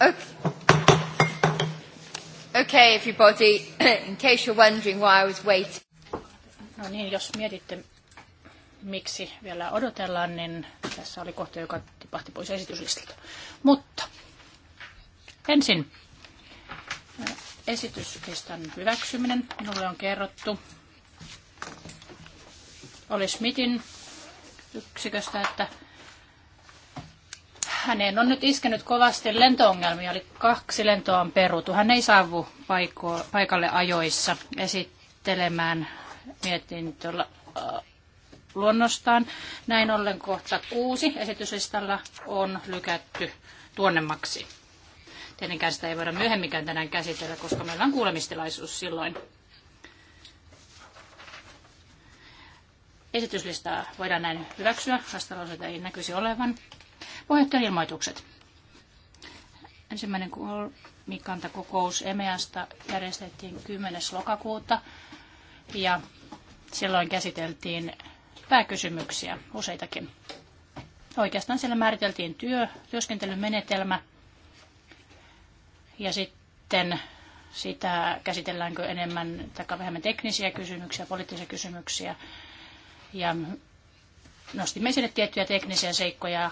Okay. everybody, in case you're wondering why I was waiting. No niin, jos mietitte, miksi vielä odotellaan, niin tässä oli kohta, joka tipahti pois esityslistalta. Mutta ensin äh, esityslistan hyväksyminen. Minulle on kerrottu oli Smithin yksiköstä, että häneen on nyt iskenyt kovasti lentoongelmia, eli kaksi lentoa on perutu. Hän ei saavu paiko, paikalle ajoissa esittelemään mietintöllä äh, luonnostaan. Näin ollen kohta kuusi esityslistalla on lykätty tuonnemmaksi. Tietenkään sitä ei voida myöhemminkään tänään käsitellä, koska meillä on kuulemistilaisuus silloin. Esityslistaa voidaan näin hyväksyä, vastalauseita ei näkyisi olevan. Puheenjohtajan ilmoitukset. Ensimmäinen kolmikantakokous EMEAsta järjestettiin 10. lokakuuta ja silloin käsiteltiin pääkysymyksiä, useitakin. Oikeastaan siellä määriteltiin työ, työskentelymenetelmä ja sitten sitä käsitelläänkö enemmän tai vähemmän teknisiä kysymyksiä, poliittisia kysymyksiä. Ja nostimme esille tiettyjä teknisiä seikkoja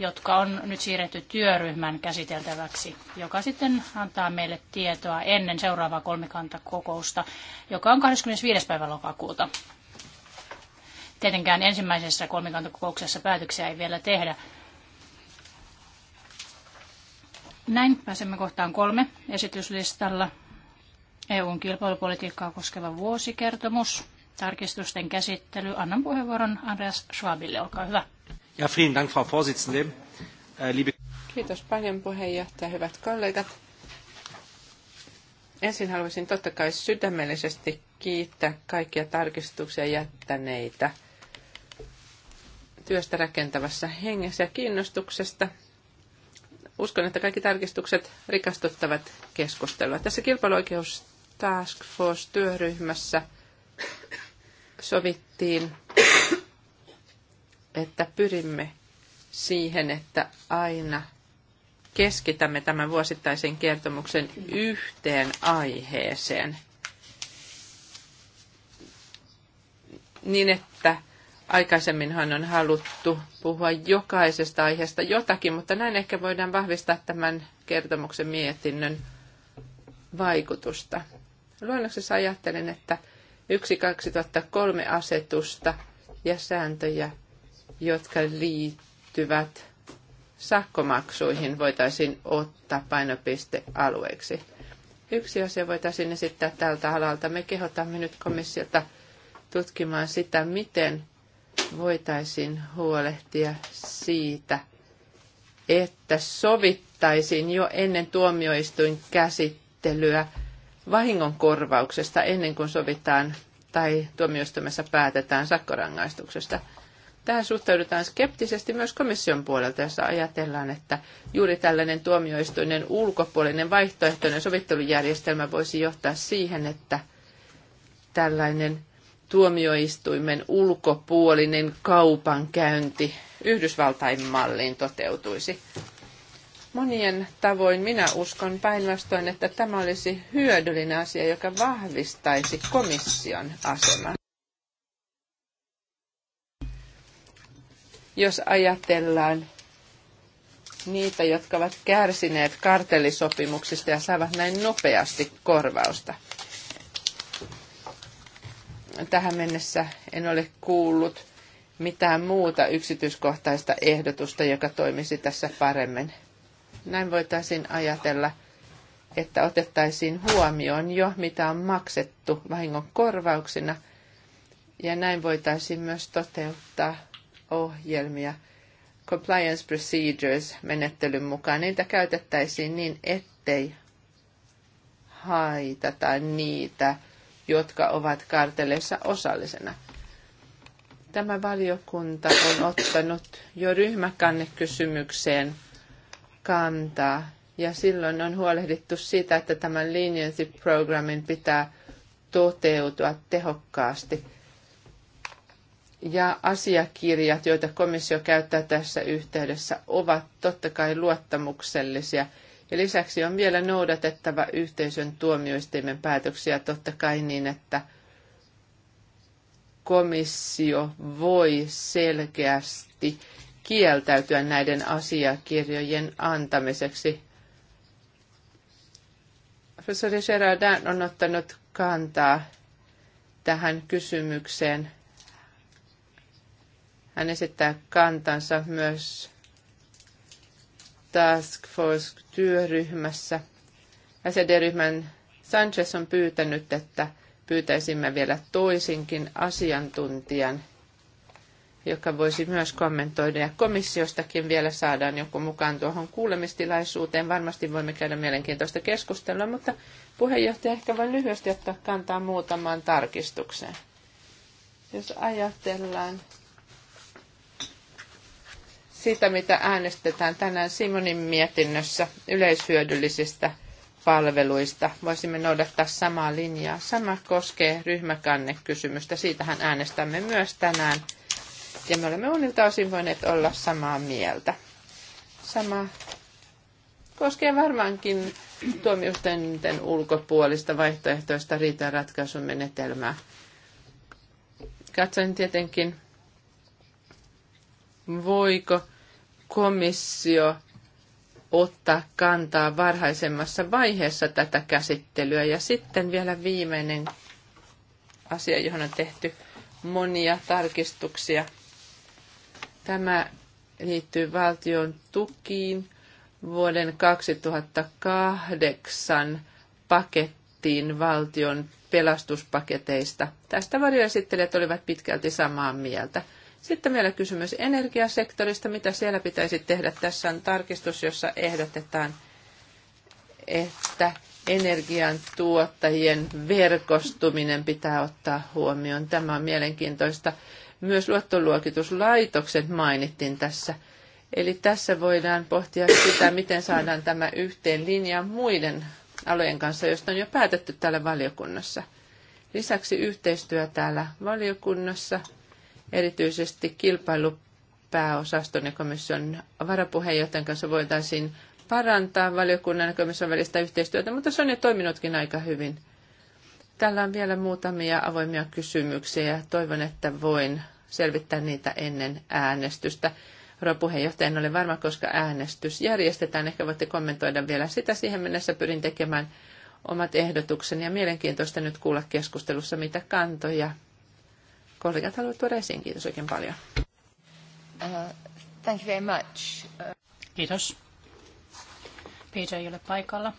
jotka on nyt siirretty työryhmän käsiteltäväksi, joka sitten antaa meille tietoa ennen seuraavaa kolmikantakokousta, joka on 25. päivä lokakuuta. Tietenkään ensimmäisessä kolmikantakokouksessa päätöksiä ei vielä tehdä. Näin pääsemme kohtaan kolme esityslistalla. EUn kilpailupolitiikkaa koskeva vuosikertomus. Tarkistusten käsittely. Annan puheenvuoron Andreas Schwabille. Olkaa hyvä. Ja, vielen Dank, Frau Vorsitzende. Äh, liebe... Kiitos paljon puheenjohtaja, hyvät kollegat. Ensin haluaisin totta kai sydämellisesti kiittää kaikkia tarkistuksia jättäneitä työstä rakentavassa hengessä ja kiinnostuksesta. Uskon, että kaikki tarkistukset rikastuttavat keskustelua. Tässä kilpailuoikeus Task Force-työryhmässä sovittiin että pyrimme siihen, että aina keskitämme tämän vuosittaisen kertomuksen yhteen aiheeseen. Niin, että aikaisemminhan on haluttu puhua jokaisesta aiheesta jotakin, mutta näin ehkä voidaan vahvistaa tämän kertomuksen mietinnön vaikutusta. Luonnoksessa ajattelin, että yksi 2003 asetusta ja sääntöjä jotka liittyvät sakkomaksuihin, voitaisiin ottaa painopistealueeksi. Yksi asia voitaisiin esittää tältä alalta. Me kehotamme nyt komissiota tutkimaan sitä, miten voitaisiin huolehtia siitä, että sovittaisiin jo ennen tuomioistuin käsittelyä vahingonkorvauksesta ennen kuin sovitaan tai tuomioistuimessa päätetään sakkorangaistuksesta. Tähän suhtaudutaan skeptisesti myös komission puolelta, jossa ajatellaan, että juuri tällainen tuomioistuinen ulkopuolinen vaihtoehtoinen sovittelujärjestelmä voisi johtaa siihen, että tällainen tuomioistuimen ulkopuolinen kaupankäynti Yhdysvaltain malliin toteutuisi. Monien tavoin minä uskon päinvastoin, että tämä olisi hyödyllinen asia, joka vahvistaisi komission asemaa. Jos ajatellaan niitä, jotka ovat kärsineet kartellisopimuksista ja saavat näin nopeasti korvausta. Tähän mennessä en ole kuullut mitään muuta yksityiskohtaista ehdotusta, joka toimisi tässä paremmin. Näin voitaisiin ajatella, että otettaisiin huomioon jo, mitä on maksettu vahingon korvauksina, ja näin voitaisiin myös toteuttaa ohjelmia compliance procedures menettelyn mukaan. Niitä käytettäisiin niin, ettei haitata niitä, jotka ovat karteleissa osallisena. Tämä valiokunta on ottanut jo ryhmäkannekysymykseen kantaa ja silloin on huolehdittu siitä, että tämän leniency programmin pitää toteutua tehokkaasti ja asiakirjat, joita komissio käyttää tässä yhteydessä, ovat totta kai luottamuksellisia. Ja lisäksi on vielä noudatettava yhteisön tuomioistuimen päätöksiä totta kai niin, että komissio voi selkeästi kieltäytyä näiden asiakirjojen antamiseksi. Professori Gerardin on ottanut kantaa tähän kysymykseen – hän esittää kantansa myös Task Force-työryhmässä. SED-ryhmän Sanchez on pyytänyt, että pyytäisimme vielä toisinkin asiantuntijan, joka voisi myös kommentoida. Ja komissiostakin vielä saadaan joku mukaan tuohon kuulemistilaisuuteen. Varmasti voimme käydä mielenkiintoista keskustelua, mutta puheenjohtaja ehkä vain lyhyesti ottaa kantaa muutamaan tarkistukseen. Jos ajatellaan sitä, mitä äänestetään tänään Simonin mietinnössä yleishyödyllisistä palveluista. Voisimme noudattaa samaa linjaa. Sama koskee ryhmäkannekysymystä. Siitähän äänestämme myös tänään. Ja me olemme monilta osin voineet olla samaa mieltä. Sama koskee varmaankin tuomioistuinten ulkopuolista vaihtoehtoista riitanratkaisumenetelmää. Katsoin tietenkin voiko komissio ottaa kantaa varhaisemmassa vaiheessa tätä käsittelyä. Ja sitten vielä viimeinen asia, johon on tehty monia tarkistuksia. Tämä liittyy valtion tukiin vuoden 2008 pakettiin valtion pelastuspaketeista. Tästä varjoesittelijät olivat pitkälti samaa mieltä. Sitten vielä kysymys energiasektorista. Mitä siellä pitäisi tehdä? Tässä on tarkistus, jossa ehdotetaan, että energian tuottajien verkostuminen pitää ottaa huomioon. Tämä on mielenkiintoista. Myös luottoluokituslaitokset mainittiin tässä. Eli tässä voidaan pohtia sitä, miten saadaan tämä yhteen linja muiden alojen kanssa, josta on jo päätetty täällä valiokunnassa. Lisäksi yhteistyö täällä valiokunnassa – erityisesti kilpailupääosaston ja komission varapuheenjohtajan kanssa voitaisiin parantaa valiokunnan ja komission välistä yhteistyötä, mutta se on jo toiminutkin aika hyvin. Täällä on vielä muutamia avoimia kysymyksiä ja toivon, että voin selvittää niitä ennen äänestystä. Rouva puheenjohtaja, en ole varma, koska äänestys järjestetään. Ehkä voitte kommentoida vielä sitä. Siihen mennessä pyrin tekemään omat ehdotukseni ja mielenkiintoista nyt kuulla keskustelussa, mitä kantoja kollegat haluavat tuoda esiin. Kiitos oikein paljon. Uh, thank you very much. Uh... Kiitos. Peter ei ole paikalla.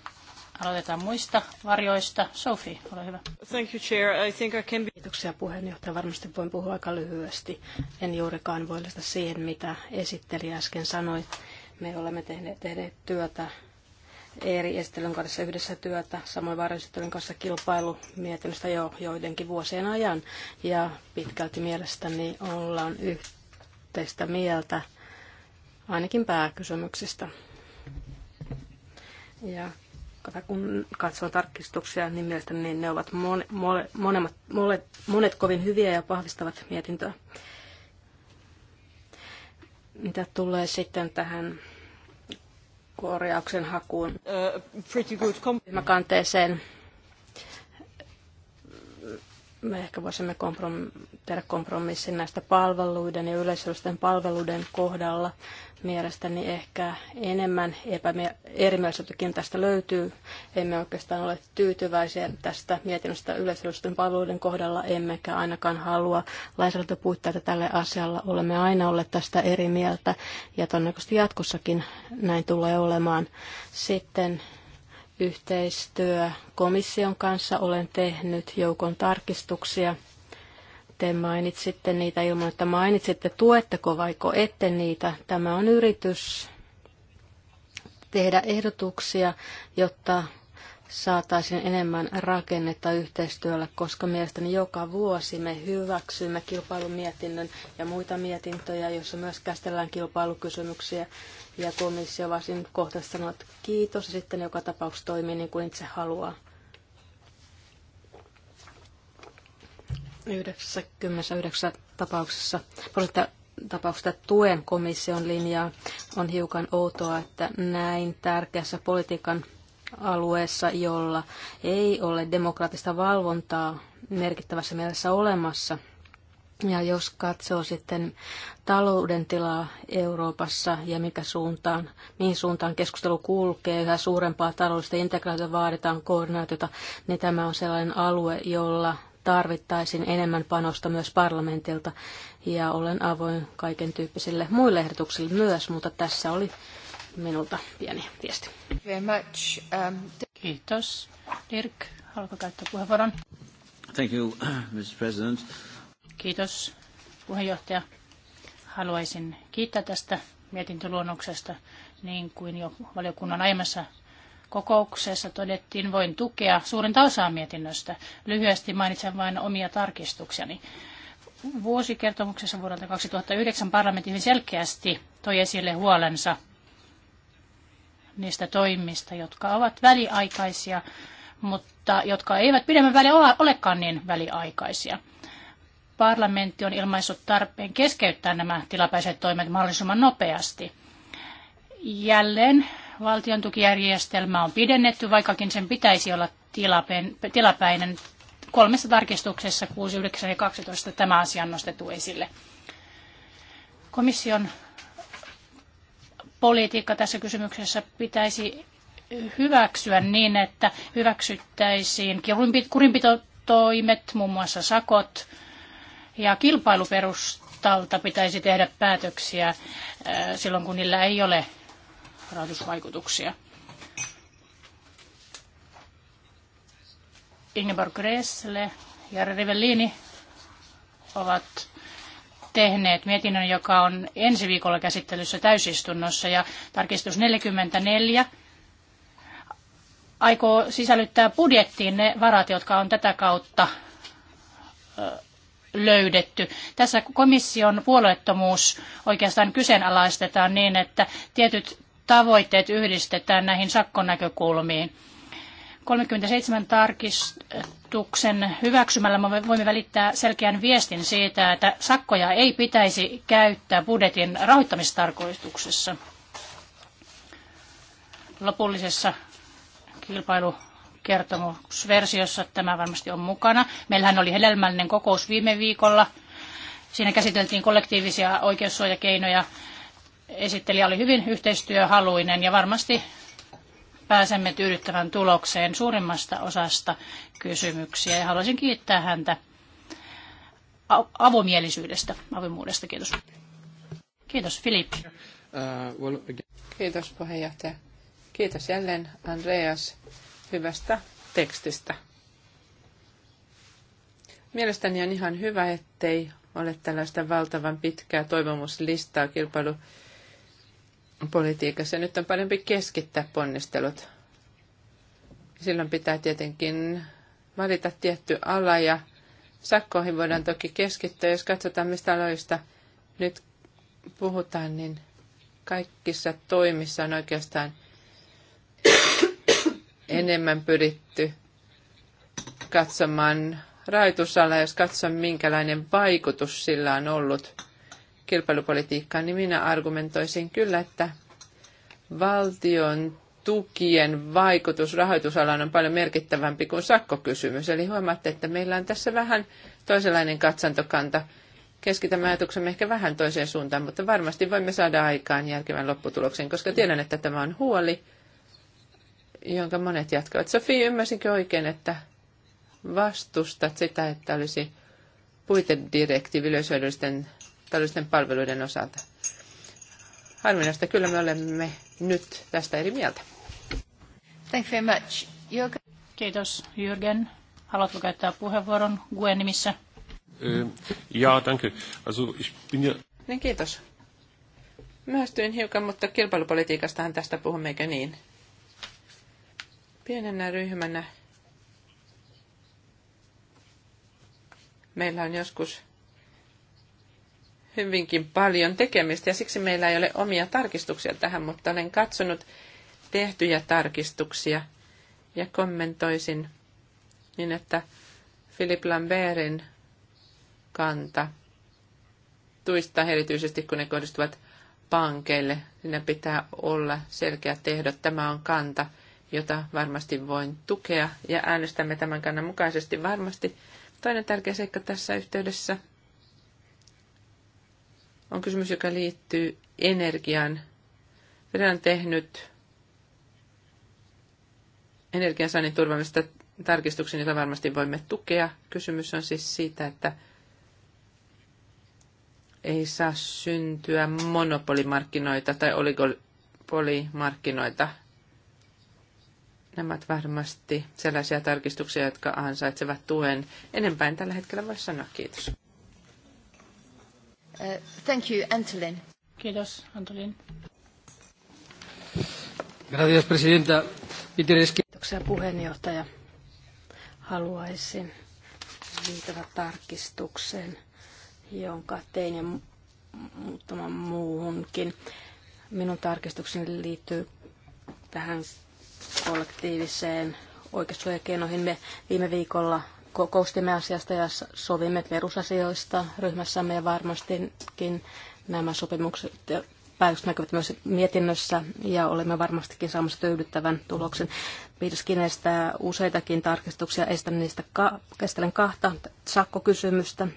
Aloitetaan muista varjoista. Sophie, ole hyvä. Thank you, Chair. I think I can be... Kiitoksia puheenjohtaja. Varmasti voin puhua aika lyhyesti. En juurikaan voi siihen, mitä esitteli äsken sanoi. Me olemme tehneet, tehneet työtä eri Estelön kanssa yhdessä työtä, samoin varjoesittelyn kanssa kilpailu mietinnöstä jo joidenkin vuosien ajan. Ja pitkälti mielestäni ollaan yhteistä mieltä ainakin pääkysymyksistä. Ja kun katsoo tarkistuksia, niin mielestäni ne ovat mon, mole, monemmat, mole, monet kovin hyviä ja vahvistavat mietintöä. Mitä tulee sitten tähän korjauksen hakuun uh, ryhmäkanteeseen. Me ehkä voisimme komprom- tehdä kompromissin näistä palveluiden ja yleisöllisten palveluiden kohdalla mielestäni ehkä enemmän erimielisyyttäkin tästä löytyy. Emme oikeastaan ole tyytyväisiä tästä mietinnöstä yleisöllisten palveluiden kohdalla, emmekä ainakaan halua lainsäädäntöpuitteita tälle asialla. Olemme aina olleet tästä eri mieltä ja todennäköisesti jatkossakin näin tulee olemaan. Sitten yhteistyö komission kanssa olen tehnyt joukon tarkistuksia – miten mainitsitte niitä ilman, että mainitsitte, tuetteko vaiko ette niitä. Tämä on yritys tehdä ehdotuksia, jotta saataisiin enemmän rakennetta yhteistyöllä koska mielestäni joka vuosi me hyväksymme kilpailumietinnön ja muita mietintöjä, joissa myös käsitellään kilpailukysymyksiä. Ja komissio varsin kohta sanoo, että kiitos ja sitten joka tapauksessa toimii niin kuin itse haluaa. 99 tapauksessa, prosenttia tapauksesta tuen komission linjaa. On hiukan outoa, että näin tärkeässä politiikan alueessa, jolla ei ole demokraattista valvontaa merkittävässä mielessä olemassa. Ja jos katsoo sitten talouden tilaa Euroopassa ja mikä suuntaan, mihin suuntaan keskustelu kulkee, yhä suurempaa taloudellista integraatiota vaaditaan koordinaatiota, niin tämä on sellainen alue, jolla tarvittaisiin enemmän panosta myös parlamentilta ja olen avoin kaiken tyyppisille muille ehdotuksille myös, mutta tässä oli minulta pieni viesti. Very much. Um, Kiitos. Dirk, haluatko käyttää puheenvuoron? Thank you, Mr. President. Kiitos, puheenjohtaja. Haluaisin kiittää tästä mietintöluonnoksesta, niin kuin jo valiokunnan aiemmassa kokouksessa todettiin, voin tukea suurinta osaa mietinnöstä. Lyhyesti mainitsen vain omia tarkistuksiani. Vuosikertomuksessa vuodelta 2009 parlamentti selkeästi toi esille huolensa niistä toimista, jotka ovat väliaikaisia, mutta jotka eivät pidemmän väliä olekaan niin väliaikaisia parlamentti on ilmaissut tarpeen keskeyttää nämä tilapäiset toimet mahdollisimman nopeasti. Jälleen valtiontukijärjestelmä on pidennetty, vaikkakin sen pitäisi olla tilapäinen. Kolmessa tarkistuksessa 6, 9 ja 12 tämä asia on nostettu esille. Komission politiikka tässä kysymyksessä pitäisi hyväksyä niin, että hyväksyttäisiin kurinpitotoimet, muun muassa sakot, ja kilpailuperustalta pitäisi tehdä päätöksiä silloin, kun niillä ei ole rahoitusvaikutuksia. Ingeborg Gressle ja Rivellini ovat tehneet mietinnön, joka on ensi viikolla käsittelyssä täysistunnossa ja tarkistus 44 aikoo sisällyttää budjettiin ne varat, jotka on tätä kautta löydetty. Tässä komission puolueettomuus oikeastaan kyseenalaistetaan niin, että tietyt tavoitteet yhdistetään näihin sakkonäkökulmiin. 37 tarkistuksen hyväksymällä me voimme välittää selkeän viestin siitä, että sakkoja ei pitäisi käyttää budjetin rahoittamistarkoituksessa. Lopullisessa kilpailukertomusversiossa tämä varmasti on mukana. Meillähän oli hedelmällinen kokous viime viikolla. Siinä käsiteltiin kollektiivisia oikeussuojakeinoja Esittelijä oli hyvin yhteistyöhaluinen ja varmasti pääsemme tyydyttävän tulokseen suurimmasta osasta kysymyksiä. Ja haluaisin kiittää häntä avomielisyydestä, avoimuudesta. Kiitos. Kiitos, Filip. Uh, Kiitos puheenjohtaja. Kiitos jälleen Andreas hyvästä tekstistä. Mielestäni on ihan hyvä, ettei ole tällaista valtavan pitkää toivomuslistaa kilpailu- politiikassa. Nyt on parempi keskittää ponnistelut. Silloin pitää tietenkin valita tietty ala ja sakkoihin voidaan toki keskittyä. Jos katsotaan, mistä aloista nyt puhutaan, niin kaikissa toimissa on oikeastaan enemmän pyritty katsomaan rajoitusala, jos katson minkälainen vaikutus sillä on ollut kilpailupolitiikkaan, niin minä argumentoisin kyllä, että valtion tukien vaikutus rahoitusalaan on paljon merkittävämpi kuin sakkokysymys. Eli huomaatte, että meillä on tässä vähän toisenlainen katsantokanta. Keskitämme ajatuksemme ehkä vähän toiseen suuntaan, mutta varmasti voimme saada aikaan järkevän lopputuloksen, koska tiedän, että tämä on huoli, jonka monet jatkavat. Sofi, ymmärsinkö oikein, että vastustat sitä, että olisi puitedirektiivi yleisöydellisten taloudellisten palveluiden osalta. Harvinaista kyllä me olemme nyt tästä eri mieltä. Thank you very much. Jürgen. Kiitos Jürgen. Haluatko käyttää puheenvuoron Guen nimissä? Ja, danke. Also, ich bin ja... Niin, kiitos. Myöhästyin hiukan, mutta kilpailupolitiikastahan tästä puhumme, eikö niin? Pienenä ryhmänä meillä on joskus hyvinkin paljon tekemistä ja siksi meillä ei ole omia tarkistuksia tähän, mutta olen katsonut tehtyjä tarkistuksia ja kommentoisin niin, että Philip Lambertin kanta tuista erityisesti, kun ne kohdistuvat pankeille, siinä pitää olla selkeä ehdot. Tämä on kanta, jota varmasti voin tukea ja äänestämme tämän kannan mukaisesti varmasti. Toinen tärkeä seikka tässä yhteydessä on kysymys, joka liittyy energian, Venäjä on tehnyt energiansaannin turvaamista tarkistuksen, jota varmasti voimme tukea. Kysymys on siis siitä, että ei saa syntyä monopolimarkkinoita tai oligopolimarkkinoita. Nämä ovat varmasti sellaisia tarkistuksia, jotka ansaitsevat tuen. Enempää tällä hetkellä voisi sanoa. Kiitos arvoisa puhemies Antolin. Kiitos, Antolin. Gracias, presidenta. puheenjohtaja. Haluaisin viitata tarkistukseen, jonka tein ja muutamaan muuhunkin. Minun tarkistukseni liittyy tähän kollektiiviseen oikeussuojakeinoihin. Me viime viikolla kokoustimme asiasta ja sovimme perusasioista ryhmässämme ja varmastikin nämä sopimukset ja päätökset näkyvät myös mietinnössä ja olemme varmastikin saamassa tyydyttävän tuloksen. Pidäskin estää useitakin tarkistuksia, estän niistä ka- kahta sakkokysymystä.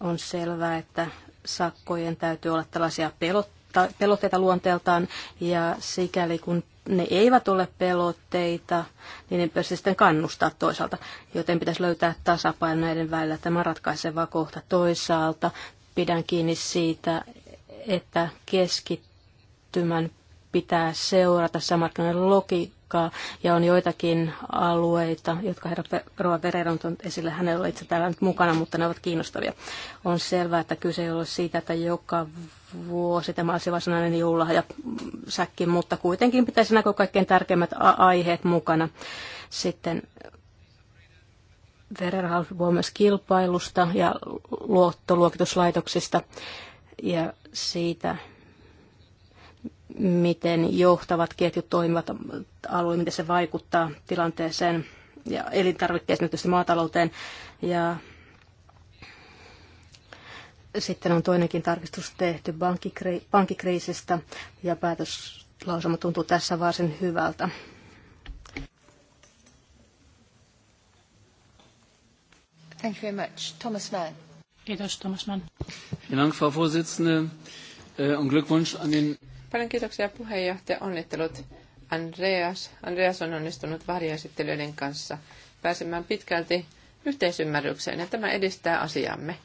On selvää, että sakkojen täytyy olla tällaisia pelotteita luonteeltaan ja sikäli kun ne eivät ole pelotteita, niin ne pitäisi sitten kannustaa toisaalta. Joten pitäisi löytää tasapaino näiden välillä. Tämä ratkaiseva kohta toisaalta. Pidän kiinni siitä, että keskittymän pitää seurata sisämarkkinoiden logiikkaa ja on joitakin alueita, jotka herra Roa Verero on esille, hänellä oli itse täällä nyt mukana, mutta ne ovat kiinnostavia. On selvää, että kyse ei ole siitä, että joka vuosi tämä olisi varsinainen ja mm, säkki, mutta kuitenkin pitäisi näkyä kaikkein tärkeimmät aiheet mukana. Sitten Verera voi myös kilpailusta ja luottoluokituslaitoksista ja siitä, miten johtavat ketjut toimivat alueella, miten se vaikuttaa tilanteeseen ja elintarvikkeeseen, tietysti maatalouteen. Ja sitten on toinenkin tarkistus tehty pankkikri- pankkikriisistä ja päätöslausuma tuntuu tässä varsin hyvältä. Thank you very much. Thomas Mann. Kiitos, Thomas Mann. Vielen Dank, Frau Vorsitzende, äh, und Glückwunsch an den Paljon kiitoksia puheenjohtaja. Onnittelut Andreas. Andreas on onnistunut varjaesittelyiden kanssa pääsemään pitkälti yhteisymmärrykseen ja tämä edistää asiamme.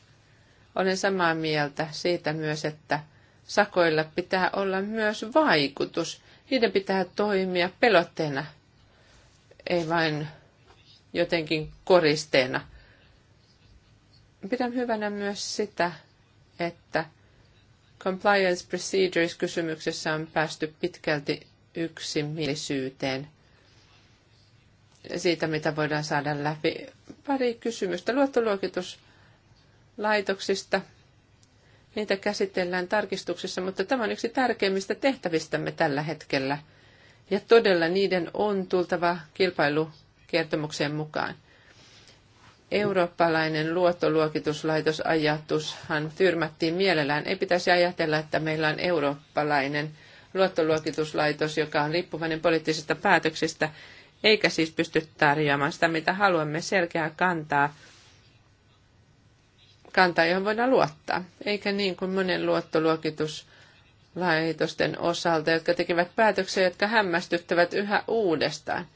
Olen samaa mieltä siitä myös, että sakoilla pitää olla myös vaikutus. Niiden pitää toimia pelotteena, ei vain jotenkin koristeena. Pidän hyvänä myös sitä, että Compliance procedures kysymyksessä on päästy pitkälti yksimielisyyteen siitä, mitä voidaan saada läpi. Pari kysymystä luottoluokituslaitoksista. Niitä käsitellään tarkistuksessa, mutta tämä on yksi tärkeimmistä tehtävistämme tällä hetkellä. Ja todella niiden on tultava kilpailukertomukseen mukaan eurooppalainen luottoluokituslaitosajatushan tyrmättiin mielellään. Ei pitäisi ajatella, että meillä on eurooppalainen luottoluokituslaitos, joka on riippuvainen poliittisista päätöksistä, eikä siis pysty tarjoamaan sitä, mitä haluamme, selkeää kantaa, kantaa, johon voidaan luottaa. Eikä niin kuin monen luottoluokituslaitosten osalta, jotka tekevät päätöksiä, jotka hämmästyttävät yhä uudestaan –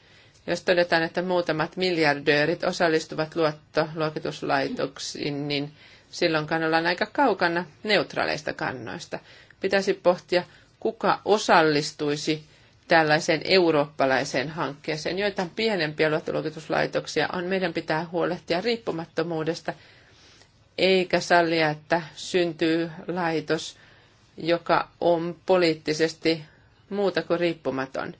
jos todetaan, että muutamat miljardöörit osallistuvat luottoluokituslaitoksiin, niin silloin ollaan aika kaukana neutraaleista kannoista. Pitäisi pohtia, kuka osallistuisi tällaiseen eurooppalaiseen hankkeeseen. Joitain pienempiä luottoluokituslaitoksia on. Meidän pitää huolehtia riippumattomuudesta, eikä sallia, että syntyy laitos, joka on poliittisesti muuta kuin riippumaton.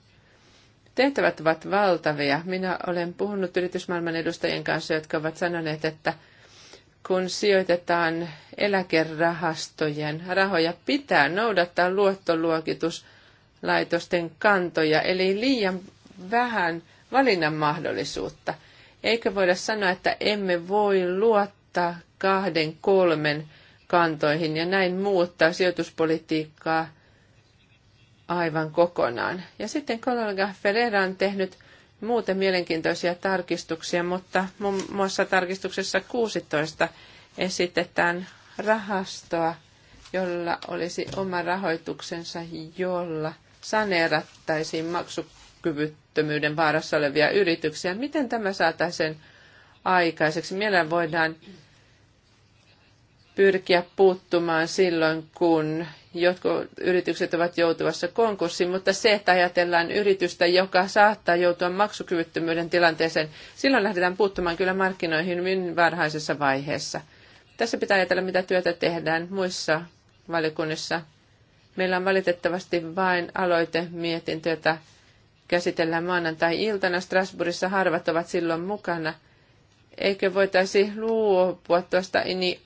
Tehtävät ovat valtavia. Minä olen puhunut yritysmaailman edustajien kanssa, jotka ovat sanoneet, että kun sijoitetaan eläkerahastojen rahoja, pitää noudattaa luottoluokituslaitosten kantoja, eli liian vähän valinnan mahdollisuutta. Eikö voida sanoa, että emme voi luottaa kahden, kolmen kantoihin ja näin muuttaa sijoituspolitiikkaa aivan kokonaan. Ja sitten kollega Ferreira on tehnyt muuten mielenkiintoisia tarkistuksia, mutta muun muassa tarkistuksessa 16 esitetään rahastoa, jolla olisi oma rahoituksensa, jolla saneerattaisiin maksukyvyttömyyden vaarassa olevia yrityksiä. Miten tämä saataisiin aikaiseksi? Mielellään voidaan pyrkiä puuttumaan silloin, kun jotkut yritykset ovat joutuvassa konkurssiin, mutta se, että ajatellaan yritystä, joka saattaa joutua maksukyvyttömyyden tilanteeseen, silloin lähdetään puuttumaan kyllä markkinoihin hyvin varhaisessa vaiheessa. Tässä pitää ajatella, mitä työtä tehdään muissa valiokunnissa. Meillä on valitettavasti vain aloite mietintö, jota käsitellään maanantai-iltana. Strasbourgissa harvat ovat silloin mukana. Eikö voitaisi luopua tuosta ini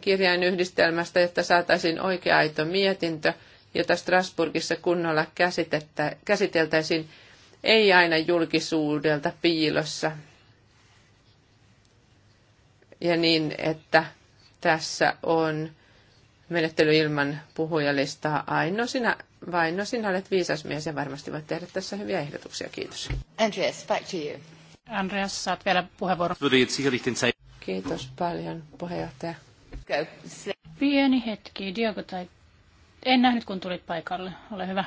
kirjainyhdistelmästä, jotta saataisiin oikea-aito mietintö, jota Strasburgissa kunnolla käsiteltäisiin, ei aina julkisuudelta piilossa. Ja niin, että tässä on menettely ilman puhujalistaa. Aino sinä, vain no sinä olet viisas mies ja varmasti voit tehdä tässä hyviä ehdotuksia. Kiitos. Andreas, back to you. Andreas, saat vielä puheenvuoron. Kiitos paljon, puheenjohtaja. Pieni hetki, Diogo tai... En nähnyt, kun tulit paikalle. Ole hyvä.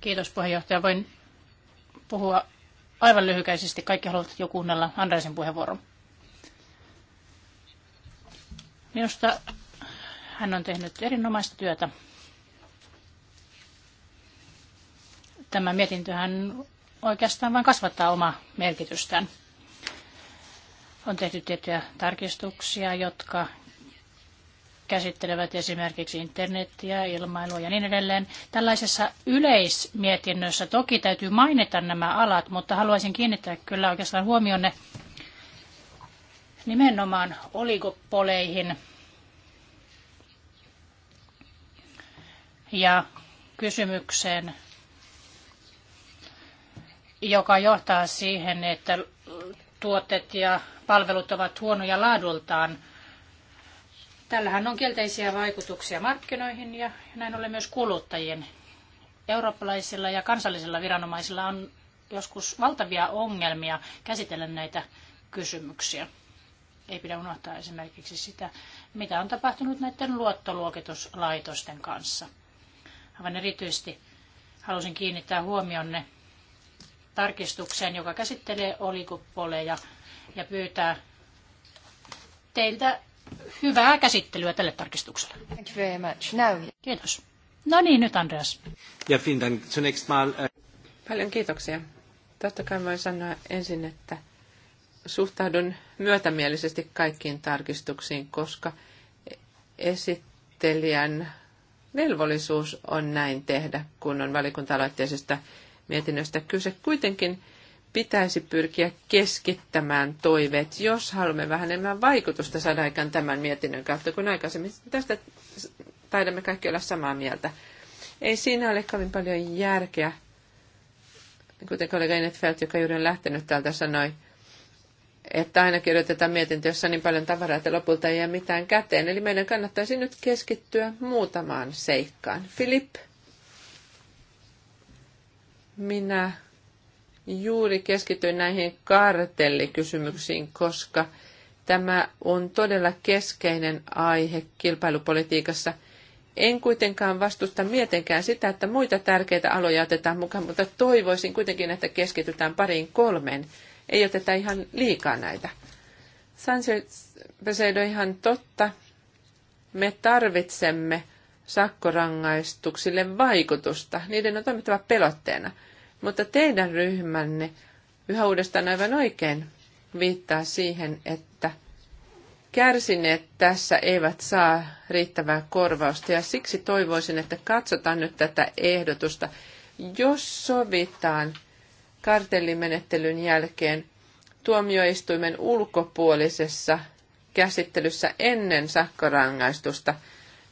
Kiitos puheenjohtaja. Voin puhua aivan lyhykäisesti. Kaikki haluavat jo kuunnella Andresin puheenvuoron. Minusta hän on tehnyt erinomaista työtä. Tämä mietintöhän oikeastaan vain kasvattaa omaa merkitystään. On tehty tiettyjä tarkistuksia, jotka käsittelevät esimerkiksi internetiä, ilmailua ja niin edelleen. Tällaisessa yleismietinnössä toki täytyy mainita nämä alat, mutta haluaisin kiinnittää kyllä oikeastaan huomionne nimenomaan oligopoleihin ja kysymykseen, joka johtaa siihen, että tuotteet ja palvelut ovat huonoja laadultaan. Tällähän on kielteisiä vaikutuksia markkinoihin ja näin ollen myös kuluttajien. Eurooppalaisilla ja kansallisilla viranomaisilla on joskus valtavia ongelmia käsitellä näitä kysymyksiä. Ei pidä unohtaa esimerkiksi sitä, mitä on tapahtunut näiden luottoluokituslaitosten kanssa. Aivan erityisesti halusin kiinnittää huomionne tarkistukseen, joka käsittelee oligopoleja ja pyytää teiltä hyvää käsittelyä tälle tarkistukselle. Thank you very much. Now. Kiitos. No niin, nyt Andreas. Ja Finland, zunächst mal... Äh, Paljon kiitoksia. Totta kai voin sanoa ensin, että suhtaudun myötämielisesti kaikkiin tarkistuksiin, koska esittelijän velvollisuus on näin tehdä, kun on valikunta-aloitteisesta mietinnöstä kyse. Kuitenkin pitäisi pyrkiä keskittämään toiveet, jos haluamme vähän enemmän vaikutusta saada aikaan tämän mietinnön kautta kuin aikaisemmin. Tästä taidamme kaikki olla samaa mieltä. Ei siinä ole kovin paljon järkeä, kuten kollega Enetfeldt, joka juuri on lähtenyt täältä, sanoi, että aina kirjoitetaan mietintö, jossa on niin paljon tavaraa, että lopulta ei jää mitään käteen. Eli meidän kannattaisi nyt keskittyä muutamaan seikkaan. Filip, minä juuri keskityin näihin kartellikysymyksiin, koska tämä on todella keskeinen aihe kilpailupolitiikassa. En kuitenkaan vastusta mietenkään sitä, että muita tärkeitä aloja otetaan mukaan, mutta toivoisin kuitenkin, että keskitytään pariin kolmeen, Ei oteta ihan liikaa näitä. Sanchez Pesedo ihan totta. Me tarvitsemme sakkorangaistuksille vaikutusta. Niiden on toimittava pelotteena. Mutta teidän ryhmänne yhä uudestaan aivan oikein viittaa siihen, että kärsineet tässä eivät saa riittävää korvausta ja siksi toivoisin, että katsotaan nyt tätä ehdotusta. Jos sovitaan kartellimenettelyn jälkeen tuomioistuimen ulkopuolisessa käsittelyssä ennen sakkorangaistusta –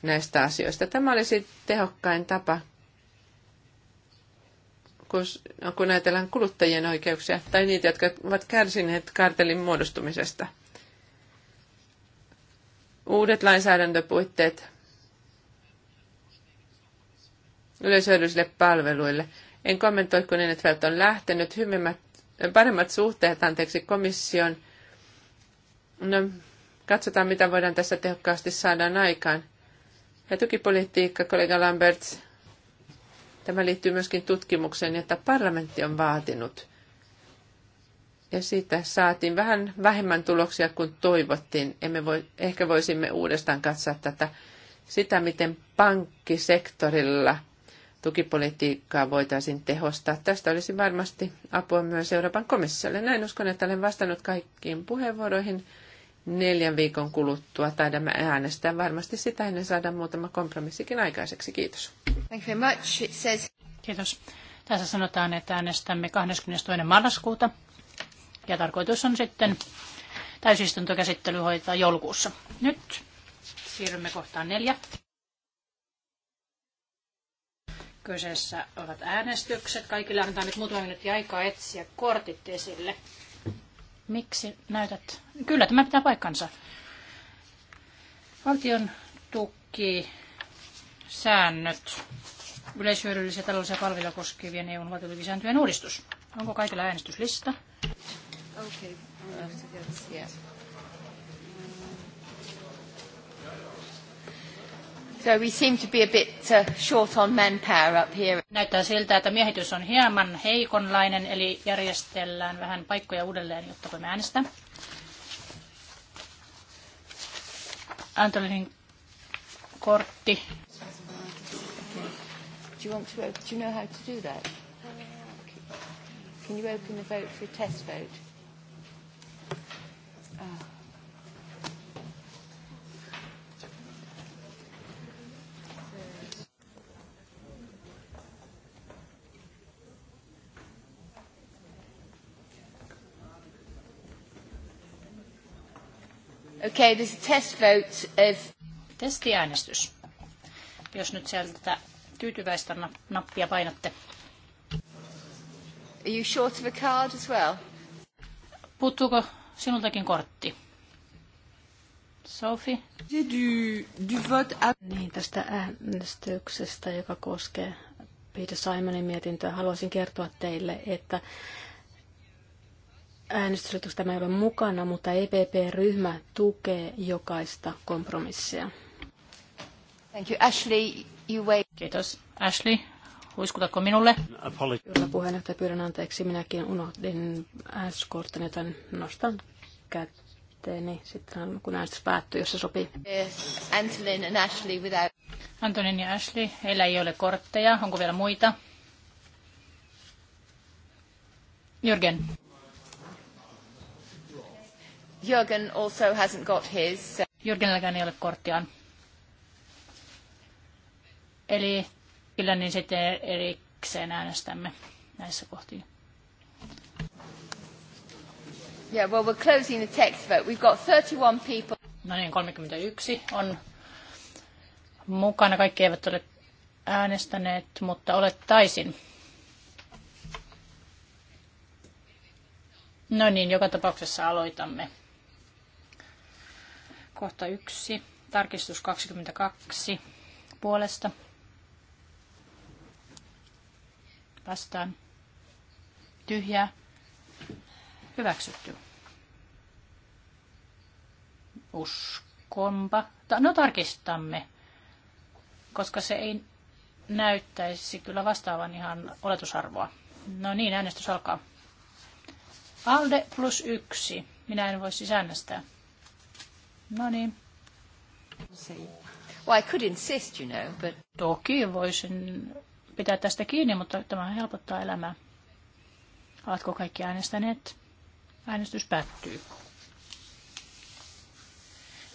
näistä asioista. Tämä olisi tehokkain tapa, kun, no, kun ajatellaan kuluttajien oikeuksia tai niitä, jotka ovat kärsineet kartelin muodostumisesta. Uudet lainsäädäntöpuitteet yleisöllisille palveluille. En kommentoi, kun Enetfeldt on lähtenyt. Hyvimmät, paremmat suhteet, anteeksi, komission. No, katsotaan, mitä voidaan tässä tehokkaasti saada aikaan. Ja tukipolitiikka, kollega Lamberts, tämä liittyy myöskin tutkimukseen, jota parlamentti on vaatinut. Ja siitä saatiin vähän vähemmän tuloksia kuin toivottiin. Emme voi, ehkä voisimme uudestaan katsoa tätä, sitä, miten pankkisektorilla tukipolitiikkaa voitaisiin tehostaa. Tästä olisi varmasti apua myös Euroopan komissiolle. Näin uskon, että olen vastannut kaikkiin puheenvuoroihin neljän viikon kuluttua taidamme äänestää. Varmasti sitä ennen saadaan muutama kompromissikin aikaiseksi. Kiitos. Thank you very much. It says... Kiitos. Tässä sanotaan, että äänestämme 22. marraskuuta. Ja tarkoitus on sitten täysistuntokäsittely hoitaa joulukuussa. Nyt siirrymme kohtaan neljä. Kyseessä ovat äänestykset. Kaikille annetaan nyt muutama minuutti aikaa etsiä kortit esille. Miksi näytät? Kyllä, tämä pitää paikkansa. Valtion tuki, säännöt, yleishyödyllisiä taloudellisia palveluja koskevien EUn valtiotukisääntöjen uudistus. Onko kaikilla äänestyslista? Okay. Um, yes. So we seem to be a bit uh, short on manpower up here. Näyttää siltä, että miehitys on hieman heikonlainen, eli järjestellään vähän paikkoja uudelleen, jotta voimme äänestää. Antonin kortti. Do you, want to, do you know how to do that? Can you open the vote for a test vote? Oh. Okay, this test vote if... Testiäänestys. Jos nyt sieltä tyytyväistä nappia painatte. Are you short of a card as well? Puuttuuko sinultakin kortti? Sophie? Du, du vote a... Niin, tästä äänestyksestä, joka koskee Peter Simonin mietintöä, haluaisin kertoa teille, että äänestysliitossa tämä ei ole mukana, mutta EPP-ryhmä tukee jokaista kompromissia. Thank you. Ashley, you wait. Kiitos. Ashley, huiskutatko minulle? Kyllä puheenjohtaja, pyydän anteeksi. Minäkin unohdin äänestyskorttani, joten nostan käteeni sitten kun äänestys päättyy, jos se sopii. Antonin and Ashley without... Antonin ja Ashley, heillä ei ole kortteja. Onko vielä muita? Jürgen. Jürgen also hasn't got his. Jürgenelläkään ei ole korttiaan. Eli kyllä niin sitten erikseen äänestämme näissä kohtiin. Yeah, well, we're closing the text vote. We've got 31 people. No niin, 31 on mukana. Kaikki eivät ole äänestäneet, mutta olettaisin. No niin, joka tapauksessa aloitamme. Kohta yksi. Tarkistus 22 puolesta. Vastaan. Tyhjää. Hyväksytty. Uskonpa. No tarkistamme, koska se ei näyttäisi kyllä vastaavan ihan oletusarvoa. No niin, äänestys alkaa. Alde plus yksi. Minä en voi siis äänestää. No niin. Well, I could insist, you know, but... Toki voisin pitää tästä kiinni, mutta tämä helpottaa elämää. Oletko kaikki äänestäneet? Äänestys päättyy.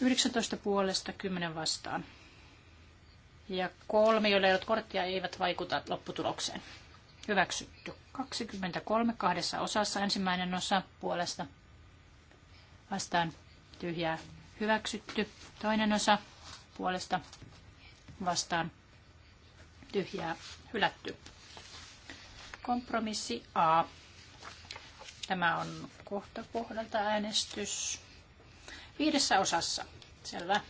19 puolesta 10 vastaan. Ja kolme, joilla ei ollut korttia, eivät vaikuta lopputulokseen. Hyväksytty. 23 kahdessa osassa. Ensimmäinen osa puolesta vastaan tyhjää hyväksytty. Toinen osa puolesta vastaan tyhjää hylätty. Kompromissi A. Tämä on kohta kohdalta äänestys. Viidessä osassa. Selvä.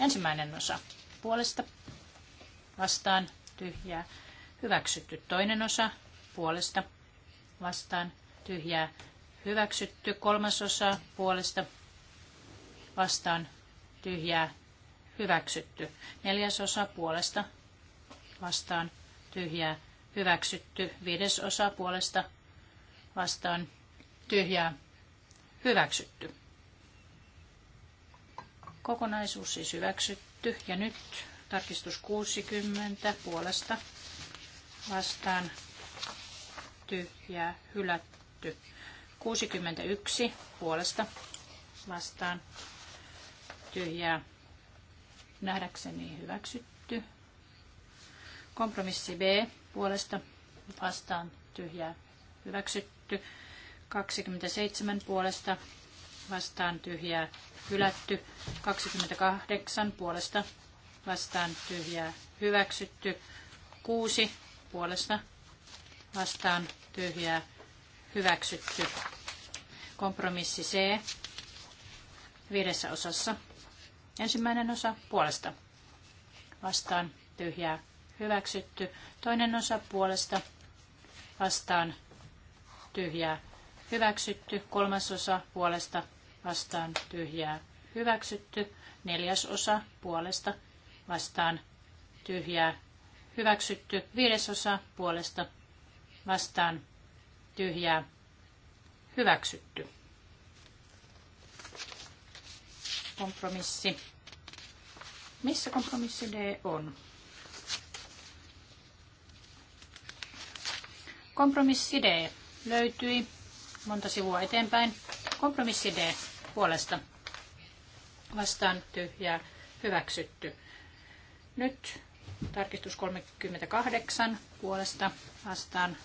Ensimmäinen osa puolesta vastaan tyhjää hyväksytty. Toinen osa puolesta vastaan tyhjää hyväksytty. Kolmas osa puolesta vastaan tyhjää hyväksytty. Neljäsosa puolesta vastaan tyhjää hyväksytty. Viidesosa puolesta vastaan tyhjää hyväksytty. Kokonaisuus siis hyväksytty. Ja nyt tarkistus 60 puolesta vastaan tyhjää hylätty. 61 puolesta vastaan ja nähdäkseni hyväksytty. Kompromissi B puolesta vastaan tyhjää hyväksytty. 27 puolesta vastaan tyhjää hylätty. 28 puolesta vastaan tyhjää hyväksytty. 6 puolesta vastaan tyhjää hyväksytty. Kompromissi C viidessä osassa Ensimmäinen osa puolesta. Vastaan tyhjää hyväksytty. Toinen osa puolesta. Vastaan tyhjää hyväksytty. Kolmas osa puolesta. Vastaan tyhjää hyväksytty. Neljäs osa puolesta. Vastaan tyhjää hyväksytty. Viides osa puolesta. Vastaan tyhjää hyväksytty. kompromissi. Missä kompromissi D on? Kompromissi D löytyi monta sivua eteenpäin. Kompromissi D puolesta vastaan tyhjää hyväksytty. Nyt tarkistus 38 puolesta vastaan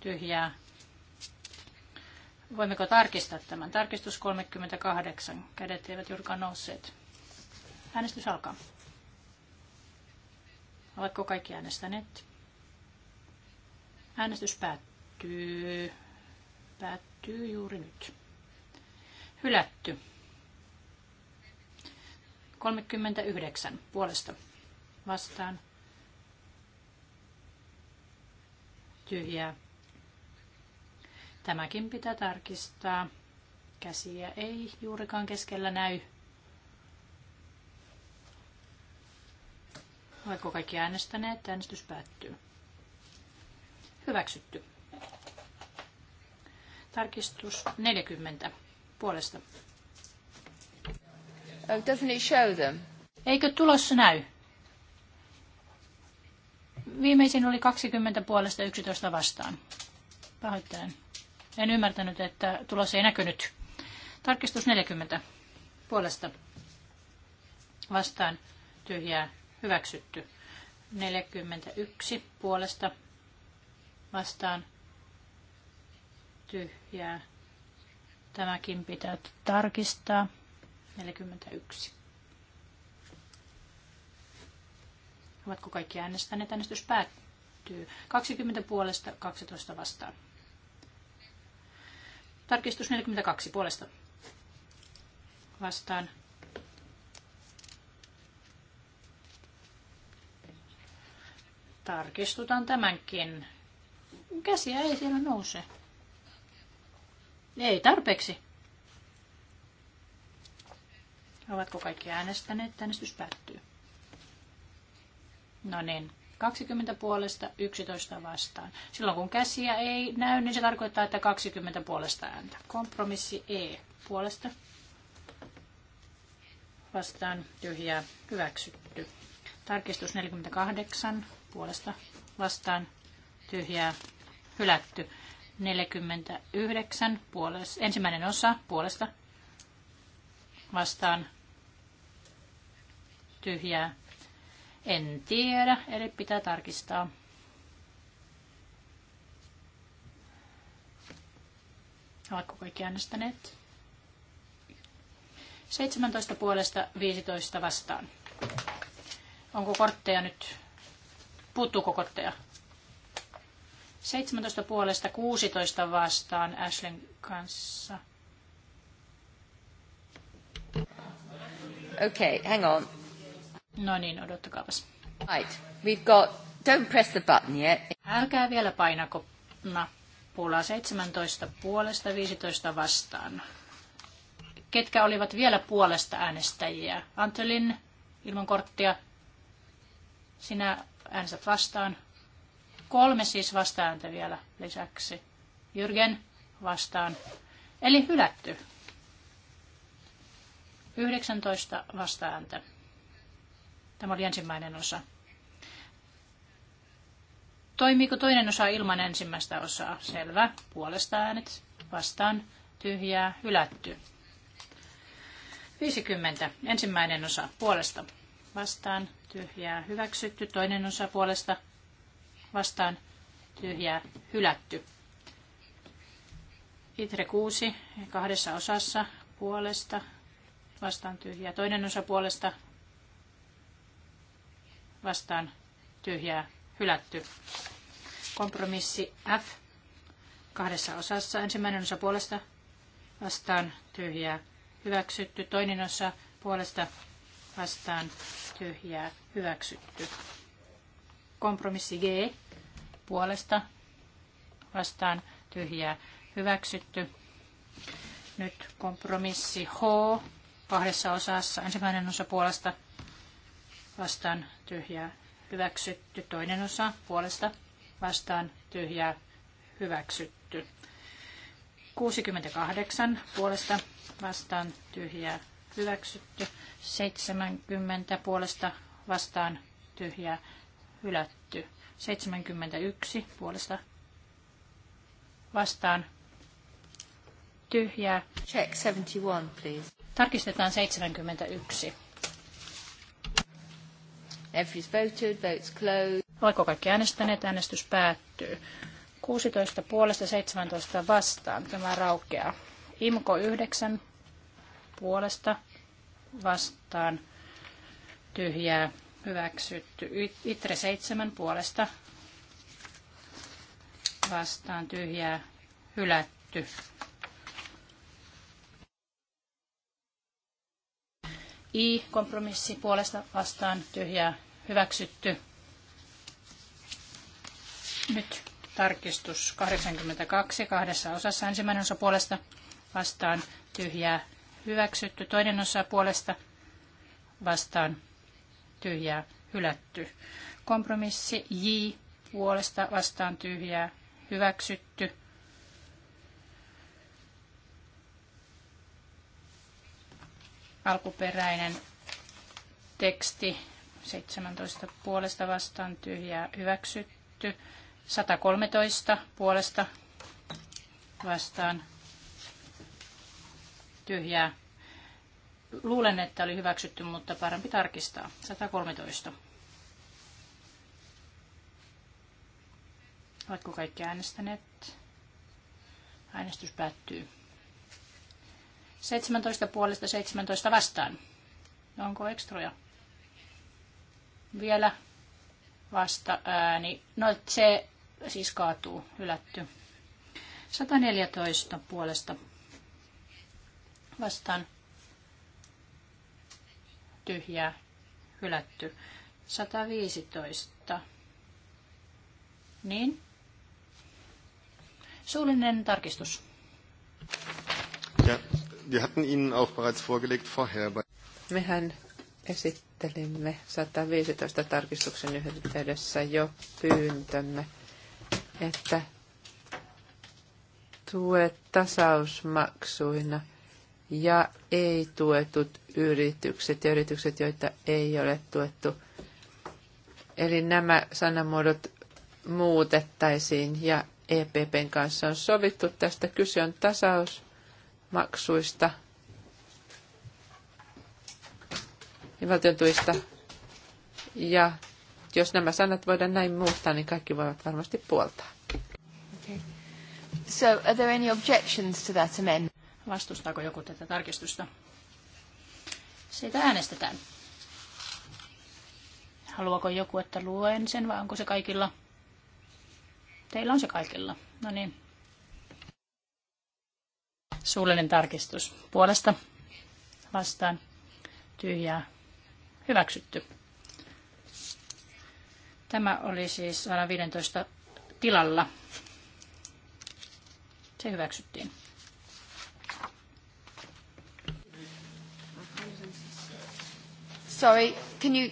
tyhjää Voimmeko tarkistaa tämän? Tarkistus 38. Kädet eivät juurikaan nousseet. Äänestys alkaa. Oletko kaikki äänestäneet? Äänestys päättyy. Päättyy juuri nyt. Hylätty. 39 puolesta vastaan. Tyhjää Tämäkin pitää tarkistaa. Käsiä ei juurikaan keskellä näy. Oletko kaikki äänestäneet? Äänestys päättyy. Hyväksytty. Tarkistus 40 puolesta. Oh, doesn't show them? Eikö tulossa näy? Viimeisin oli 20 puolesta 11 vastaan. Pahoittelen. En ymmärtänyt, että tulos ei näkynyt. Tarkistus 40. Puolesta vastaan tyhjää hyväksytty. 41 puolesta vastaan tyhjää. Tämäkin pitää tarkistaa. 41. Ovatko kaikki äänestäneet? Äänestys päättyy. 20 puolesta, 12 vastaan. Tarkistus 42 puolesta. Vastaan. Tarkistutaan tämänkin. Käsiä ei siellä nouse. Ei tarpeeksi. Ovatko kaikki äänestäneet? Äänestys päättyy. No niin, 20 puolesta, 11 vastaan. Silloin kun käsiä ei näy, niin se tarkoittaa, että 20 puolesta ääntä. Kompromissi E puolesta. Vastaan tyhjää hyväksytty. Tarkistus 48 puolesta vastaan tyhjää hylätty. 49 puolesta, ensimmäinen osa puolesta vastaan tyhjää en tiedä, eli pitää tarkistaa. Oletko kaikki äänestäneet? 17 puolesta 15 vastaan. Onko kortteja nyt? Puuttuuko kortteja? 17 puolesta 16 vastaan Ashlen kanssa. Okei, Okay, hang on. No niin, odottakaapas. Right, we've got, don't press the button yet. Älkää vielä painako nappulaa 17 puolesta 15 vastaan. Ketkä olivat vielä puolesta äänestäjiä? Antolin ilman korttia. Sinä äänestät vastaan. Kolme siis vastaääntä vielä lisäksi. Jürgen vastaan. Eli hylätty. 19 vastaääntä. Tämä oli ensimmäinen osa. Toimiiko toinen osa ilman ensimmäistä osaa? Selvä. Puolesta äänet. Vastaan. Tyhjää. Hylätty. 50. Ensimmäinen osa. Puolesta. Vastaan. Tyhjää. Hyväksytty. Toinen osa. Puolesta. Vastaan. Tyhjää. Hylätty. Itre 6. Kahdessa osassa. Puolesta. Vastaan. Tyhjää. Toinen osa. Puolesta vastaan tyhjää hylätty. Kompromissi F kahdessa osassa. Ensimmäinen osa puolesta vastaan tyhjää hyväksytty. Toinen osa puolesta vastaan tyhjää hyväksytty. Kompromissi G puolesta vastaan tyhjää hyväksytty. Nyt kompromissi H kahdessa osassa. Ensimmäinen osa puolesta vastaan tyhjää hyväksytty. Toinen osa puolesta vastaan tyhjää hyväksytty. 68 puolesta vastaan tyhjää hyväksytty. 70 puolesta vastaan tyhjää hylätty. 71 puolesta vastaan tyhjää. Check 71, please. Tarkistetaan 71. Every's voted, votes closed. Oletko kaikki äänestäneet? Äänestys päättyy. 16 puolesta 17 vastaan. Tämä raukeaa. Imko 9 puolesta vastaan. Tyhjää hyväksytty. Itre 7 puolesta vastaan. Tyhjää hylätty. I kompromissi puolesta vastaan tyhjää hyväksytty. Nyt tarkistus 82 kahdessa osassa. Ensimmäinen osa puolesta vastaan tyhjää hyväksytty. Toinen osa puolesta vastaan tyhjää hylätty. Kompromissi J puolesta vastaan tyhjää hyväksytty. Alkuperäinen teksti 17 puolesta vastaan tyhjää hyväksytty. 113 puolesta vastaan tyhjää. Luulen, että oli hyväksytty, mutta parempi tarkistaa. 113. Oletko kaikki äänestäneet? Äänestys päättyy. 17 puolesta 17 vastaan. Onko ekstroja? Vielä vasta ääni. No se siis kaatuu, hylätty. 114 puolesta vastaan tyhjää, hylätty. 115. Niin. Suullinen tarkistus. Ja, wir hatten Ihnen auch bereits vorgelegt vorher. Mehän esit käsittelimme 115 tarkistuksen yhteydessä jo pyyntömme, että tuet tasausmaksuina ja ei-tuetut yritykset ja yritykset, joita ei ole tuettu. Eli nämä sanamuodot muutettaisiin ja EPPn kanssa on sovittu tästä. Kyse on tasausmaksuista – ja valtion tuista. Ja jos nämä sanat voidaan näin muuttaa, niin kaikki voivat varmasti puoltaa. So are there any objections to that amendment? Vastustaako joku tätä tarkistusta? Siitä äänestetään. Haluaako joku, että luen sen vai onko se kaikilla? Teillä on se kaikilla. No niin. Suullinen tarkistus. Puolesta vastaan tyhjää Hyväksytty. Tämä oli siis 115 tilalla. Se hyväksyttiin. Sorry, can you,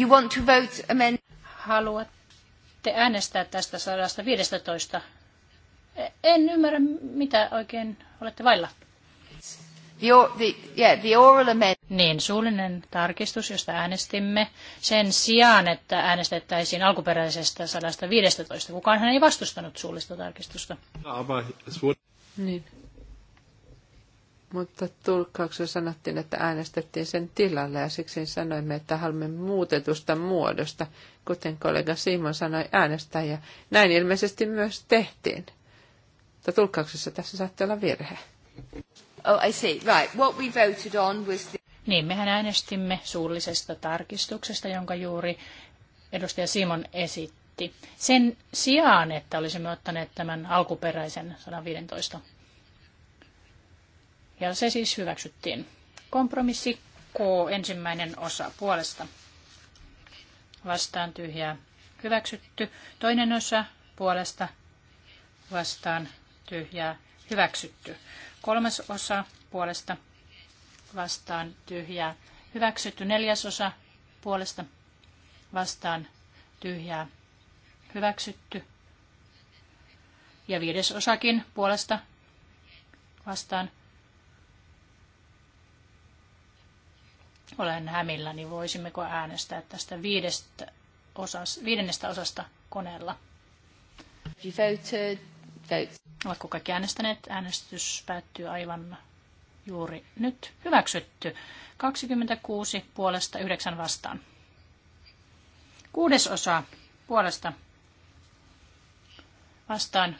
you want to vote amend? Haluatte äänestää tästä 115? E, en ymmärrä, mitä oikein olette vailla. The, yeah, the oral Niin, suullinen tarkistus, josta äänestimme, sen sijaan, että äänestettäisiin alkuperäisestä 115. Kukaan hän ei vastustanut suullista tarkistusta. No, niin. Mutta tulkkauksessa sanottiin, että äänestettiin sen tilalle ja siksi sanoimme, että haluamme muutetusta muodosta, kuten kollega Simon sanoi äänestää ja näin ilmeisesti myös tehtiin. Mutta tulkkauksessa tässä saattaa olla virhe. Oh, I see. Right. What we voted on was the... Niin, mehän äänestimme suullisesta tarkistuksesta, jonka juuri edustaja Simon esitti. Sen sijaan, että olisimme ottaneet tämän alkuperäisen 115. Ja se siis hyväksyttiin. Kompromissi K, ensimmäinen osa puolesta. Vastaan tyhjää. Hyväksytty. Toinen osa puolesta. Vastaan tyhjää. Hyväksytty. Kolmas osa puolesta vastaan tyhjää. Hyväksytty osa puolesta vastaan tyhjää. Hyväksytty. Ja viides osakin puolesta vastaan. Olen hämillä, niin voisimmeko äänestää tästä viidestä osas, viidennestä osasta koneella. If you voted, votes. Ovatko kaikki äänestäneet? Äänestys päättyy aivan juuri nyt. Hyväksytty. 26 puolesta 9 vastaan. Kuudes osa puolesta vastaan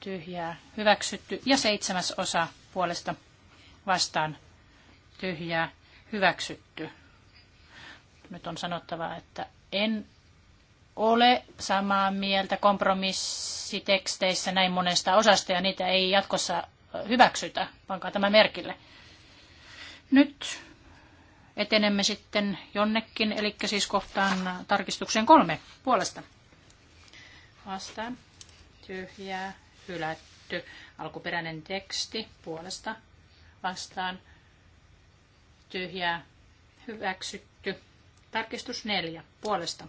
tyhjää hyväksytty ja seitsemäs osa puolesta vastaan tyhjää hyväksytty. Nyt on sanottava, että en ole samaa mieltä kompromissiteksteissä näin monesta osasta ja niitä ei jatkossa hyväksytä. Pankaa tämä merkille. Nyt etenemme sitten jonnekin, eli siis kohtaan tarkistuksen kolme puolesta. Vastaan. Tyhjää, hylätty. Alkuperäinen teksti puolesta. Vastaan. Tyhjää, hyväksytty. Tarkistus neljä puolesta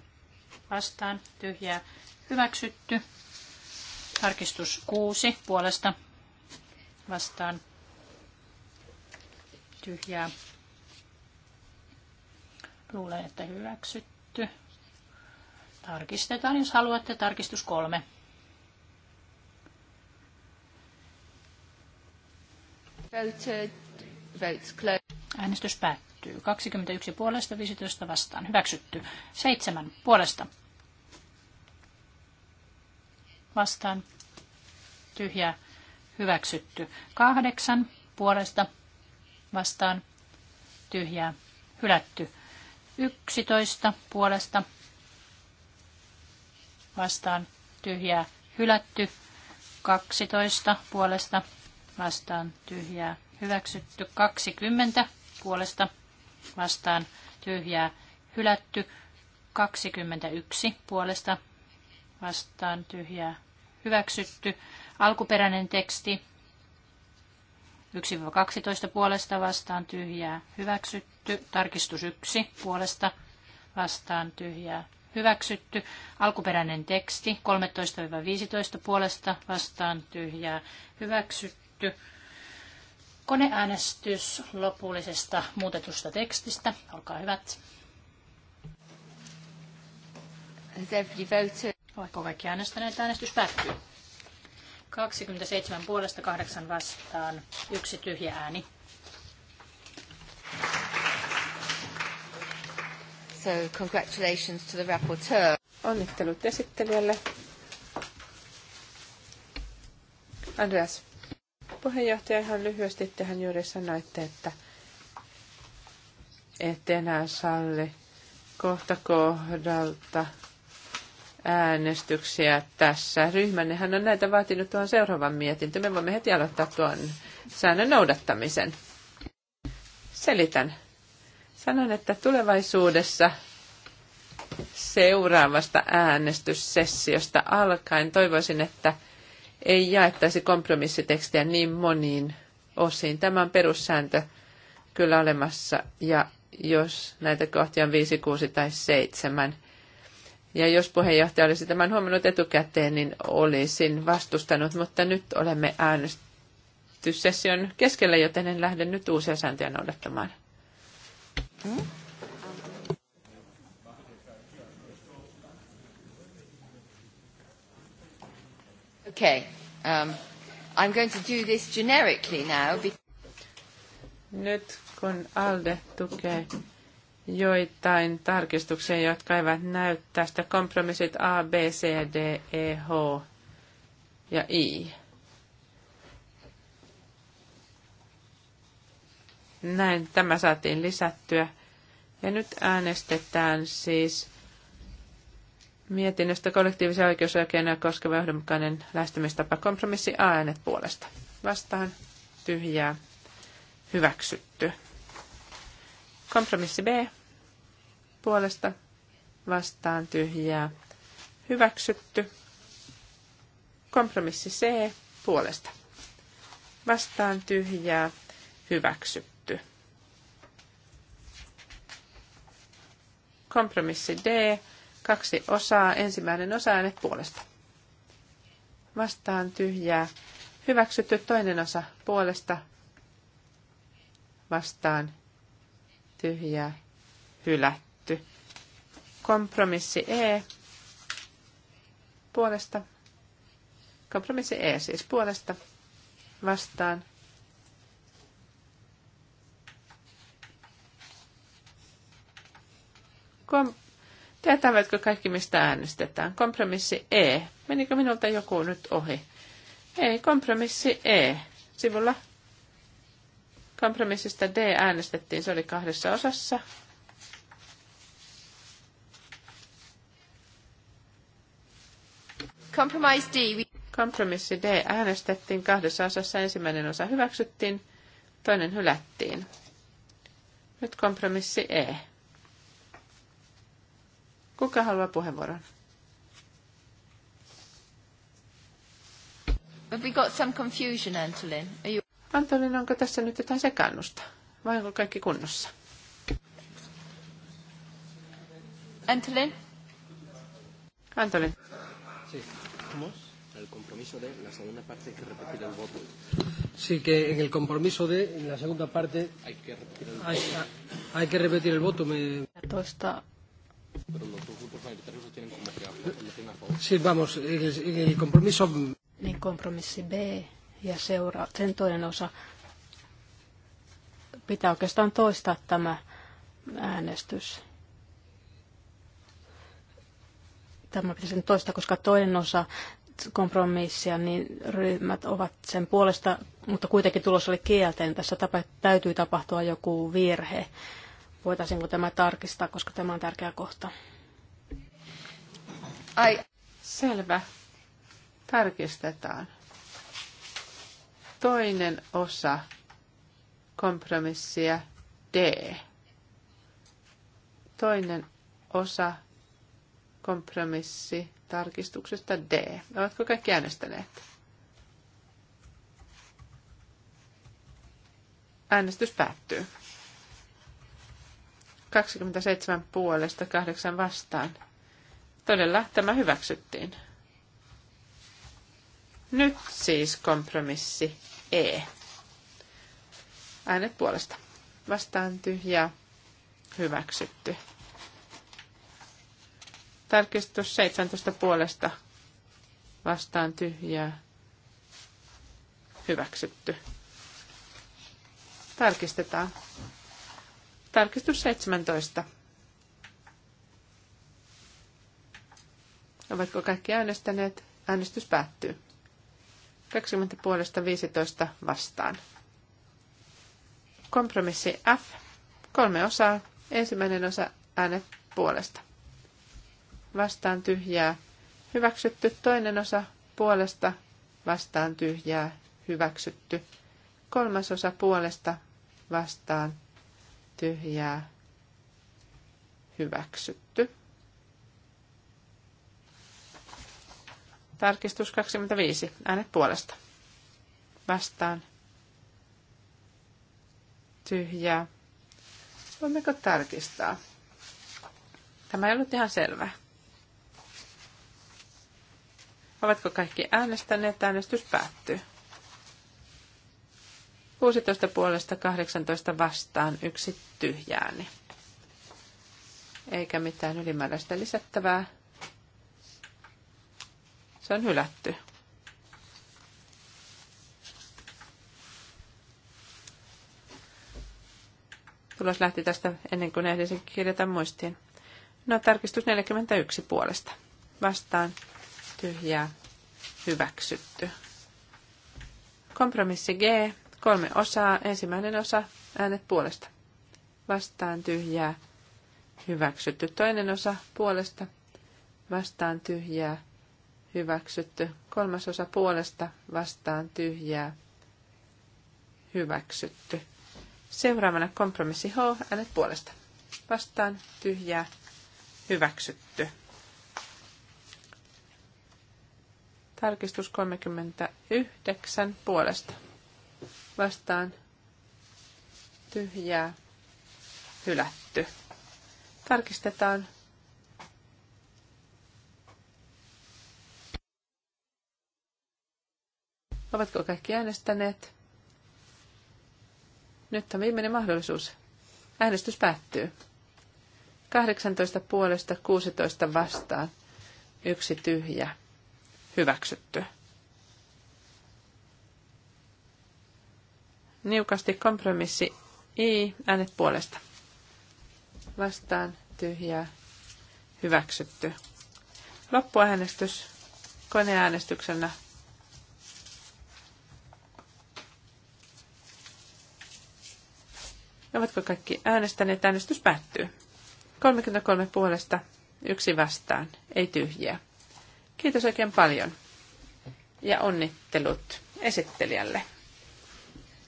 vastaan tyhjää hyväksytty. Tarkistus 6 puolesta vastaan tyhjää. Luulen, että hyväksytty. Tarkistetaan, jos haluatte. Tarkistus 3. Voted. Votes closed. Äänestys päättyy hyväksyttyy. 21 puolesta, 15 vastaan hyväksytty. 7 puolesta vastaan Tyhjä. hyväksytty. 8 puolesta vastaan tyhjää hylätty. 11 puolesta vastaan tyhjää hylätty. 12 puolesta vastaan tyhjää hyväksytty 20 puolesta vastaan tyhjää hylätty. 21 puolesta vastaan tyhjää hyväksytty. Alkuperäinen teksti 1-12 puolesta vastaan tyhjää hyväksytty. Tarkistus 1 puolesta vastaan tyhjää hyväksytty. Alkuperäinen teksti 13-15 puolesta vastaan tyhjää hyväksytty. Koneäänestys lopullisesta muutetusta tekstistä. Olkaa hyvät. Oletko kaikki äänestäneet? Äänestys päättyy. 27 puolesta 8 vastaan. Yksi tyhjä ääni. So congratulations to the rapporteur. Onnittelut esittelijälle. Andreas. Puheenjohtaja, ihan lyhyesti tähän juuri sanoitte, että et enää salli kohta kohdalta äänestyksiä tässä. Ryhmännehän on näitä vaatinut tuon seuraavan mietintö. Me voimme heti aloittaa tuon säännön noudattamisen. Selitän. Sanon, että tulevaisuudessa seuraavasta äänestyssessiosta alkaen toivoisin, että – ei jaettaisi kompromissitekstiä niin moniin osiin. Tämä on perussääntö kyllä olemassa, ja jos näitä kohtia on 5, 6 tai 7, ja jos puheenjohtaja olisi tämän huomannut etukäteen, niin olisin vastustanut, mutta nyt olemme äänestyssession keskellä, joten en lähde nyt uusia sääntöjä noudattamaan. Mm. Okay. Um, I'm going to do this generically now. Nyt kun ALDE tukee joitain tarkistuksia, jotka eivät näy tästä kompromissit A, B, C, D, E, H ja I. Näin tämä saatiin lisättyä. Ja nyt äänestetään siis mietinnöstä kollektiivisia oikeusoikeuksia koskeva johdonmukainen lähestymistapa kompromissi A äänet puolesta. Vastaan tyhjää hyväksytty. Kompromissi B puolesta vastaan tyhjää hyväksytty. Kompromissi C puolesta vastaan tyhjää hyväksytty. Kompromissi D Kaksi osaa. Ensimmäinen osa äänet puolesta. Vastaan tyhjää. Hyväksytty toinen osa puolesta. Vastaan tyhjää. Hylätty. Kompromissi E puolesta. Kompromissi E siis puolesta vastaan. Kom- Tietävätkö kaikki, mistä äänestetään? Kompromissi E. Menikö minulta joku nyt ohi? Ei, kompromissi E. Sivulla kompromissista D äänestettiin, se oli kahdessa osassa. Compromise D. Kompromissi D äänestettiin kahdessa osassa. Ensimmäinen osa hyväksyttiin, toinen hylättiin. Nyt kompromissi E. Kuka haluaa puheenvuoron? But we got some confusion, Antolin. Are you... Antolin, onko tässä nyt jotain sekannusta? Vai onko kaikki kunnossa? Antolin? Antolin. Sí. El compromiso de la segunda parte hay que repetir el voto. Sí, que en el compromiso de en la segunda parte hay que repetir el voto. Hay, hay que repetir el voto. Me... Toista Siis vamos, compromiso... Niin kompromissi B ja seura, sen toinen osa. Pitää oikeastaan toistaa tämä äänestys. Tämä pitäisi nyt toistaa, koska toinen osa kompromissia, niin ryhmät ovat sen puolesta, mutta kuitenkin tulos oli kielteinen. Tässä tapa, täytyy tapahtua joku virhe. Voitaisiinko tämä tarkistaa, koska tämä on tärkeä kohta? Ai, selvä. Tarkistetaan. Toinen osa kompromissia D. Toinen osa kompromissi tarkistuksesta D. Oletko kaikki äänestäneet? Äänestys päättyy. 27 puolesta, 8 vastaan. Todella tämä hyväksyttiin. Nyt siis kompromissi E. Äänet puolesta. Vastaan tyhjä. Hyväksytty. Tarkistus 17 puolesta. Vastaan tyhjää. Hyväksytty. Tarkistetaan. Tarkistus 17. Ovatko kaikki äänestäneet? Äänestys päättyy. 20 puolesta 15 vastaan. Kompromissi F. Kolme osaa. Ensimmäinen osa äänet puolesta. Vastaan tyhjää. Hyväksytty. Toinen osa puolesta. Vastaan tyhjää. Hyväksytty. Kolmas osa puolesta. Vastaan tyhjää hyväksytty. Tarkistus 25. Äänet puolesta. Vastaan. Tyhjää. Voimmeko tarkistaa? Tämä ei ollut ihan selvää. Ovatko kaikki äänestäneet? Äänestys päättyy. 16 puolesta 18 vastaan yksi tyhjääni. Eikä mitään ylimääräistä lisättävää. Se on hylätty. Tulos lähti tästä ennen kuin ehdisin kirjata muistiin. No, tarkistus 41 puolesta. Vastaan tyhjää hyväksytty. Kompromissi G Kolme osaa. Ensimmäinen osa äänet puolesta. Vastaan tyhjää. Hyväksytty. Toinen osa puolesta. Vastaan tyhjää. Hyväksytty. Kolmas osa puolesta. Vastaan tyhjää. Hyväksytty. Seuraavana kompromissi H. Äänet puolesta. Vastaan tyhjää. Hyväksytty. Tarkistus 39 puolesta vastaan tyhjää hylätty. Tarkistetaan. Ovatko kaikki äänestäneet? Nyt on viimeinen mahdollisuus. Äänestys päättyy. 18 puolesta 16 vastaan. Yksi tyhjä. Hyväksytty. niukasti kompromissi I, äänet puolesta. Vastaan tyhjää, hyväksytty. Loppuäänestys koneäänestyksenä. Ovatko kaikki äänestäneet? Äänestys päättyy. 33 puolesta, yksi vastaan, ei tyhjiä. Kiitos oikein paljon ja onnittelut esittelijälle.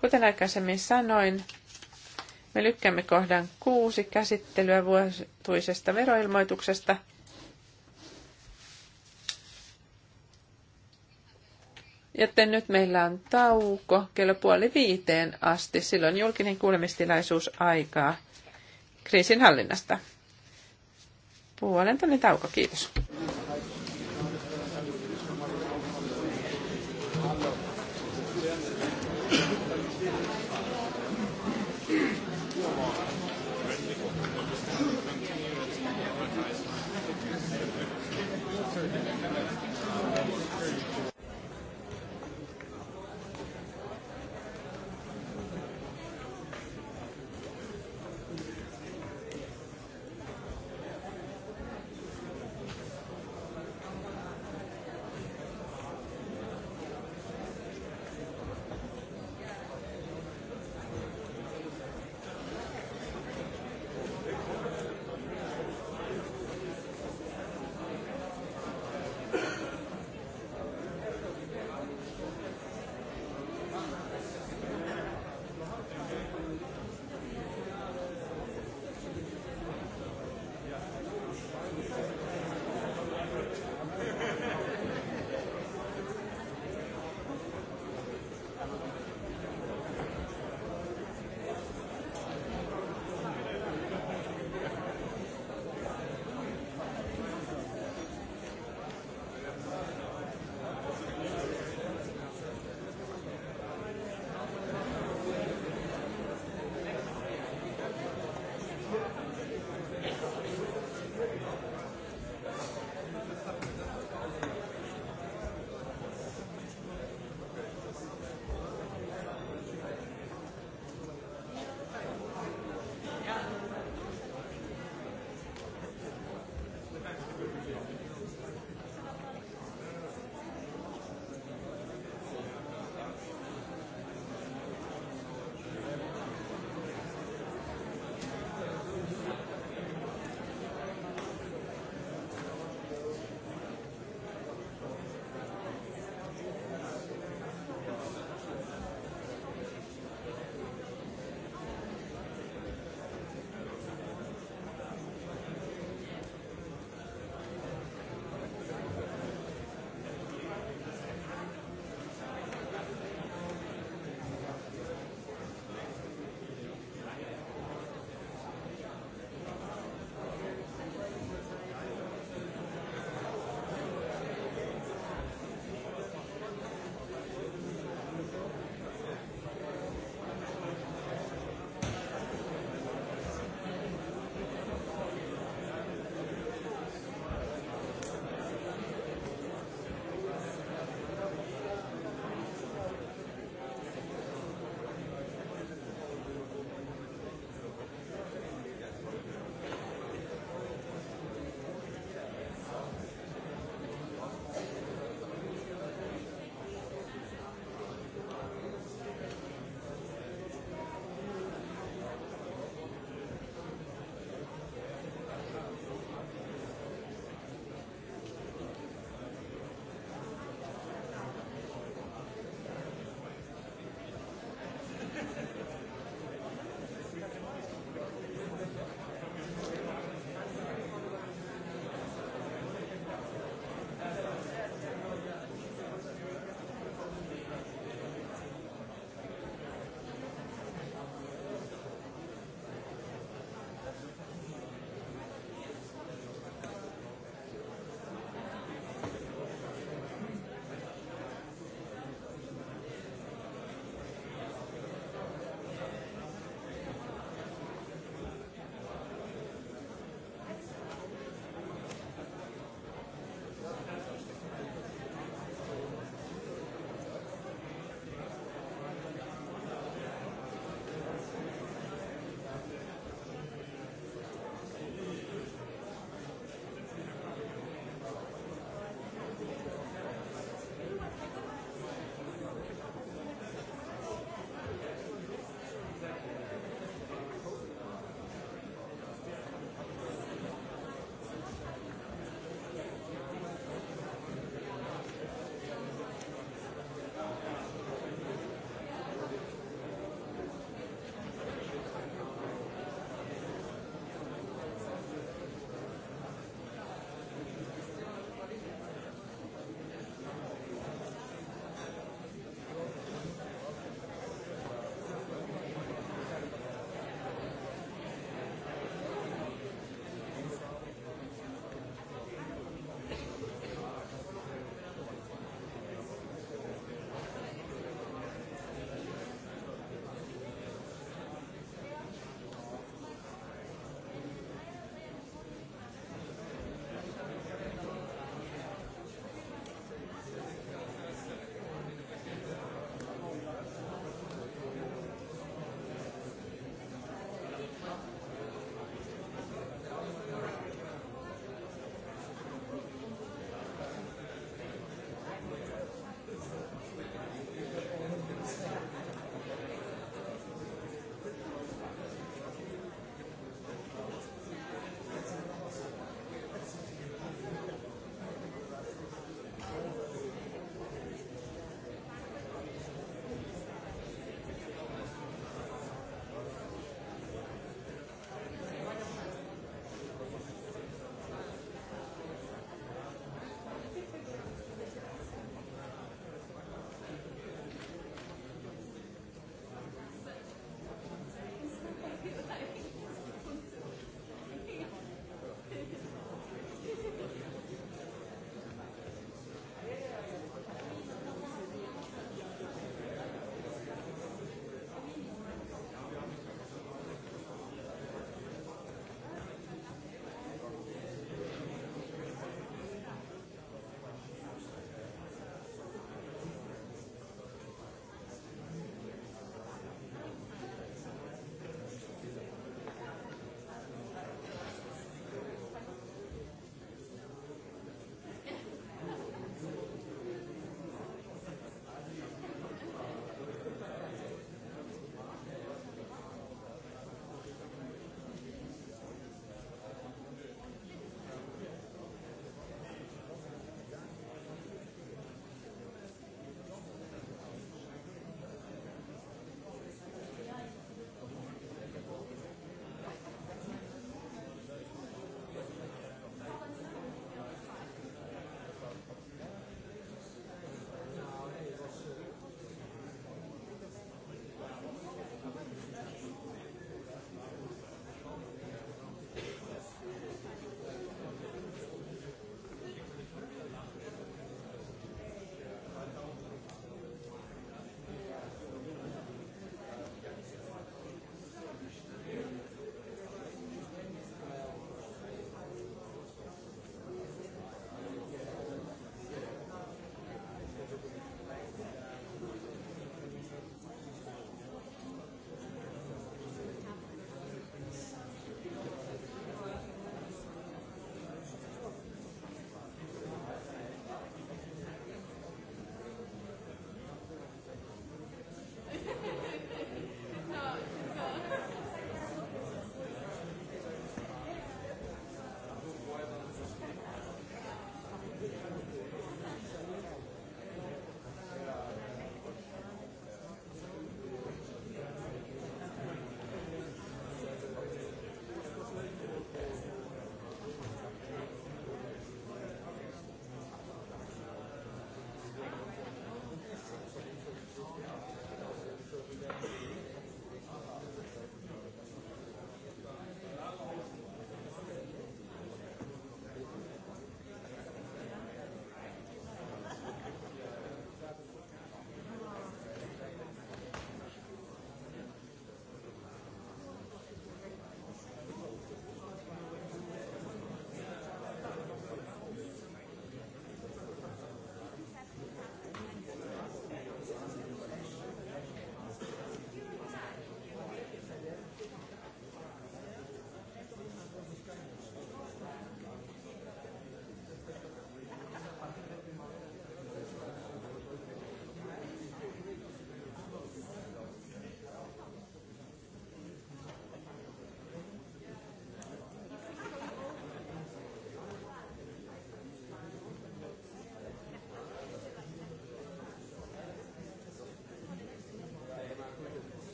Kuten aikaisemmin sanoin, me lykkäämme kohdan kuusi käsittelyä vuotuisesta veroilmoituksesta. Joten nyt meillä on tauko kello puoli viiteen asti. Silloin julkinen kuulemistilaisuus aikaa kriisin hallinnasta. Puolen tunnin tauko, kiitos.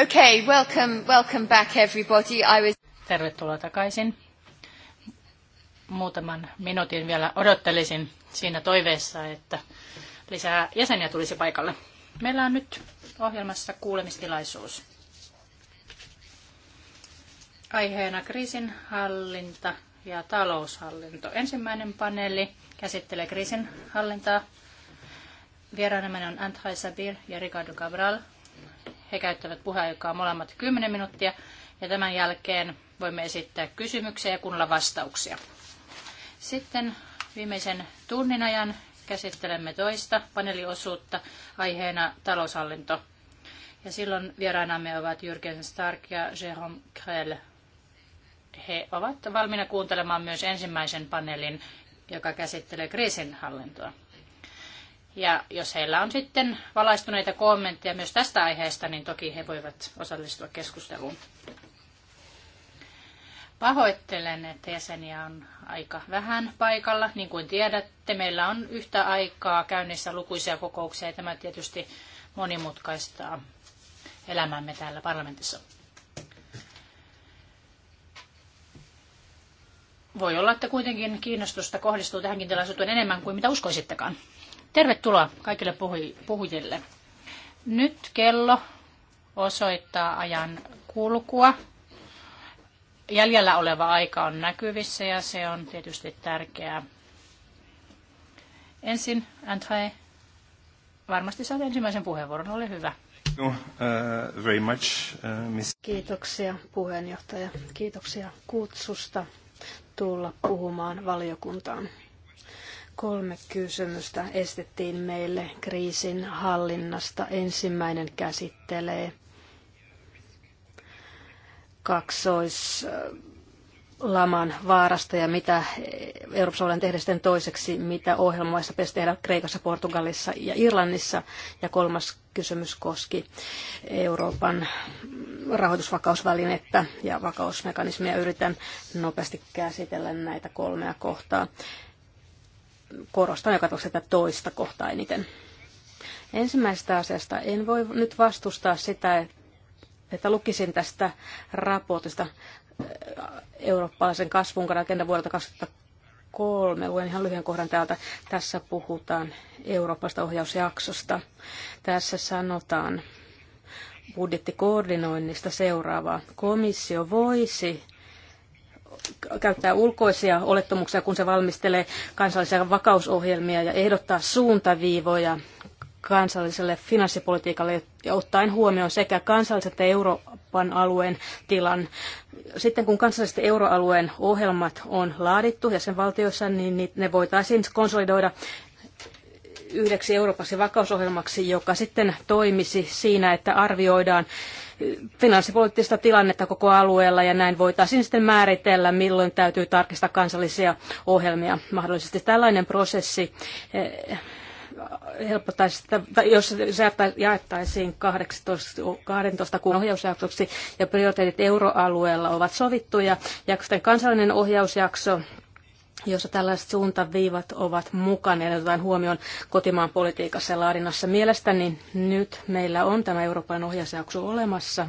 Okay, welcome, welcome back everybody. I was... Tervetuloa takaisin. Muutaman minuutin vielä odottelisin siinä toiveessa, että lisää jäseniä tulisi paikalle. Meillä on nyt ohjelmassa kuulemistilaisuus. Aiheena kriisinhallinta ja taloushallinto. Ensimmäinen paneeli käsittelee kriisinhallintaa. Vieraanamme on Anthai Sabir ja Ricardo Cabral he käyttävät puheaikaa molemmat 10 minuuttia ja tämän jälkeen voimme esittää kysymyksiä ja kuunnella vastauksia. Sitten viimeisen tunnin ajan käsittelemme toista paneeliosuutta aiheena taloushallinto. Ja silloin vieraanamme ovat Jürgen Stark ja Jérôme Krell. He ovat valmiina kuuntelemaan myös ensimmäisen paneelin, joka käsittelee kriisinhallintoa. Ja jos heillä on sitten valaistuneita kommentteja myös tästä aiheesta, niin toki he voivat osallistua keskusteluun. Pahoittelen, että jäseniä on aika vähän paikalla. Niin kuin tiedätte, meillä on yhtä aikaa käynnissä lukuisia kokouksia ja tämä tietysti monimutkaistaa elämämme täällä parlamentissa. Voi olla, että kuitenkin kiinnostusta kohdistuu tähänkin tilaisuuteen enemmän kuin mitä uskoisittekaan. Tervetuloa kaikille puhujille. Nyt kello osoittaa ajan kulkua. Jäljellä oleva aika on näkyvissä ja se on tietysti tärkeää. Ensin André, varmasti saat ensimmäisen puheenvuoron, ole hyvä. No, uh, very much, uh, miss... Kiitoksia puheenjohtaja, kiitoksia kutsusta tulla puhumaan valiokuntaan. Kolme kysymystä estettiin meille kriisin hallinnasta. Ensimmäinen käsittelee kaksoislaman vaarasta ja mitä Euroopassa voidaan tehdä sitten toiseksi, mitä ohjelmoissa pitäisi tehdä Kreikassa, Portugalissa ja Irlannissa. Ja kolmas kysymys koski Euroopan rahoitusvakausvälinettä ja vakausmekanismia. Yritän nopeasti käsitellä näitä kolmea kohtaa korostan joka tapauksessa tätä toista kohtaa eniten. Ensimmäisestä asiasta en voi nyt vastustaa sitä, että lukisin tästä raportista äh, eurooppalaisen kasvun agenda vuodelta 2003. Luen ihan lyhyen kohdan täältä. Tässä puhutaan Euroopasta ohjausjaksosta. Tässä sanotaan budjettikoordinoinnista seuraavaa. Komissio voisi käyttää ulkoisia olettamuksia, kun se valmistelee kansallisia vakausohjelmia ja ehdottaa suuntaviivoja kansalliselle finanssipolitiikalle ja ottaen huomioon sekä kansalliset että Euroopan alueen tilan. Sitten kun kansalliset euroalueen ohjelmat on laadittu jäsenvaltioissa, niin ne voitaisiin konsolidoida yhdeksi Euroopaksi vakausohjelmaksi, joka sitten toimisi siinä, että arvioidaan finanssipoliittista tilannetta koko alueella ja näin voitaisiin sitten määritellä, milloin täytyy tarkistaa kansallisia ohjelmia. Mahdollisesti tällainen prosessi eh, helpottaisi sitä, jos se jaettaisiin 18, 12 kuun ohjausjaksoksi ja prioriteetit euroalueella ovat sovittuja ja sitten kansallinen ohjausjakso jossa tällaiset suuntaviivat ovat mukana ja otetaan huomioon kotimaan politiikassa ja laadinnassa. Mielestäni nyt meillä on tämä Euroopan ohjausjakso olemassa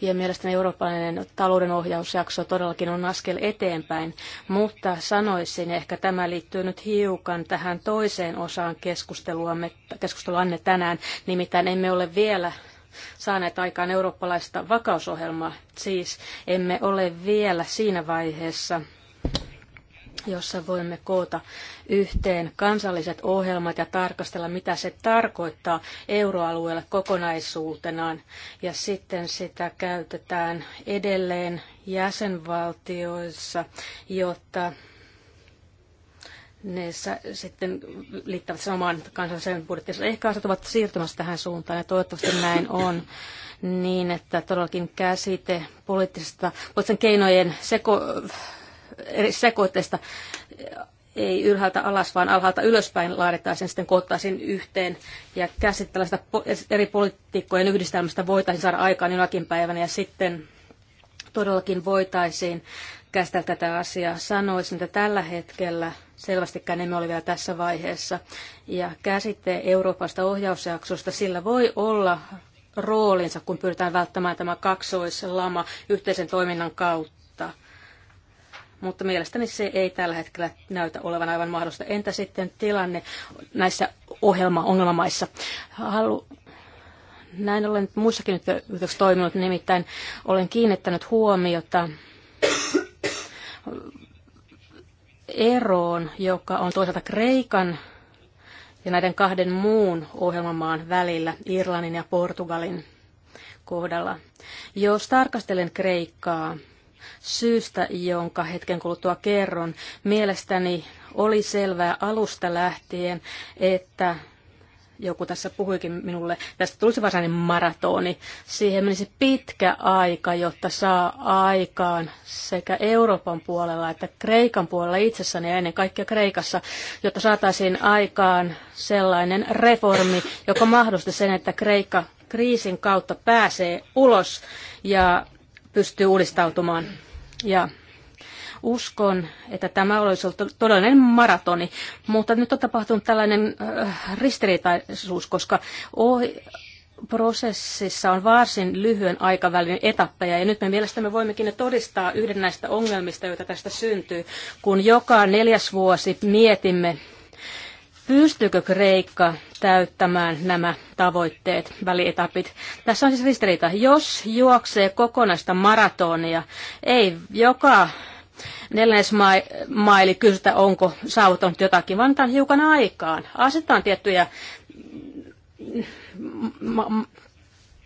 ja mielestäni eurooppalainen talouden ohjausjakso todellakin on askel eteenpäin, mutta sanoisin, ehkä tämä liittyy nyt hiukan tähän toiseen osaan keskusteluamme, keskusteluanne tänään, nimittäin emme ole vielä saaneet aikaan eurooppalaista vakausohjelmaa, siis emme ole vielä siinä vaiheessa, jossa voimme koota yhteen kansalliset ohjelmat ja tarkastella, mitä se tarkoittaa euroalueelle kokonaisuutenaan. Ja sitten sitä käytetään edelleen jäsenvaltioissa, jotta ne sitten liittävät sen omaan kansalliseen budjettiinsa. Ehkä asiat ovat siirtymässä tähän suuntaan ja toivottavasti näin on niin, että todellakin käsite poliittisesta, poliittisten keinojen seko, eri sekoitteista ei ylhäältä alas, vaan alhaalta ylöspäin laaditaan sen sitten koottaisiin yhteen ja käsitellä sitä eri poliitikkojen yhdistelmästä voitaisiin saada aikaan jonakin päivänä ja sitten todellakin voitaisiin käsitellä tätä asiaa. Sanoisin, että tällä hetkellä selvästikään emme ole vielä tässä vaiheessa. Ja käsite Euroopasta ohjausjaksosta, sillä voi olla roolinsa, kun pyritään välttämään tämä kaksoislama yhteisen toiminnan kautta mutta mielestäni se ei tällä hetkellä näytä olevan aivan mahdollista. Entä sitten tilanne näissä ohjelma-ongelmamaissa? Halu... Näin olen muissakin nyt toiminut, nimittäin olen kiinnittänyt huomiota eroon, joka on toisaalta Kreikan ja näiden kahden muun ohjelmamaan välillä, Irlannin ja Portugalin kohdalla. Jos tarkastelen Kreikkaa syystä, jonka hetken kuluttua kerron. Mielestäni oli selvää alusta lähtien, että joku tässä puhuikin minulle, tästä tulisi varsinainen maratoni. Siihen menisi pitkä aika, jotta saa aikaan sekä Euroopan puolella että Kreikan puolella itsessään ja ennen kaikkea Kreikassa, jotta saataisiin aikaan sellainen reformi, joka mahdollisti sen, että Kreikka kriisin kautta pääsee ulos ja pystyy uudistautumaan. Ja uskon, että tämä olisi ollut todellinen maratoni, mutta nyt on tapahtunut tällainen äh, ristiriitaisuus, koska prosessissa on varsin lyhyen aikavälin etappeja, ja nyt me mielestämme voimmekin todistaa yhden näistä ongelmista, joita tästä syntyy, kun joka neljäs vuosi mietimme Pystyykö Kreikka täyttämään nämä tavoitteet, välietapit? Tässä on siis ristiriita. Jos juoksee kokonaista maratonia, ei joka neljännes maili kysytä, onko saavuttanut jotakin, vaan antaa hiukan aikaan. Asetetaan tiettyjä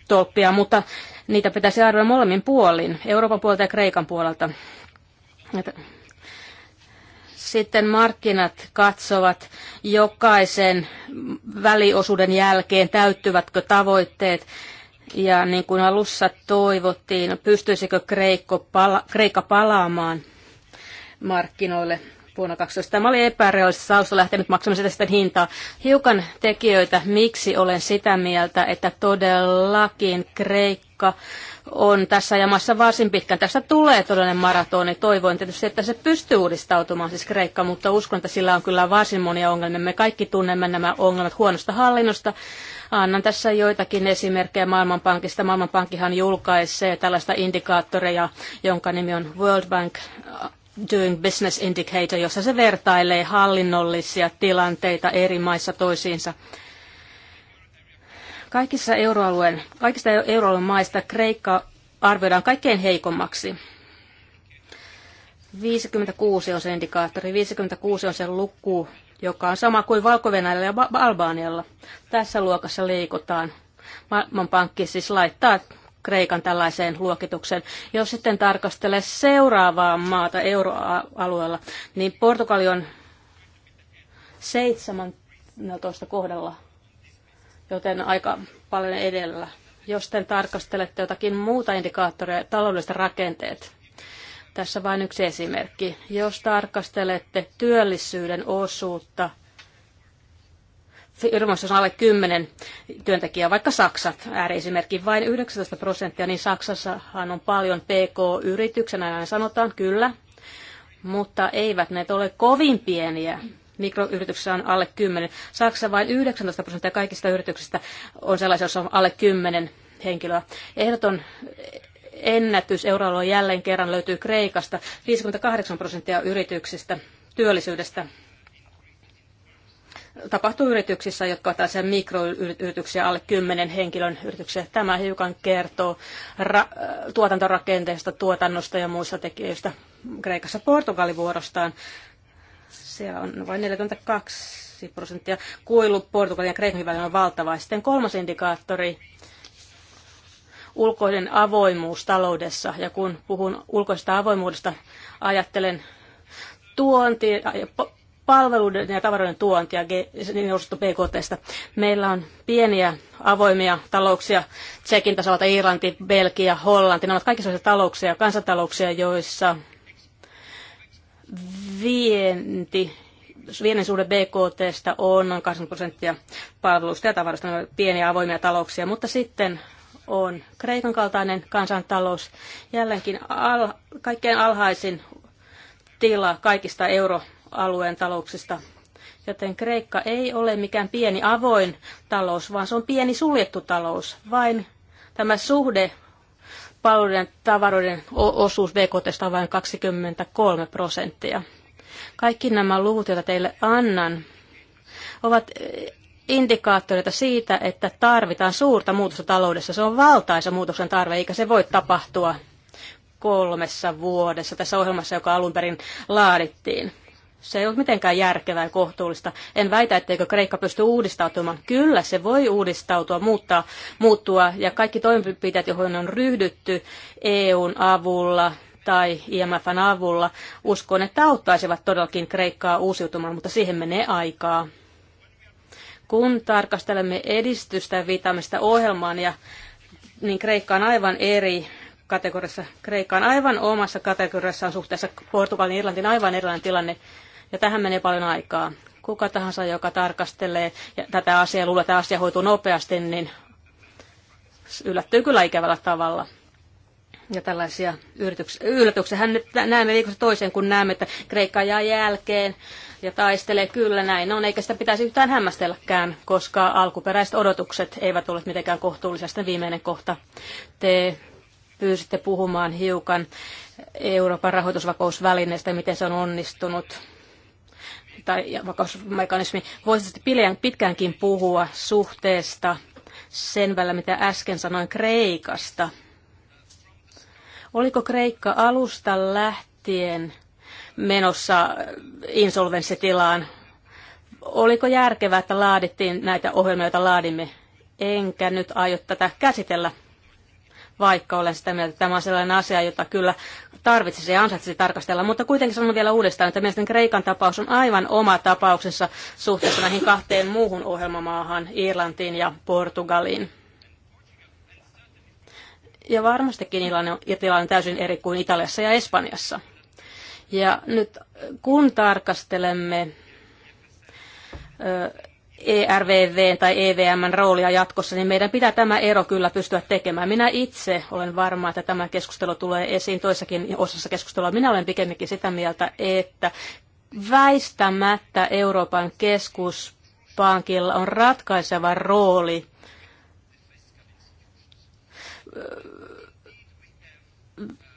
tolppia, mutta niitä pitäisi arvioida molemmin puolin, Euroopan puolelta ja Kreikan puolelta. Sitten markkinat katsovat jokaisen väliosuuden jälkeen, täyttyvätkö tavoitteet. Ja niin kuin alussa toivottiin, pystyisikö Kreikko pala- Kreikka palaamaan markkinoille vuonna 12. Tämä oli epärealistista, Sausta lähtenyt maksamaan sitä sitten hintaa. Hiukan tekijöitä, miksi olen sitä mieltä, että todellakin Kreikka on tässä jamassa varsin pitkään. Tässä tulee todellinen maratoni. Toivoin tietysti, että se pystyy uudistautumaan, siis Kreikka, mutta uskon, että sillä on kyllä varsin monia ongelmia. Me kaikki tunnemme nämä ongelmat huonosta hallinnosta. Annan tässä joitakin esimerkkejä Maailmanpankista. Maailmanpankkihan julkaisee tällaista indikaattoria, jonka nimi on World Bank uh, Doing Business Indicator, jossa se vertailee hallinnollisia tilanteita eri maissa toisiinsa. Kaikissa euroalueen, kaikista euroalueen maista Kreikka arvioidaan kaikkein heikommaksi. 56 on se indikaattori. 56 on se luku, joka on sama kuin valko ja Albaanialla. Tässä luokassa liikutaan. Maailmanpankki siis laittaa Kreikan tällaiseen luokitukseen. Jos sitten tarkastelee seuraavaa maata euroalueella, niin Portugali on 17 kohdalla joten aika paljon edellä. Jos te tarkastelette jotakin muuta indikaattoria, taloudelliset rakenteet, tässä vain yksi esimerkki. Jos tarkastelette työllisyyden osuutta, firmassa on alle 10 työntekijää, vaikka Saksat, ääriesimerkki, vain 19 prosenttia, niin Saksassahan on paljon PK-yrityksenä, näin sanotaan, kyllä, mutta eivät ne ole kovin pieniä mikroyrityksissä on alle 10. Saksa vain 19 prosenttia kaikista yrityksistä on sellaisia, joissa on alle 10 henkilöä. Ehdoton ennätys euroalueen jälleen kerran löytyy Kreikasta. 58 prosenttia yrityksistä työllisyydestä tapahtuu yrityksissä, jotka ovat tällaisia mikroyrityksiä, alle kymmenen henkilön yrityksiä. Tämä hiukan kertoo tuotantorakenteesta, tuotannosta ja muista tekijöistä. Kreikassa Portugali vuorostaan siellä on vain 42 prosenttia. Kuilu Portugalin ja Kreikan välillä on valtava. Sitten kolmas indikaattori, ulkoinen avoimuus taloudessa. Ja kun puhun ulkoisesta avoimuudesta, ajattelen tuonti, palveluiden ja tavaroiden tuontia, niin osattu BKTstä. Meillä on pieniä avoimia talouksia, Tsekin tasavalta, Irlanti, Belgia, Hollanti. Nämä ovat kaikki sellaisia talouksia, kansantalouksia, joissa vienti, viennin suhde BKTstä on noin 80 prosenttia palveluista ja tavaroista, ne pieniä avoimia talouksia, mutta sitten on Kreikan kaltainen kansantalous jälleenkin al, kaikkein alhaisin tila kaikista euroalueen talouksista. Joten Kreikka ei ole mikään pieni avoin talous, vaan se on pieni suljettu talous. Vain tämä suhde palveluiden tavaroiden osuus BKT on vain 23 prosenttia. Kaikki nämä luvut, joita teille annan, ovat indikaattoreita siitä, että tarvitaan suurta muutosta taloudessa. Se on valtaisa muutoksen tarve, eikä se voi tapahtua kolmessa vuodessa tässä ohjelmassa, joka alun perin laadittiin. Se ei ole mitenkään järkevää ja kohtuullista. En väitä, etteikö Kreikka pysty uudistautumaan. Kyllä, se voi uudistautua, muuttaa, muuttua ja kaikki toimenpiteet, joihin on ryhdytty EUn avulla, tai IMFn avulla. Uskon, että auttaisivat todellakin Kreikkaa uusiutumaan, mutta siihen menee aikaa. Kun tarkastelemme edistystä viitamista ohjelmaan, ja, niin Kreikka on aivan eri kategoriassa. Kreikka on aivan omassa kategoriassaan suhteessa Portugalin ja Irlantin aivan erilainen tilanne, ja tähän menee paljon aikaa. Kuka tahansa, joka tarkastelee ja tätä asiaa luulee, että asia hoituu nopeasti, niin yllättyy kyllä ikävällä tavalla ja tällaisia yllätyksiä. Hän nyt näemme viikossa toiseen, kun näemme, että Kreikka jää jälkeen ja taistelee. Kyllä näin on, eikä sitä pitäisi yhtään hämmästelläkään, koska alkuperäiset odotukset eivät ole mitenkään kohtuullisesta viimeinen kohta. Te pyysitte puhumaan hiukan Euroopan rahoitusvakausvälineestä, miten se on onnistunut tai vakausmekanismi. Voisitte pitkäänkin puhua suhteesta sen välillä, mitä äsken sanoin Kreikasta – Oliko Kreikka alusta lähtien menossa insolvenssitilaan? Oliko järkevää, että laadittiin näitä ohjelmia, joita laadimme? Enkä nyt aio tätä käsitellä, vaikka olen sitä mieltä, että tämä on sellainen asia, jota kyllä tarvitsisi ja ansaitsisi tarkastella. Mutta kuitenkin sanon vielä uudestaan, että mielestäni Kreikan tapaus on aivan oma tapauksessa suhteessa näihin kahteen muuhun ohjelmamaahan, Irlantiin ja Portugaliin. Ja varmastikin tilanne, ja tilanne on täysin eri kuin Italiassa ja Espanjassa. Ja nyt kun tarkastelemme ERVV tai EVMn roolia jatkossa, niin meidän pitää tämä ero kyllä pystyä tekemään. Minä itse olen varma, että tämä keskustelu tulee esiin toissakin osassa keskustelua. Minä olen pikemminkin sitä mieltä, että väistämättä Euroopan keskuspankilla on ratkaiseva rooli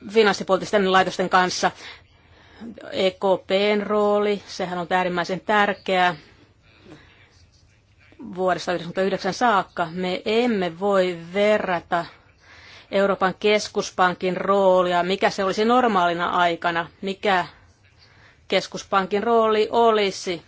finanssipoliittisten laitosten kanssa. EKPn rooli, sehän on äärimmäisen tärkeä vuodesta 1999 saakka. Me emme voi verrata Euroopan keskuspankin roolia, mikä se olisi normaalina aikana, mikä keskuspankin rooli olisi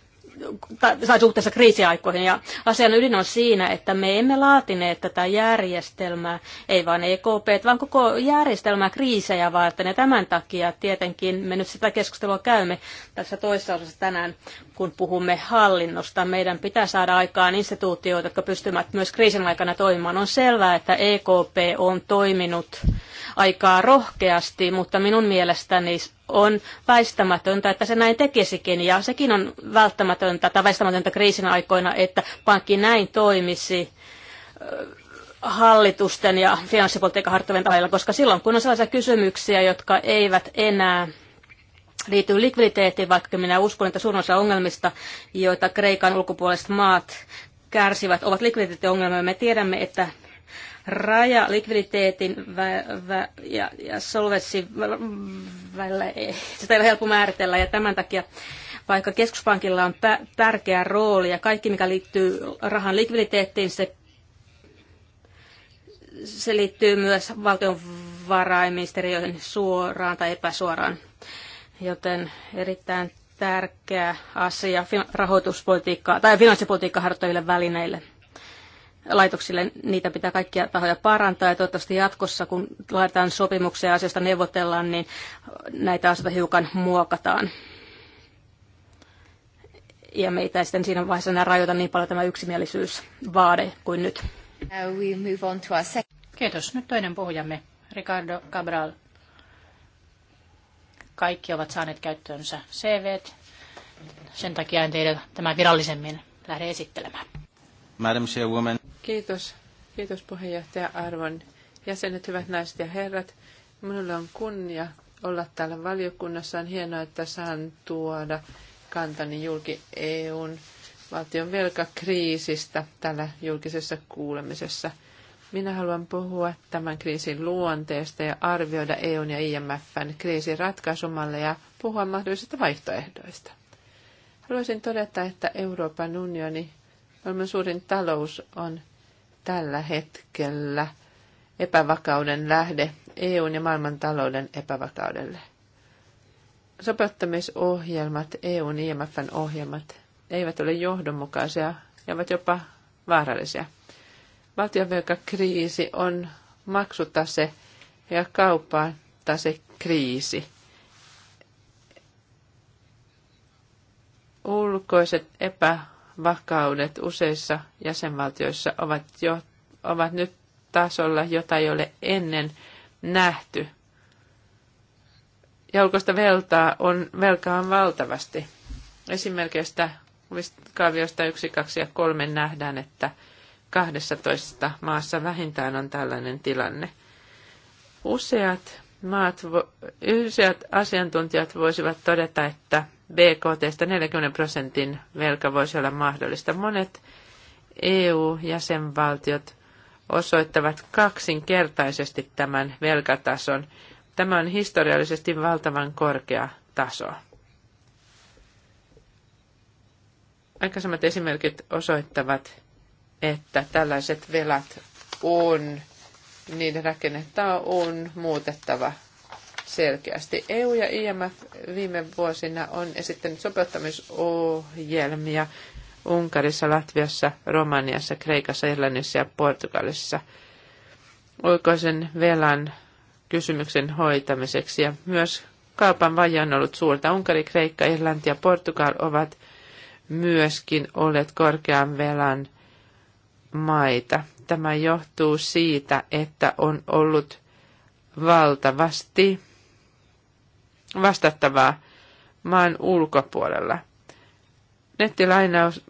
tai suhteessa kriisiaikoihin. Ja asian ydin on siinä, että me emme laatineet tätä järjestelmää, ei vain EKP, vaan koko järjestelmää kriisejä varten. Ja tämän takia tietenkin me nyt sitä keskustelua käymme tässä toisessa osassa tänään, kun puhumme hallinnosta. Meidän pitää saada aikaan instituutioita, jotka pystyvät myös kriisin aikana toimimaan. On selvää, että EKP on toiminut aikaa rohkeasti, mutta minun mielestäni on väistämätöntä, että se näin tekisikin, ja sekin on välttämätöntä tai väistämätöntä kriisin aikoina, että pankki näin toimisi hallitusten ja finanssipolitiikan harjoittavien välillä, koska silloin kun on sellaisia kysymyksiä, jotka eivät enää liittyy likviditeettiin, vaikka minä uskon, että suurin osa ongelmista, joita Kreikan ulkopuoliset maat kärsivät, ovat likviditeettiongelmia. Me tiedämme, että raja likviditeetin vä- vä- ja, ja solvenssi välillä, sitä ei ole helppo määritellä ja tämän takia vaikka keskuspankilla on tärkeä rooli ja kaikki, mikä liittyy rahan likviditeettiin, se, se liittyy myös valtionvarainministeriöihin suoraan tai epäsuoraan. Joten erittäin tärkeä asia rahoituspolitiikkaa tai finanssipolitiikkaa harjoittaville välineille – laitoksille. Niitä pitää kaikkia tahoja parantaa ja toivottavasti jatkossa, kun laitetaan sopimuksia ja asioista neuvotellaan, niin näitä asioita hiukan muokataan. Ja meitä ei sitten siinä vaiheessa enää rajoita niin paljon tämä yksimielisyysvaade kuin nyt. Uh, Kiitos. Nyt toinen puhujamme, Ricardo Cabral. Kaikki ovat saaneet käyttöönsä CVt. Sen takia en teidän tämä virallisemmin lähde esittelemään. Madam Chairwoman. Kiitos. Kiitos puheenjohtaja Arvon jäsenet, hyvät naiset ja herrat. Minulla on kunnia olla täällä valiokunnassa. On hienoa, että saan tuoda kantani julki EUn valtion velkakriisistä tällä julkisessa kuulemisessa. Minä haluan puhua tämän kriisin luonteesta ja arvioida EUn ja IMFn kriisin ratkaisumalle ja puhua mahdollisista vaihtoehdoista. Haluaisin todeta, että Euroopan unioni Maailman suurin talous on tällä hetkellä epävakauden lähde EUn ja maailman talouden epävakaudelle. Sopeuttamisohjelmat, EUn IMFn ohjelmat, eivät ole johdonmukaisia ja ovat jopa vaarallisia. Valtionvelkakriisi on maksutase ja kauppatase kriisi. Ulkoiset epä vakaudet useissa jäsenvaltioissa ovat, jo, ovat nyt tasolla, jota ei ole ennen nähty. Ja veltaa on, velkaa on valtavasti. Esimerkistä kaaviosta 1, 2 ja 3 nähdään, että 12 maassa vähintään on tällainen tilanne. Useat, maat, useat asiantuntijat voisivat todeta, että BKT 40 prosentin velka voisi olla mahdollista. Monet EU-jäsenvaltiot osoittavat kaksinkertaisesti tämän velkatason. Tämä on historiallisesti valtavan korkea taso. Aikaisemmat esimerkit osoittavat, että tällaiset velat on, niiden rakennetta on muutettava selkeästi. EU ja IMF viime vuosina on esittänyt sopeuttamisohjelmia Unkarissa, Latviassa, Romaniassa, Kreikassa, Irlannissa ja Portugalissa ulkoisen velan kysymyksen hoitamiseksi ja myös kaupan vaje on ollut suurta. Unkari, Kreikka, Irlanti ja Portugal ovat myöskin olleet korkean velan maita. Tämä johtuu siitä, että on ollut valtavasti vastattavaa maan ulkopuolella. Nettilainaus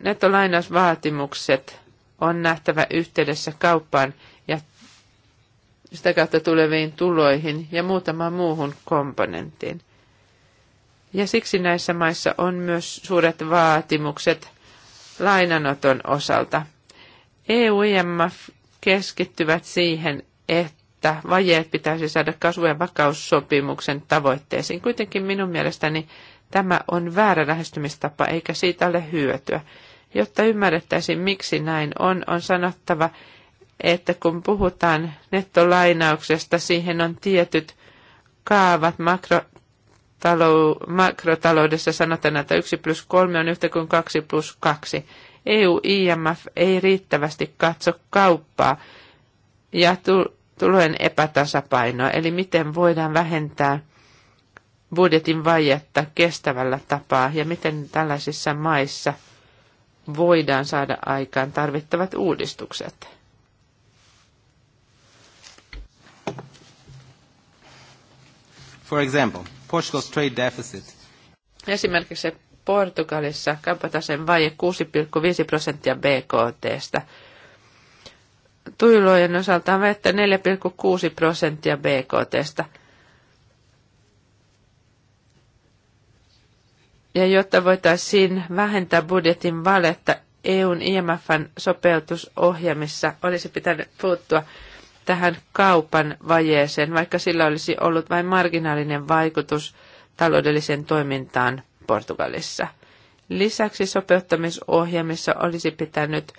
nettolainausvaatimukset on nähtävä yhteydessä kauppaan ja sitä kautta tuleviin tuloihin ja muutamaan muuhun komponenttiin. Ja siksi näissä maissa on myös suuret vaatimukset lainanoton osalta. EU ja keskittyvät siihen, että että vajeet pitäisi saada kasvu- ja vakaussopimuksen tavoitteisiin. Kuitenkin minun mielestäni tämä on väärä lähestymistapa, eikä siitä ole hyötyä. Jotta ymmärrettäisiin, miksi näin on, on sanottava, että kun puhutaan nettolainauksesta, siihen on tietyt kaavat makro, talou, makrotaloudessa sanotaan, että 1 plus 3 on yhtä kuin 2 plus 2. EU-IMF ei riittävästi katso kauppaa ja tu, tulojen epätasapainoa, eli miten voidaan vähentää budjetin vajetta kestävällä tapaa ja miten tällaisissa maissa voidaan saada aikaan tarvittavat uudistukset. For example, Portugal's trade deficit. Esimerkiksi Portugalissa kauppataseen vaje 6,5 prosenttia BKTstä tuilojen osalta on vettä 4,6 prosenttia BKTstä. Ja jotta voitaisiin vähentää budjetin valetta, EUn IMFn sopeutusohjelmissa olisi pitänyt puuttua tähän kaupan vajeeseen, vaikka sillä olisi ollut vain marginaalinen vaikutus taloudelliseen toimintaan Portugalissa. Lisäksi sopeuttamisohjelmissa olisi pitänyt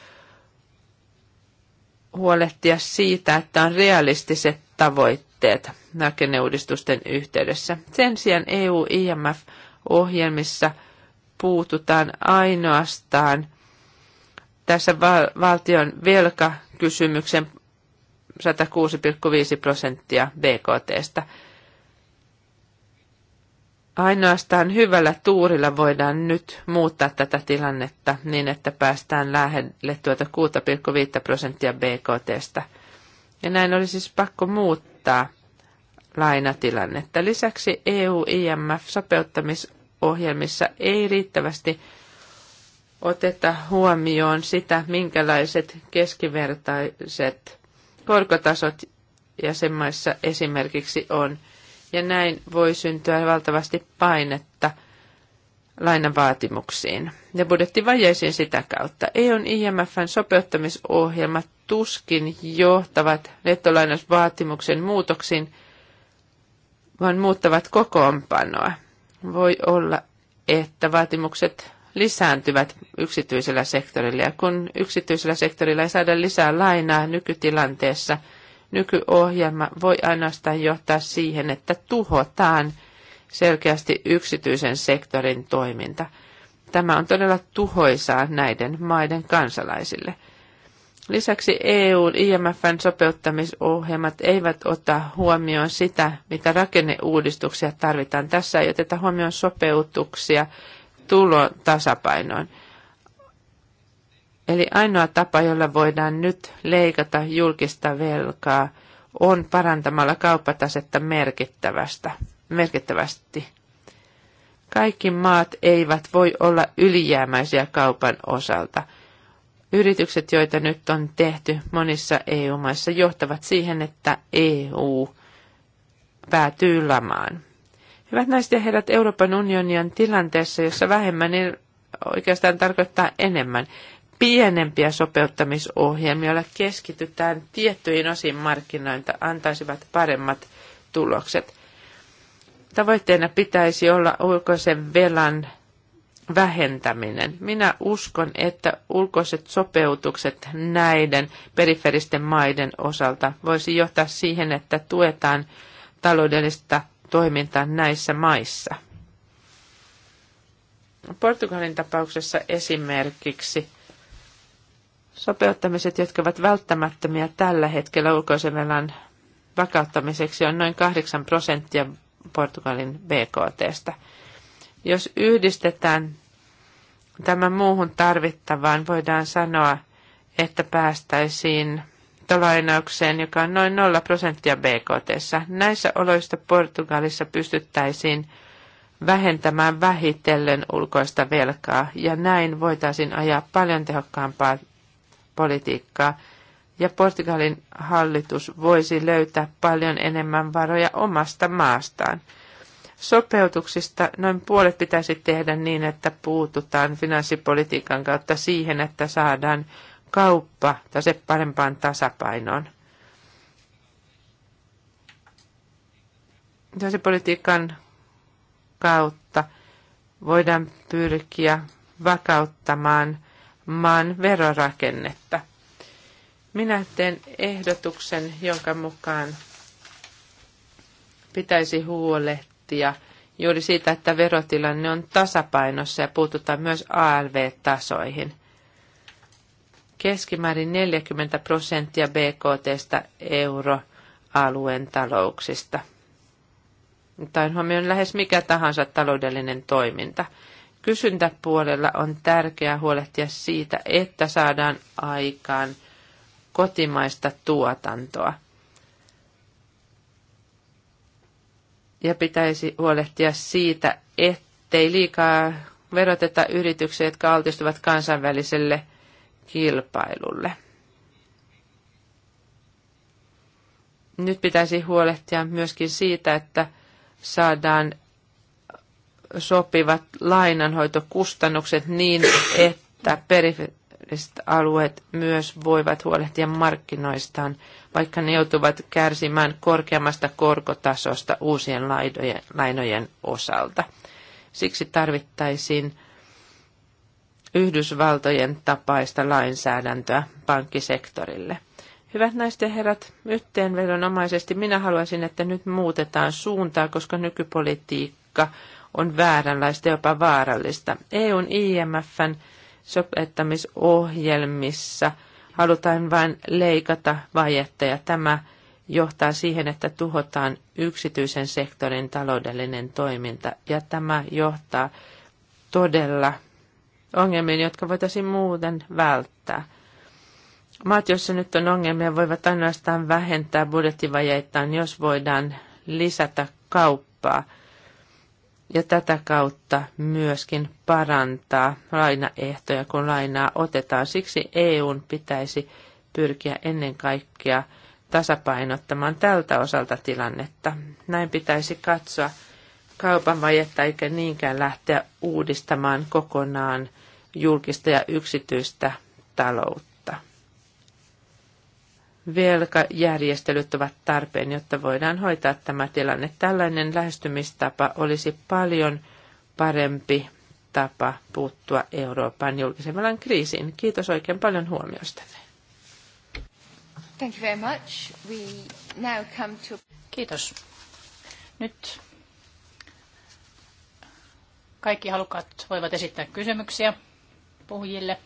huolehtia siitä, että on realistiset tavoitteet rakenneuudistusten yhteydessä. Sen sijaan EU-IMF-ohjelmissa puututaan ainoastaan tässä val- valtion velkakysymyksen 106,5 prosenttia BKTstä. Ainoastaan hyvällä tuurilla voidaan nyt muuttaa tätä tilannetta niin, että päästään lähelle tuota 6,5 prosenttia BKTstä. Ja näin oli siis pakko muuttaa lainatilannetta. Lisäksi EU-IMF-sopeuttamisohjelmissa ei riittävästi oteta huomioon sitä, minkälaiset keskivertaiset korkotasot jäsenmaissa esimerkiksi on – ja näin voi syntyä valtavasti painetta lainan vaatimuksiin ja budjettivajeisiin sitä kautta. EUn IMFn sopeuttamisohjelmat tuskin johtavat nettolainausvaatimuksen muutoksiin, vaan muuttavat kokoonpanoa. Voi olla, että vaatimukset lisääntyvät yksityisellä sektorilla, ja kun yksityisellä sektorilla ei saada lisää lainaa nykytilanteessa – nykyohjelma voi ainoastaan johtaa siihen, että tuhotaan selkeästi yksityisen sektorin toiminta. Tämä on todella tuhoisaa näiden maiden kansalaisille. Lisäksi EUn IMFn sopeuttamisohjelmat eivät ota huomioon sitä, mitä rakenneuudistuksia tarvitaan. Tässä ei oteta huomioon sopeutuksia tulon tasapainoon. Eli ainoa tapa, jolla voidaan nyt leikata julkista velkaa, on parantamalla kauppatasetta merkittävästä, merkittävästi. Kaikki maat eivät voi olla ylijäämäisiä kaupan osalta. Yritykset, joita nyt on tehty monissa EU-maissa, johtavat siihen, että EU päätyy lamaan. Hyvät naiset ja herrat, Euroopan unionin tilanteessa, jossa vähemmän niin oikeastaan tarkoittaa enemmän pienempiä sopeuttamisohjelmia, joilla keskitytään tiettyihin osiin markkinoita, antaisivat paremmat tulokset. Tavoitteena pitäisi olla ulkoisen velan vähentäminen. Minä uskon, että ulkoiset sopeutukset näiden periferisten maiden osalta voisi johtaa siihen, että tuetaan taloudellista toimintaa näissä maissa. Portugalin tapauksessa esimerkiksi – Sopeuttamiset, jotka ovat välttämättömiä tällä hetkellä ulkoisen velan vakauttamiseksi, on noin 8 prosenttia Portugalin BKTstä. Jos yhdistetään tämä muuhun tarvittavaan, voidaan sanoa, että päästäisiin nettolainaukseen, joka on noin 0 prosenttia BKT. Näissä oloissa Portugalissa pystyttäisiin vähentämään vähitellen ulkoista velkaa ja näin voitaisiin ajaa paljon tehokkaampaa politiikkaa ja Portugalin hallitus voisi löytää paljon enemmän varoja omasta maastaan. Sopeutuksista noin puolet pitäisi tehdä niin, että puututaan finanssipolitiikan kautta siihen, että saadaan kauppa tase parempaan tasapainoon. Finanssipolitiikan kautta voidaan pyrkiä vakauttamaan – maan verorakennetta. Minä teen ehdotuksen, jonka mukaan pitäisi huolehtia juuri siitä, että verotilanne on tasapainossa ja puututaan myös ALV-tasoihin. Keskimäärin 40 prosenttia BKT euroalueen talouksista. Tai huomioon lähes mikä tahansa taloudellinen toiminta – kysyntäpuolella on tärkeää huolehtia siitä, että saadaan aikaan kotimaista tuotantoa. Ja pitäisi huolehtia siitä, ettei liikaa veroteta yrityksiä, jotka altistuvat kansainväliselle kilpailulle. Nyt pitäisi huolehtia myöskin siitä, että saadaan sopivat lainanhoitokustannukset niin, että periferiset alueet myös voivat huolehtia markkinoistaan, vaikka ne joutuvat kärsimään korkeammasta korkotasosta uusien laidojen, lainojen osalta. Siksi tarvittaisiin Yhdysvaltojen tapaista lainsäädäntöä pankkisektorille. Hyvät naiset ja herrat, yhteenvedonomaisesti minä haluaisin, että nyt muutetaan suuntaa, koska nykypolitiikka on vääränlaista, jopa vaarallista. EUn IMFn sopettamisohjelmissa halutaan vain leikata vajetta ja tämä johtaa siihen, että tuhotaan yksityisen sektorin taloudellinen toiminta ja tämä johtaa todella ongelmiin, jotka voitaisiin muuten välttää. Maat, joissa nyt on ongelmia, voivat ainoastaan vähentää budjettivajeitaan, jos voidaan lisätä kauppaa – ja tätä kautta myöskin parantaa lainaehtoja, kun lainaa otetaan. Siksi EUn pitäisi pyrkiä ennen kaikkea tasapainottamaan tältä osalta tilannetta. Näin pitäisi katsoa kaupan vajetta eikä niinkään lähteä uudistamaan kokonaan julkista ja yksityistä taloutta velkajärjestelyt ovat tarpeen, jotta voidaan hoitaa tämä tilanne. Tällainen lähestymistapa olisi paljon parempi tapa puuttua Euroopan julkisen velan kriisiin. Kiitos oikein paljon huomiostanne. Thank you very much. We now come to... Kiitos. Nyt kaikki halukkaat voivat esittää kysymyksiä puhujille.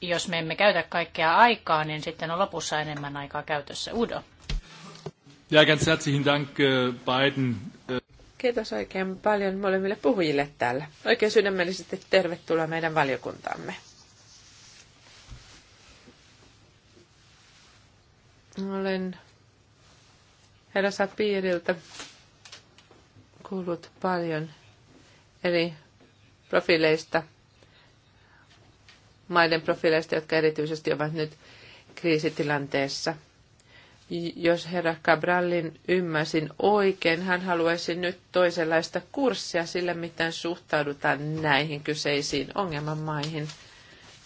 jos me emme käytä kaikkea aikaa, niin sitten on lopussa enemmän aikaa käytössä. Udo. Ja ganz herzlichen Dank äh, beiden. Kiitos oikein paljon molemmille puhujille täällä. Oikein sydämellisesti tervetuloa meidän valiokuntaamme. Olen herra Sapirilta kuullut paljon eri profiileista – maiden profiileista, jotka erityisesti ovat nyt kriisitilanteessa. Jos herra Cabrallin ymmärsin oikein, hän haluaisi nyt toisenlaista kurssia sillä, miten suhtaudutaan näihin kyseisiin ongelmamaihin.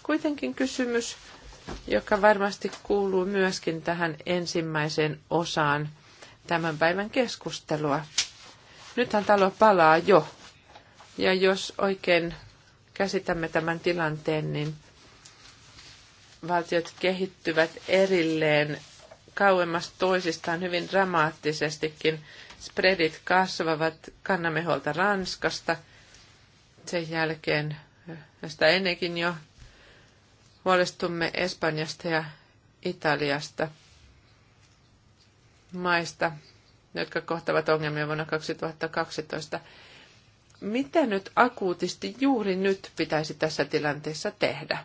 Kuitenkin kysymys, joka varmasti kuuluu myöskin tähän ensimmäiseen osaan tämän päivän keskustelua. Nythän talo palaa jo. Ja jos oikein käsitämme tämän tilanteen, niin valtiot kehittyvät erilleen kauemmas toisistaan hyvin dramaattisestikin. Spreadit kasvavat, kannameholta Ranskasta, sen jälkeen, josta ennenkin jo huolestumme Espanjasta ja Italiasta maista, jotka kohtavat ongelmia vuonna 2012. Mitä nyt akuutisti juuri nyt pitäisi tässä tilanteessa tehdä?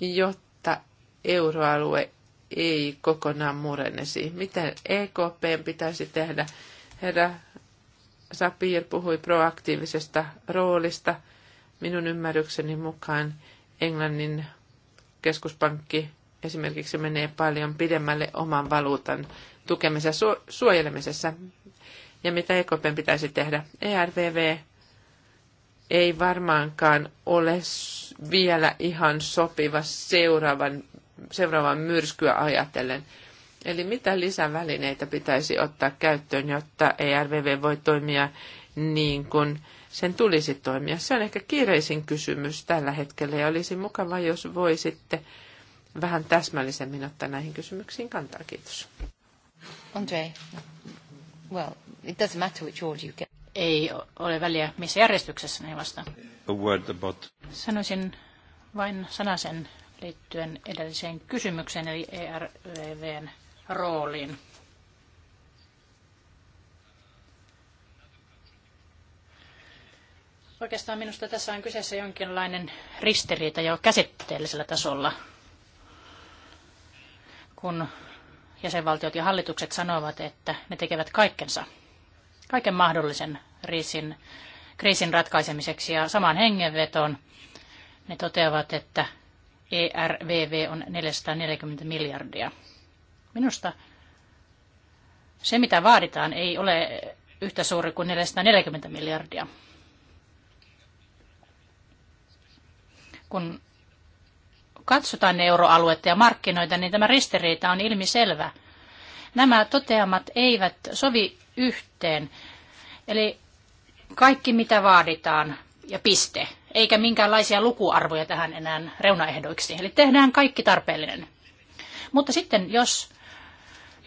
jotta euroalue ei kokonaan murenesi. Miten EKP pitäisi tehdä? Herra Sapir puhui proaktiivisesta roolista. Minun ymmärrykseni mukaan Englannin keskuspankki esimerkiksi menee paljon pidemmälle oman valuutan tukemisessa, suojelemisessa. Ja mitä EKP pitäisi tehdä? ERVV ei varmaankaan ole vielä ihan sopiva seuraavan, seuraavan myrskyä ajatellen. Eli mitä lisävälineitä pitäisi ottaa käyttöön, jotta ERVV voi toimia niin kuin sen tulisi toimia? Se on ehkä kiireisin kysymys tällä hetkellä ja olisi mukava, jos voisitte vähän täsmällisemmin ottaa näihin kysymyksiin kantaa. Kiitos. Andre, well, it doesn't matter which order you get ei ole väliä, missä järjestyksessä ne vasta. Sanoisin vain sanasen liittyen edelliseen kysymykseen, eli ERVVn rooliin. Oikeastaan minusta tässä on kyseessä jonkinlainen ristiriita jo käsitteellisellä tasolla, kun jäsenvaltiot ja hallitukset sanovat, että ne tekevät kaikkensa – kaiken mahdollisen kriisin, kriisin ratkaisemiseksi ja saman hengenveton ne toteavat, että ERVV on 440 miljardia. Minusta se, mitä vaaditaan, ei ole yhtä suuri kuin 440 miljardia. Kun katsotaan euroaluetta ja markkinoita, niin tämä ristiriita on ilmiselvä. Nämä toteamat eivät sovi yhteen. Eli kaikki mitä vaaditaan ja piste, eikä minkäänlaisia lukuarvoja tähän enää reunaehdoiksi. Eli tehdään kaikki tarpeellinen. Mutta sitten jos,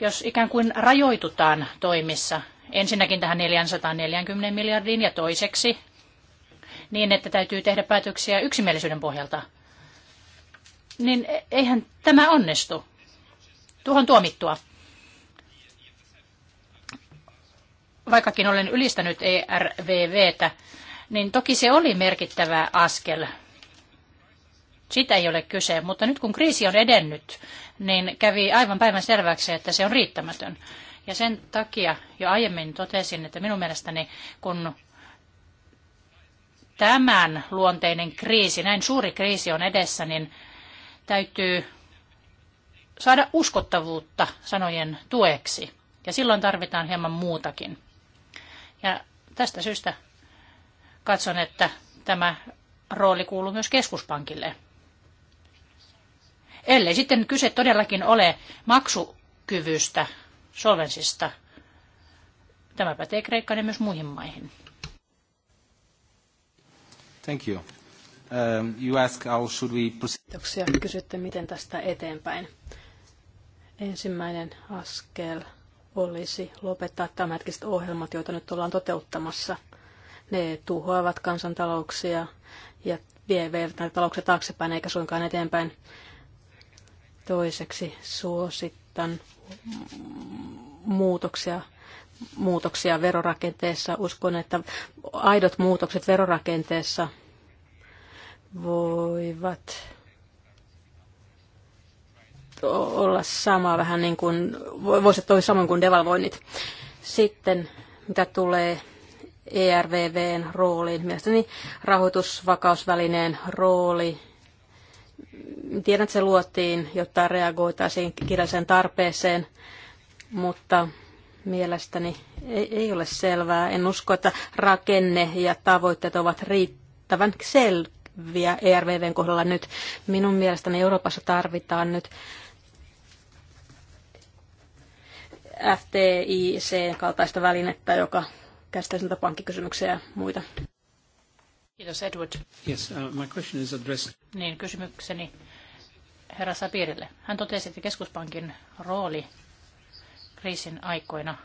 jos ikään kuin rajoitutaan toimissa, ensinnäkin tähän 440 miljardiin ja toiseksi, niin että täytyy tehdä päätöksiä yksimielisyyden pohjalta, niin e- eihän tämä onnistu. Tuohon tuomittua. vaikkakin olen ylistänyt ERVVtä, niin toki se oli merkittävä askel. Sitä ei ole kyse, mutta nyt kun kriisi on edennyt, niin kävi aivan päivän selväksi, että se on riittämätön. Ja sen takia jo aiemmin totesin, että minun mielestäni kun tämän luonteinen kriisi, näin suuri kriisi on edessä, niin täytyy saada uskottavuutta sanojen tueksi. Ja silloin tarvitaan hieman muutakin. Ja tästä syystä katson, että tämä rooli kuuluu myös keskuspankille. Ellei sitten kyse todellakin ole maksukyvystä, solvensista. Tämä pätee Kreikkaan ja myös muihin maihin. Thank you. Um, you ask how should we proceed. Kiitoksia. Kysytte, miten tästä eteenpäin. Ensimmäinen askel olisi lopettaa tämänhetkiset ohjelmat, joita nyt ollaan toteuttamassa. Ne tuhoavat kansantalouksia ja vievät näitä talouksia taaksepäin eikä suinkaan eteenpäin. Toiseksi suosittan muutoksia muutoksia verorakenteessa. Uskon, että aidot muutokset verorakenteessa voivat olla sama vähän niin kuin, voisi olla samoin kuin devalvoinnit. Sitten mitä tulee ERVVn rooliin, mielestäni rahoitusvakausvälineen rooli tiedän, että se luotiin, jotta reagoitaisiin kirjalliseen tarpeeseen, mutta mielestäni ei, ei ole selvää. En usko, että rakenne ja tavoitteet ovat riittävän selviä ERVVn kohdalla nyt. Minun mielestäni Euroopassa tarvitaan nyt FTIC-kaltaista välinettä, joka käsittää näitä pankkikysymyksiä ja muita. Kiitos Edward. Yes, uh, my question is addressed. Niin, kysymykseni herra Sapirille. Hän totesi, että keskuspankin rooli kriisin aikoina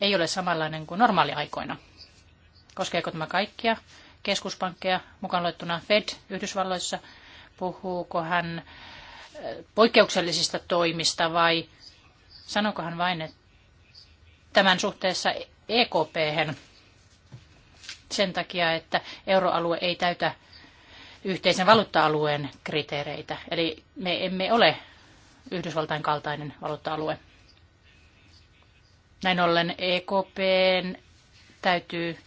ei ole samanlainen kuin normaaliaikoina. Koskeeko tämä kaikkia keskuspankkeja, mukaan luettuna Fed Yhdysvalloissa? Puhuuko hän poikkeuksellisista toimista vai sanokohan vain, että tämän suhteessa ekp sen takia, että euroalue ei täytä yhteisen valuutta-alueen kriteereitä. Eli me emme ole Yhdysvaltain kaltainen valuutta-alue. Näin ollen EKP täytyy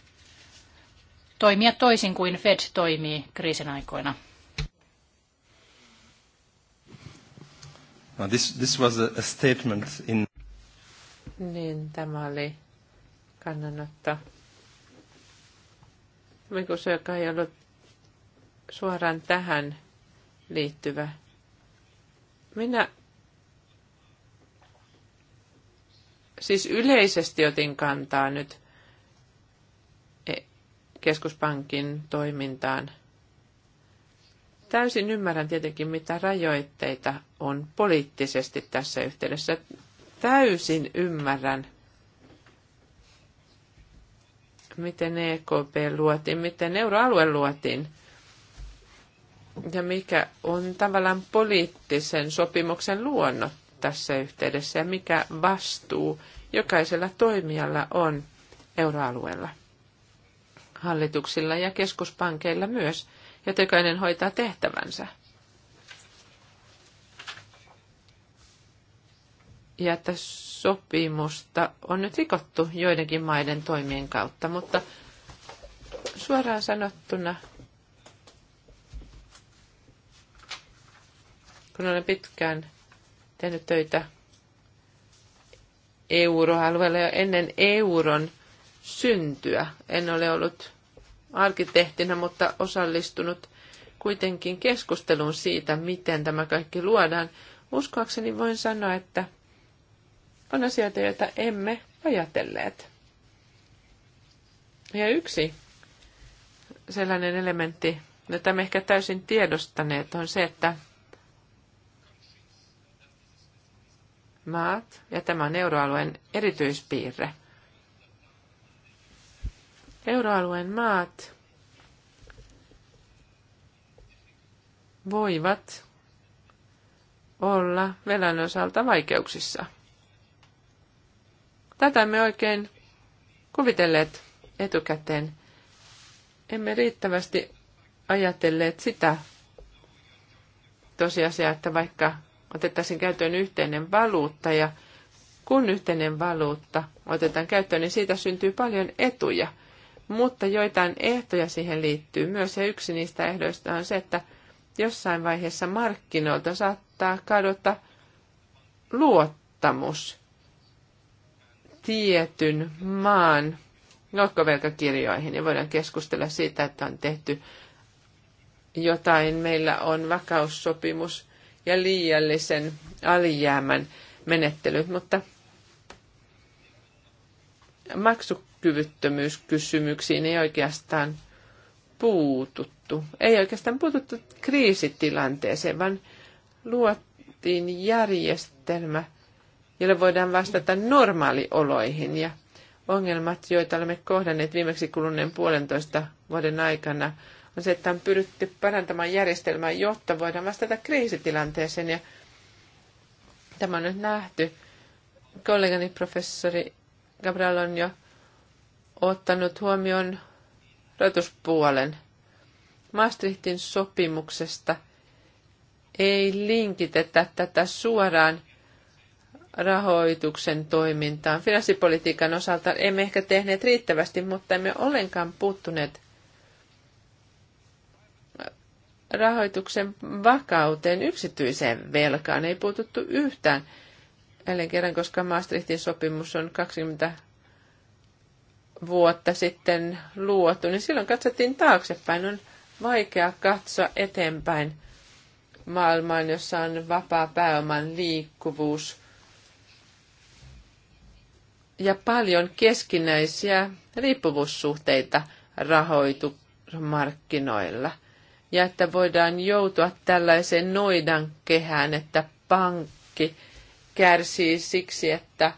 toimia toisin kuin Fed toimii kriisin aikoina. Now this, this was a, a statement in... Niin, tämä oli kannanotto. se, joka ei ollut suoraan tähän liittyvä. Minä siis yleisesti otin kantaa nyt e- keskuspankin toimintaan – Täysin ymmärrän tietenkin, mitä rajoitteita on poliittisesti tässä yhteydessä. Täysin ymmärrän, miten EKP luotiin, miten euroalue luotiin ja mikä on tavallaan poliittisen sopimuksen luonnot tässä yhteydessä ja mikä vastuu jokaisella toimijalla on euroalueella. Hallituksilla ja keskuspankeilla myös – jotta hoitaa tehtävänsä. Ja että sopimusta on nyt rikottu joidenkin maiden toimien kautta, mutta suoraan sanottuna, kun olen pitkään tehnyt töitä euroalueella jo ennen euron syntyä, en ole ollut arkkitehtinä, mutta osallistunut kuitenkin keskusteluun siitä, miten tämä kaikki luodaan. Uskoakseni voin sanoa, että on asioita, joita emme ajatelleet. Ja yksi sellainen elementti, jota me ehkä täysin tiedostaneet, on se, että maat, ja tämä on euroalueen erityispiirre – Euroalueen maat voivat olla velan osalta vaikeuksissa. Tätä me oikein kuvitelleet etukäteen. Emme riittävästi ajatelleet sitä tosiasiaa, että vaikka otettaisiin käyttöön yhteinen valuutta ja kun yhteinen valuutta otetaan käyttöön, niin siitä syntyy paljon etuja – mutta joitain ehtoja siihen liittyy myös, ja yksi niistä ehdoista on se, että jossain vaiheessa markkinoilta saattaa kadota luottamus tietyn maan joukkovelkakirjoihin, ja voidaan keskustella siitä, että on tehty jotain. Meillä on vakaussopimus ja liiallisen alijäämän menettelyt, mutta maksu kyvyttömyyskysymyksiin ei oikeastaan puututtu. Ei oikeastaan puututtu kriisitilanteeseen, vaan luotiin järjestelmä, jolle voidaan vastata normaalioloihin ja ongelmat, joita olemme kohdanneet viimeksi kuluneen puolentoista vuoden aikana, on se, että on pyritty parantamaan järjestelmää, jotta voidaan vastata kriisitilanteeseen. Ja tämä on nyt nähty. Kollegani professori Gabriel on jo ottanut huomioon rajoituspuolen. Maastrichtin sopimuksesta ei linkitetä tätä suoraan rahoituksen toimintaan. Finanssipolitiikan osalta emme ehkä tehneet riittävästi, mutta emme ollenkaan puuttuneet rahoituksen vakauteen yksityiseen velkaan. Ei puututtu yhtään jälleen kerran, koska Maastrichtin sopimus on 20 vuotta sitten luotu, niin silloin katsottiin taaksepäin. On vaikea katsoa eteenpäin maailmaan, jossa on vapaa pääoman liikkuvuus ja paljon keskinäisiä riippuvuussuhteita rahoitusmarkkinoilla. Ja että voidaan joutua tällaiseen noidan kehään, että pankki kärsii siksi, että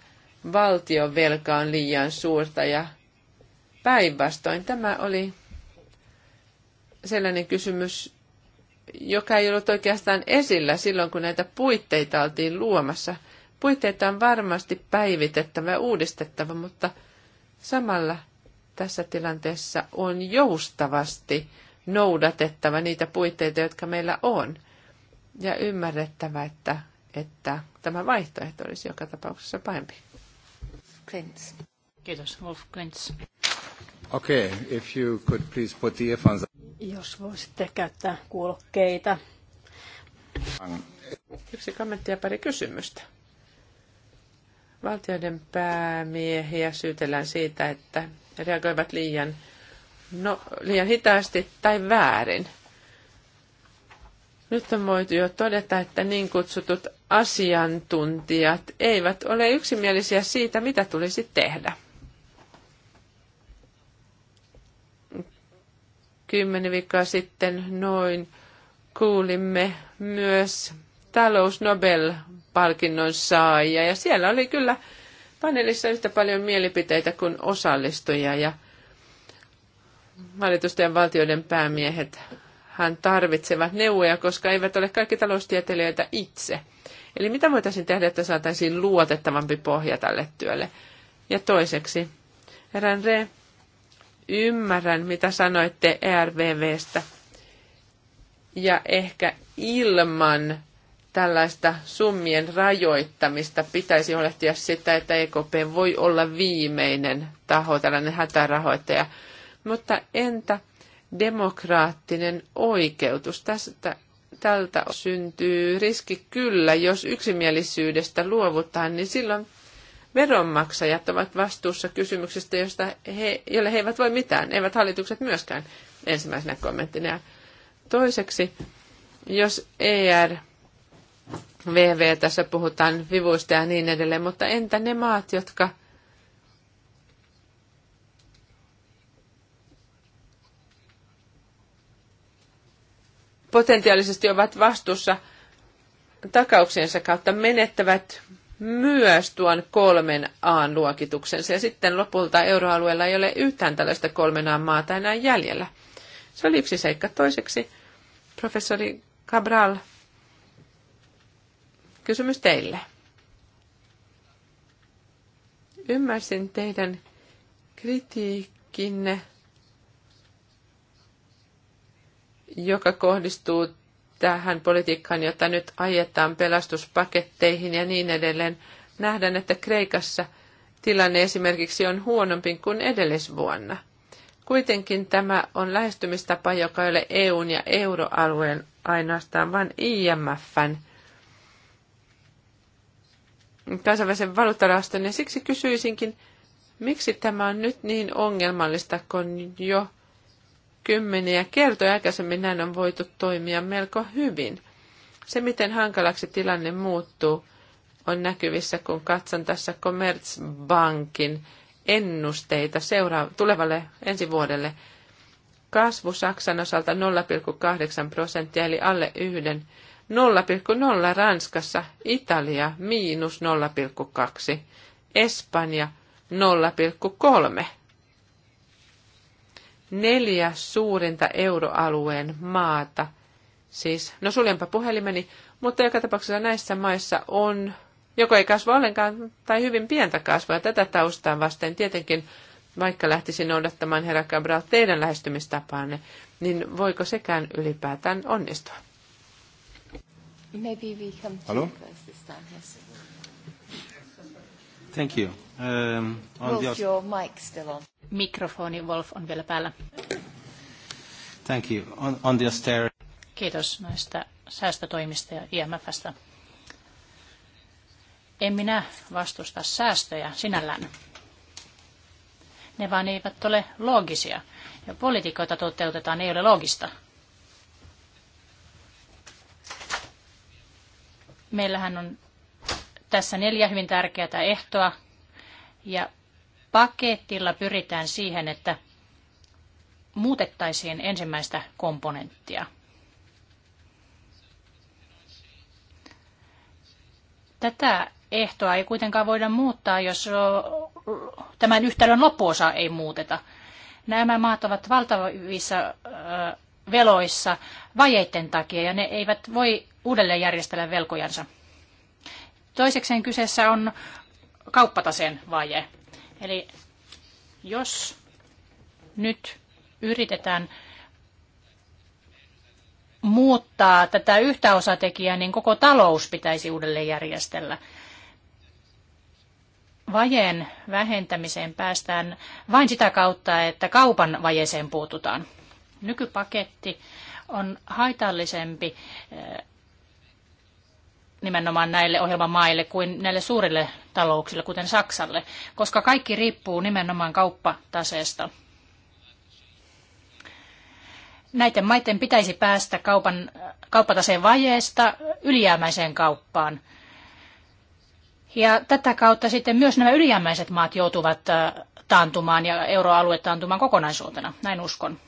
valtion velka on liian suurta ja Päinvastoin tämä oli sellainen kysymys, joka ei ollut oikeastaan esillä silloin, kun näitä puitteita oltiin luomassa. Puitteita on varmasti päivitettävä ja uudistettava, mutta samalla tässä tilanteessa on joustavasti noudatettava niitä puitteita, jotka meillä on. Ja ymmärrettävä, että, että tämä vaihtoehto olisi joka tapauksessa pahempi. Kiitos, Wolf Okay, if you could please put the earphones Jos voisitte käyttää kuulokkeita. Yksi kommentti ja pari kysymystä. Valtioiden päämiehiä syytellään siitä, että reagoivat liian, no, liian hitaasti tai väärin. Nyt on voitu jo todeta, että niin kutsutut asiantuntijat eivät ole yksimielisiä siitä, mitä tulisi tehdä. Kymmenen viikkoa sitten noin kuulimme myös talous Nobel-palkinnon saajia. Ja siellä oli kyllä paneelissa yhtä paljon mielipiteitä kuin osallistujia. Ja valitusten valtioiden päämiehet hän tarvitsevat neuvoja, koska eivät ole kaikki taloustieteilijöitä itse. Eli mitä voitaisiin tehdä, että saataisiin luotettavampi pohja tälle työlle? Ja toiseksi, Herran Re Ymmärrän, mitä sanoitte ERVVstä. Ja ehkä ilman tällaista summien rajoittamista pitäisi huolehtia sitä, että EKP voi olla viimeinen taho, tällainen hätärahoittaja. Mutta entä demokraattinen oikeutus? Tästä, tältä syntyy riski kyllä, jos yksimielisyydestä luovutaan, niin silloin veronmaksajat ovat vastuussa kysymyksestä, josta he, jolle he eivät voi mitään, eivät hallitukset myöskään ensimmäisenä kommenttina. Ja toiseksi, jos ER, VV, tässä puhutaan vivuista ja niin edelleen, mutta entä ne maat, jotka potentiaalisesti ovat vastuussa takauksiensa kautta menettävät myös tuon kolmen A-luokituksensa. Ja sitten lopulta euroalueella ei ole yhtään tällaista kolmen A-maata enää jäljellä. Se oli yksi seikka. Toiseksi professori Cabral, kysymys teille. Ymmärsin teidän kritiikkinne, joka kohdistuu tähän politiikkaan, jota nyt ajetaan pelastuspaketteihin ja niin edelleen, nähdään, että Kreikassa tilanne esimerkiksi on huonompi kuin edellisvuonna. Kuitenkin tämä on lähestymistapa, joka ei ole EUn ja euroalueen ainoastaan, vaan IMFn kansainvälisen valuuttarahaston. Ja siksi kysyisinkin, miksi tämä on nyt niin ongelmallista, kun jo kymmeniä kertoja aikaisemmin näin on voitu toimia melko hyvin. Se, miten hankalaksi tilanne muuttuu, on näkyvissä, kun katson tässä Commerzbankin ennusteita seura- tulevalle ensi vuodelle. Kasvu Saksan osalta 0,8 prosenttia, eli alle yhden. 0,0 Ranskassa, Italia miinus 0,2, Espanja 0,3 neljä suurinta euroalueen maata, siis, no suljenpa puhelimeni, mutta joka tapauksessa näissä maissa on, joko ei kasva ollenkaan tai hyvin pientä kasvua. Tätä taustaa vasten tietenkin, vaikka lähtisin noudattamaan herra Cabral teidän lähestymistapaanne, niin voiko sekään ylipäätään onnistua? Maybe we come to Hello? First this time, yes. Thank you. Um, on Wolf, your mic still on. Mikrofoni Wolf on vielä päällä. Thank you. On, on the austerity. Kiitos näistä säästötoimista ja IMFstä. En minä vastusta säästöjä sinällään. Ne vaan eivät ole loogisia. Ja politiikoita toteutetaan ei ole loogista. Meillähän on tässä neljä hyvin tärkeää ehtoa. Ja paketilla pyritään siihen, että muutettaisiin ensimmäistä komponenttia. Tätä ehtoa ei kuitenkaan voida muuttaa, jos tämän yhtälön loppuosa ei muuteta. Nämä maat ovat valtavissa veloissa vajeiden takia ja ne eivät voi uudelleen järjestellä velkojansa. Toisekseen kyseessä on kauppataseen vaje. Eli jos nyt yritetään muuttaa tätä yhtä osatekijää, niin koko talous pitäisi uudelleen järjestellä. Vajeen vähentämiseen päästään vain sitä kautta, että kaupan vajeeseen puututaan. Nykypaketti on haitallisempi nimenomaan näille ohjelmamaille kuin näille suurille talouksille, kuten Saksalle, koska kaikki riippuu nimenomaan kauppataseesta. Näiden maiden pitäisi päästä kaupan, kauppataseen vajeesta ylijäämäiseen kauppaan. Ja tätä kautta sitten myös nämä ylijäämäiset maat joutuvat taantumaan ja euroalue taantumaan kokonaisuutena, näin uskon.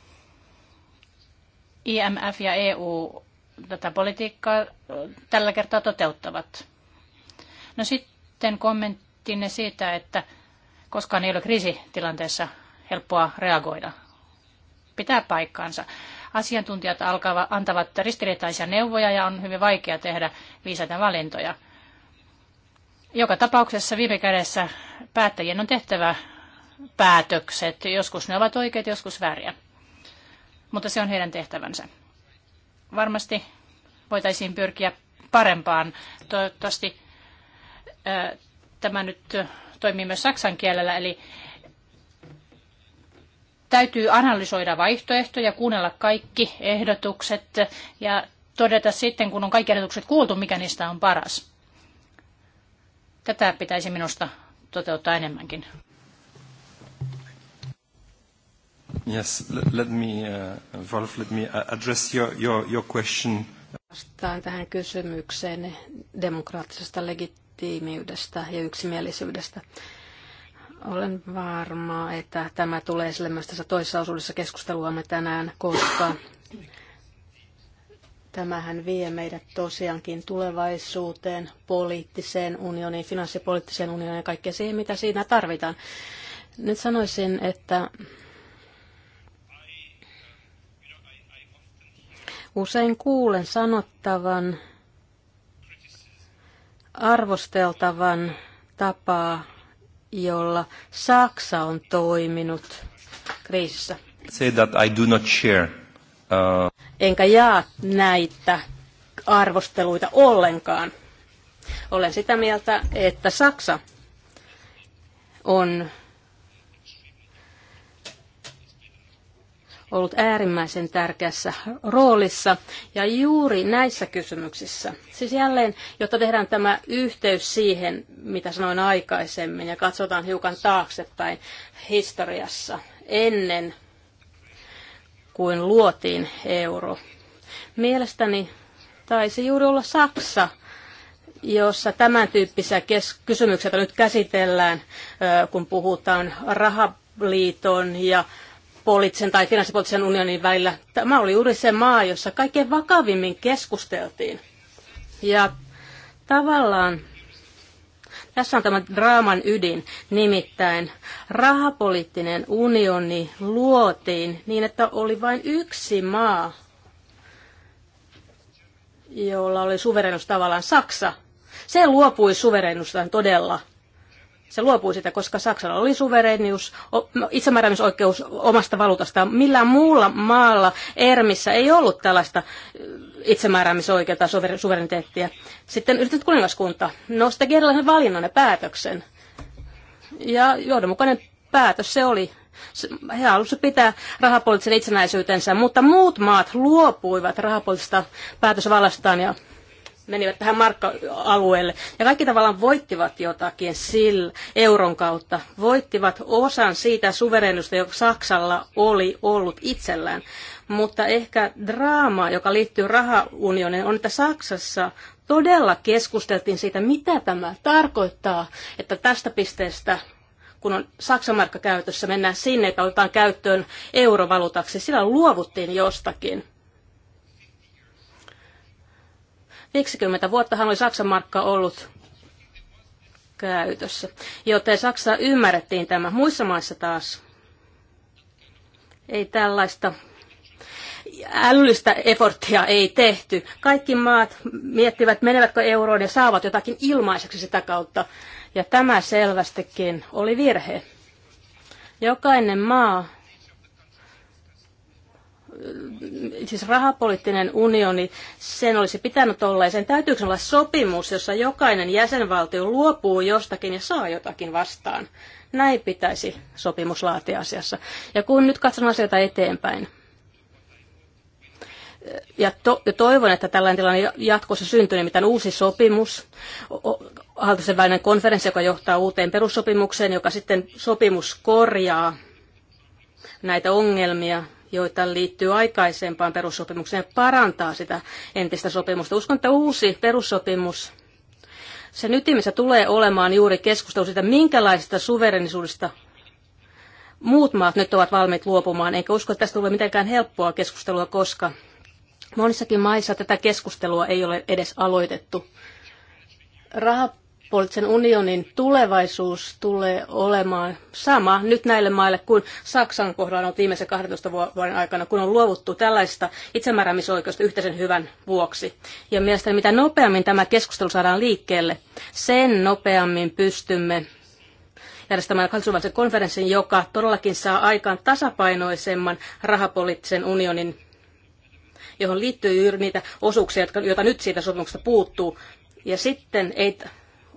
IMF ja EU tätä politiikkaa tällä kertaa toteuttavat. No sitten kommenttinne siitä, että koskaan ei ole kriisitilanteessa helppoa reagoida. Pitää paikkaansa. Asiantuntijat alkavat, antavat ristiriitaisia neuvoja ja on hyvin vaikea tehdä viisaita valintoja. Joka tapauksessa viime kädessä päättäjien on tehtävä päätökset. Joskus ne ovat oikeat, joskus vääriä. Mutta se on heidän tehtävänsä varmasti voitaisiin pyrkiä parempaan. Toivottavasti tämä nyt toimii myös saksan kielellä, eli täytyy analysoida vaihtoehtoja, kuunnella kaikki ehdotukset ja todeta sitten, kun on kaikki ehdotukset kuultu, mikä niistä on paras. Tätä pitäisi minusta toteuttaa enemmänkin. Yes, let me, uh, Wolf, let me uh, address your, your, your question. Vastaan tähän kysymykseen demokraattisesta legitiimiydestä ja yksimielisyydestä. Olen varma, että tämä tulee myös tässä toisessa osuudessa keskusteluamme tänään, koska tämähän vie meidät tosiaankin tulevaisuuteen, poliittiseen unioniin, finanssipoliittiseen unioniin ja kaikkeen siihen, mitä siinä tarvitaan. Nyt sanoisin, että Usein kuulen sanottavan, arvosteltavan tapaa, jolla Saksa on toiminut kriisissä. Say that I do not share. Uh... Enkä jaa näitä arvosteluita ollenkaan. Olen sitä mieltä, että Saksa on ollut äärimmäisen tärkeässä roolissa. Ja juuri näissä kysymyksissä, siis jälleen, jotta tehdään tämä yhteys siihen, mitä sanoin aikaisemmin, ja katsotaan hiukan taaksepäin historiassa ennen kuin luotiin euro. Mielestäni taisi juuri olla Saksa, jossa tämän tyyppisiä kes- kysymyksiä nyt käsitellään, kun puhutaan rahaliiton ja poliittisen tai finanssipoliittisen unionin välillä. Tämä oli juuri se maa, jossa kaikkein vakavimmin keskusteltiin. Ja tavallaan tässä on tämä draaman ydin, nimittäin rahapoliittinen unioni luotiin niin, että oli vain yksi maa, jolla oli suverenus tavallaan Saksa. Se luopui suverenustaan todella se luopui sitä, koska Saksalla oli suvereenius, no, itsemääräämisoikeus omasta valuutastaan. Millään muulla maalla ERMissä ei ollut tällaista eh, itsemääräämisoikeutta ja suvereniteettia. Sitten yritet kuningaskunta. No sitten kerrallaan valinnan ja päätöksen. Ja johdonmukainen päätös se oli. He halusivat pitää rahapoliittisen itsenäisyytensä, mutta muut maat luopuivat rahapoliittisesta päätösvallastaan ja menivät tähän markka-alueelle. Ja kaikki tavallaan voittivat jotakin sillä euron kautta. Voittivat osan siitä suverenusta, joka Saksalla oli ollut itsellään. Mutta ehkä draama, joka liittyy rahaunioniin, on, että Saksassa todella keskusteltiin siitä, mitä tämä tarkoittaa, että tästä pisteestä kun on Saksan markka käytössä, mennään sinne, että otetaan käyttöön eurovaluutaksi. Sillä luovuttiin jostakin 50 vuottahan oli Saksan markka ollut käytössä, joten Saksa ymmärrettiin tämä. Muissa maissa taas ei tällaista älyllistä eforttia ei tehty. Kaikki maat miettivät, menevätkö euroon ja saavat jotakin ilmaiseksi sitä kautta. Ja tämä selvästikin oli virhe. Jokainen maa siis rahapoliittinen unioni, sen olisi pitänyt olla ja sen täytyykö olla sopimus, jossa jokainen jäsenvaltio luopuu jostakin ja saa jotakin vastaan. Näin pitäisi sopimus laatia asiassa. Ja kun nyt katson asioita eteenpäin, ja, to, ja toivon, että tällainen tilanne jatkossa syntyy, nimittäin niin uusi sopimus, hallitusten välinen konferenssi, joka johtaa uuteen perussopimukseen, joka sitten sopimus korjaa näitä ongelmia, joita liittyy aikaisempaan perussopimukseen, parantaa sitä entistä sopimusta. Uskon, että uusi perussopimus, sen ytimessä tulee olemaan juuri keskustelu siitä, minkälaisesta suverenisuudesta muut maat nyt ovat valmiit luopumaan. Enkä usko, että tästä tulee mitenkään helppoa keskustelua, koska monissakin maissa tätä keskustelua ei ole edes aloitettu. Raha poliittisen unionin tulevaisuus tulee olemaan sama nyt näille maille kuin Saksan kohdalla on viimeisen 12 vuoden aikana, kun on luovuttu tällaista itsemääräämisoikeusta yhteisen hyvän vuoksi. Ja mielestäni mitä nopeammin tämä keskustelu saadaan liikkeelle, sen nopeammin pystymme järjestämään kansainvälisen konferenssin, joka todellakin saa aikaan tasapainoisemman rahapoliittisen unionin johon liittyy juuri niitä osuuksia, jotka, joita nyt siitä sopimuksesta puuttuu. Ja sitten ei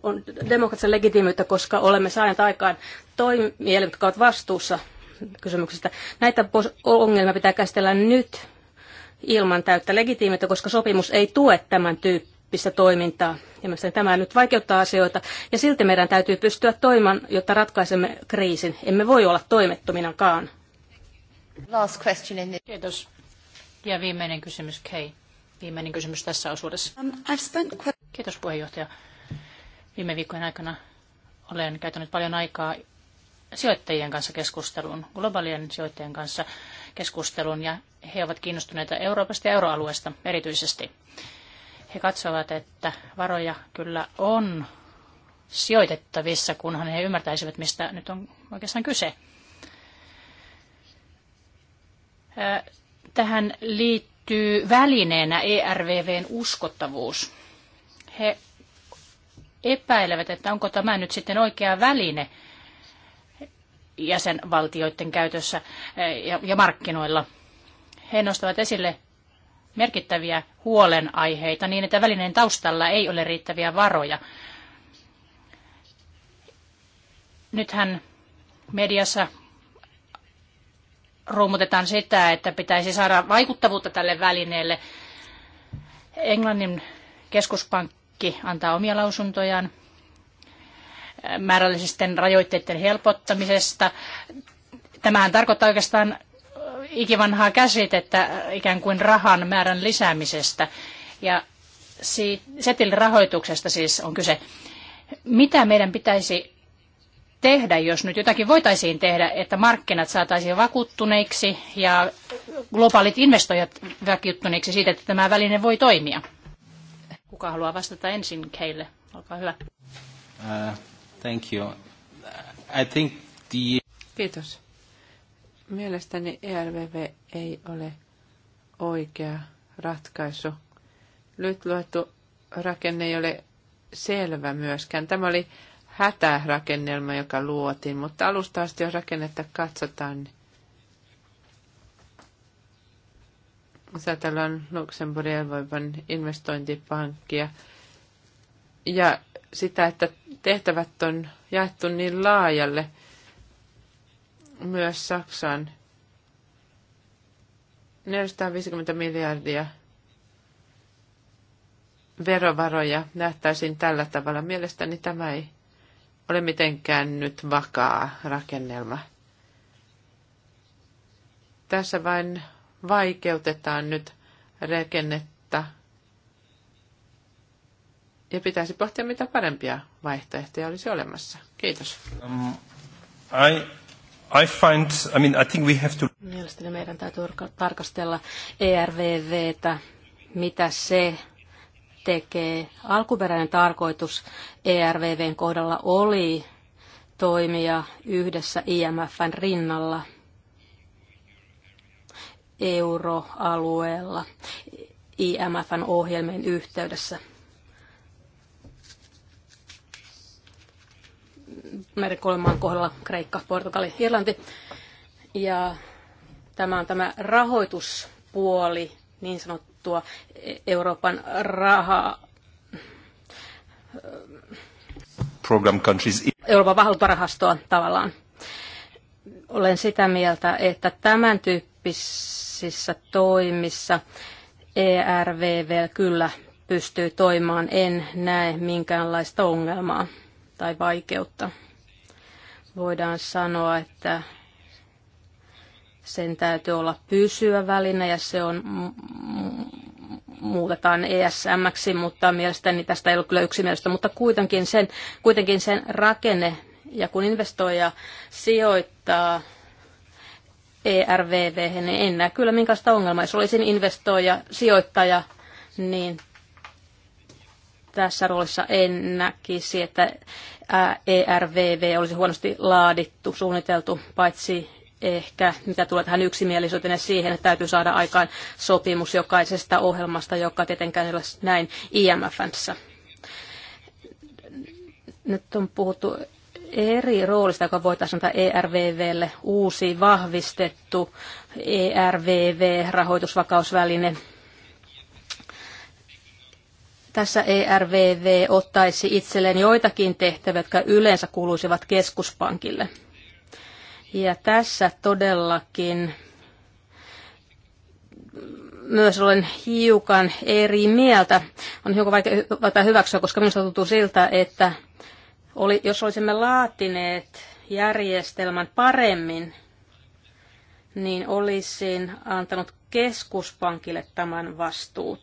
on demokratian legitiimiyttä, koska olemme saaneet aikaan toimielimet, jotka ovat vastuussa kysymyksistä. Näitä ongelmia pitää käsitellä nyt ilman täyttä legitiimiyttä, koska sopimus ei tue tämän tyyppistä toimintaa. Ja mielestäni tämä nyt vaikeuttaa asioita, ja silti meidän täytyy pystyä toimimaan, jotta ratkaisemme kriisin. Emme voi olla toimettominakaan. Last question in the... Kiitos. Ja viimeinen kysymys, Kei. Viimeinen kysymys tässä osuudessa. Um, I've spent... Kiitos puheenjohtaja. Viime viikkojen aikana olen käytänyt paljon aikaa sijoittajien kanssa keskusteluun, globaalien sijoittajien kanssa keskusteluun, ja he ovat kiinnostuneita Euroopasta ja euroalueesta erityisesti. He katsovat, että varoja kyllä on sijoitettavissa, kunhan he ymmärtäisivät, mistä nyt on oikeastaan kyse. Tähän liittyy välineenä ERVVn uskottavuus. He epäilevät, että onko tämä nyt sitten oikea väline jäsenvaltioiden käytössä eh, ja markkinoilla. He nostavat esille merkittäviä huolenaiheita niin, että välineen taustalla ei ole riittäviä varoja. Nythän mediassa ruumutetaan sitä, että pitäisi saada vaikuttavuutta tälle välineelle. Englannin keskuspankki kaikki antaa omia lausuntojaan määrällisten rajoitteiden helpottamisesta. Tämähän tarkoittaa oikeastaan ikivanhaa käsitettä ikään kuin rahan määrän lisäämisestä. Ja rahoituksesta siis on kyse. Mitä meidän pitäisi tehdä, jos nyt jotakin voitaisiin tehdä, että markkinat saataisiin vakuuttuneiksi ja globaalit investoijat vakuuttuneiksi siitä, että tämä väline voi toimia? Kuka haluaa vastata ensin Keille? Olkaa hyvä. Uh, thank you. I think the... Kiitos. Mielestäni ERVV ei ole oikea ratkaisu. Nyt luettu rakenne ei ole selvä myöskään. Tämä oli hätärakennelma, joka luotiin, mutta alusta asti, jos rakennetta katsotaan, niin Jos on Luxemburgin voivan investointipankkia ja sitä, että tehtävät on jaettu niin laajalle myös Saksaan. 450 miljardia verovaroja nähtäisiin tällä tavalla. Mielestäni tämä ei ole mitenkään nyt vakaa rakennelma. Tässä vain vaikeutetaan nyt rakennetta ja pitäisi pohtia, mitä parempia vaihtoehtoja olisi olemassa. Kiitos. Um, I, I find, I mean, I think we have to... Mielestäni meidän täytyy tarkastella ERVVtä, mitä se tekee. Alkuperäinen tarkoitus ERVVn kohdalla oli toimia yhdessä IMFn rinnalla – euroalueella IMFn ohjelmien yhteydessä. Meidän kolmaan kohdalla Kreikka, Portugali, Irlanti. Ja tämä on tämä rahoituspuoli, niin sanottua Euroopan rahaa program countries. Euroopan valuuttarahastoa tavallaan. Olen sitä mieltä, että tämän tyyppi tyyppisissä toimissa ERVV kyllä pystyy toimimaan. En näe minkäänlaista ongelmaa tai vaikeutta. Voidaan sanoa, että sen täytyy olla pysyvä väline ja se on muutetaan ESM, mutta mielestäni tästä ei ollut kyllä yksimielistä, mutta kuitenkin sen, kuitenkin sen rakenne ja kun investoija sijoittaa ERVV, niin en näe kyllä minkälaista ongelmaa. Jos olisin investoija, sijoittaja, niin tässä roolissa en näkisi, että ERVV olisi huonosti laadittu, suunniteltu, paitsi ehkä, mitä tulee tähän yksimielisyyteen ja siihen, että täytyy saada aikaan sopimus jokaisesta ohjelmasta, joka tietenkään ei ole näin IMFssä. Nyt on puhuttu eri roolista, joka voitaisiin antaa ERVVlle uusi vahvistettu ERVV-rahoitusvakausväline. Tässä ERVV ottaisi itselleen joitakin tehtäviä, jotka yleensä kuuluisivat keskuspankille. Ja tässä todellakin myös olen hiukan eri mieltä. On hiukan vaikea, hyväksyä, koska minusta tuntuu siltä, että oli, jos olisimme laatineet järjestelmän paremmin, niin olisin antanut keskuspankille tämän vastuun.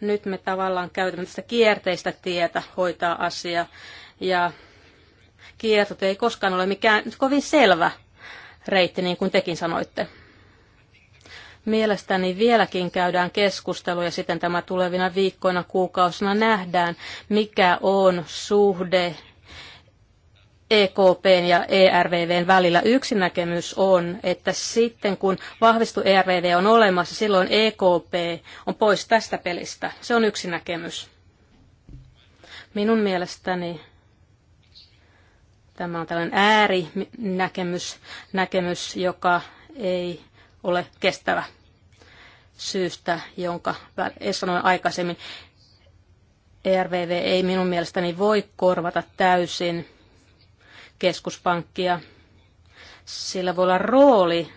Nyt me tavallaan käytämme tästä kierteistä tietä hoitaa asia ja kiertot ei koskaan ole mikään kovin selvä reitti, niin kuin tekin sanoitte. Mielestäni vieläkin käydään keskustelua ja sitten tämä tulevina viikkoina, kuukausina nähdään, mikä on suhde EKPn ja ERVVn välillä. Yksi näkemys on, että sitten kun vahvistu ERVV on olemassa, silloin EKP on pois tästä pelistä. Se on yksi näkemys. Minun mielestäni tämä on tällainen äärinäkemys, näkemys, joka ei ole kestävä syystä, jonka sanoin aikaisemmin. ERVV ei minun mielestäni voi korvata täysin keskuspankkia. Sillä voi olla rooli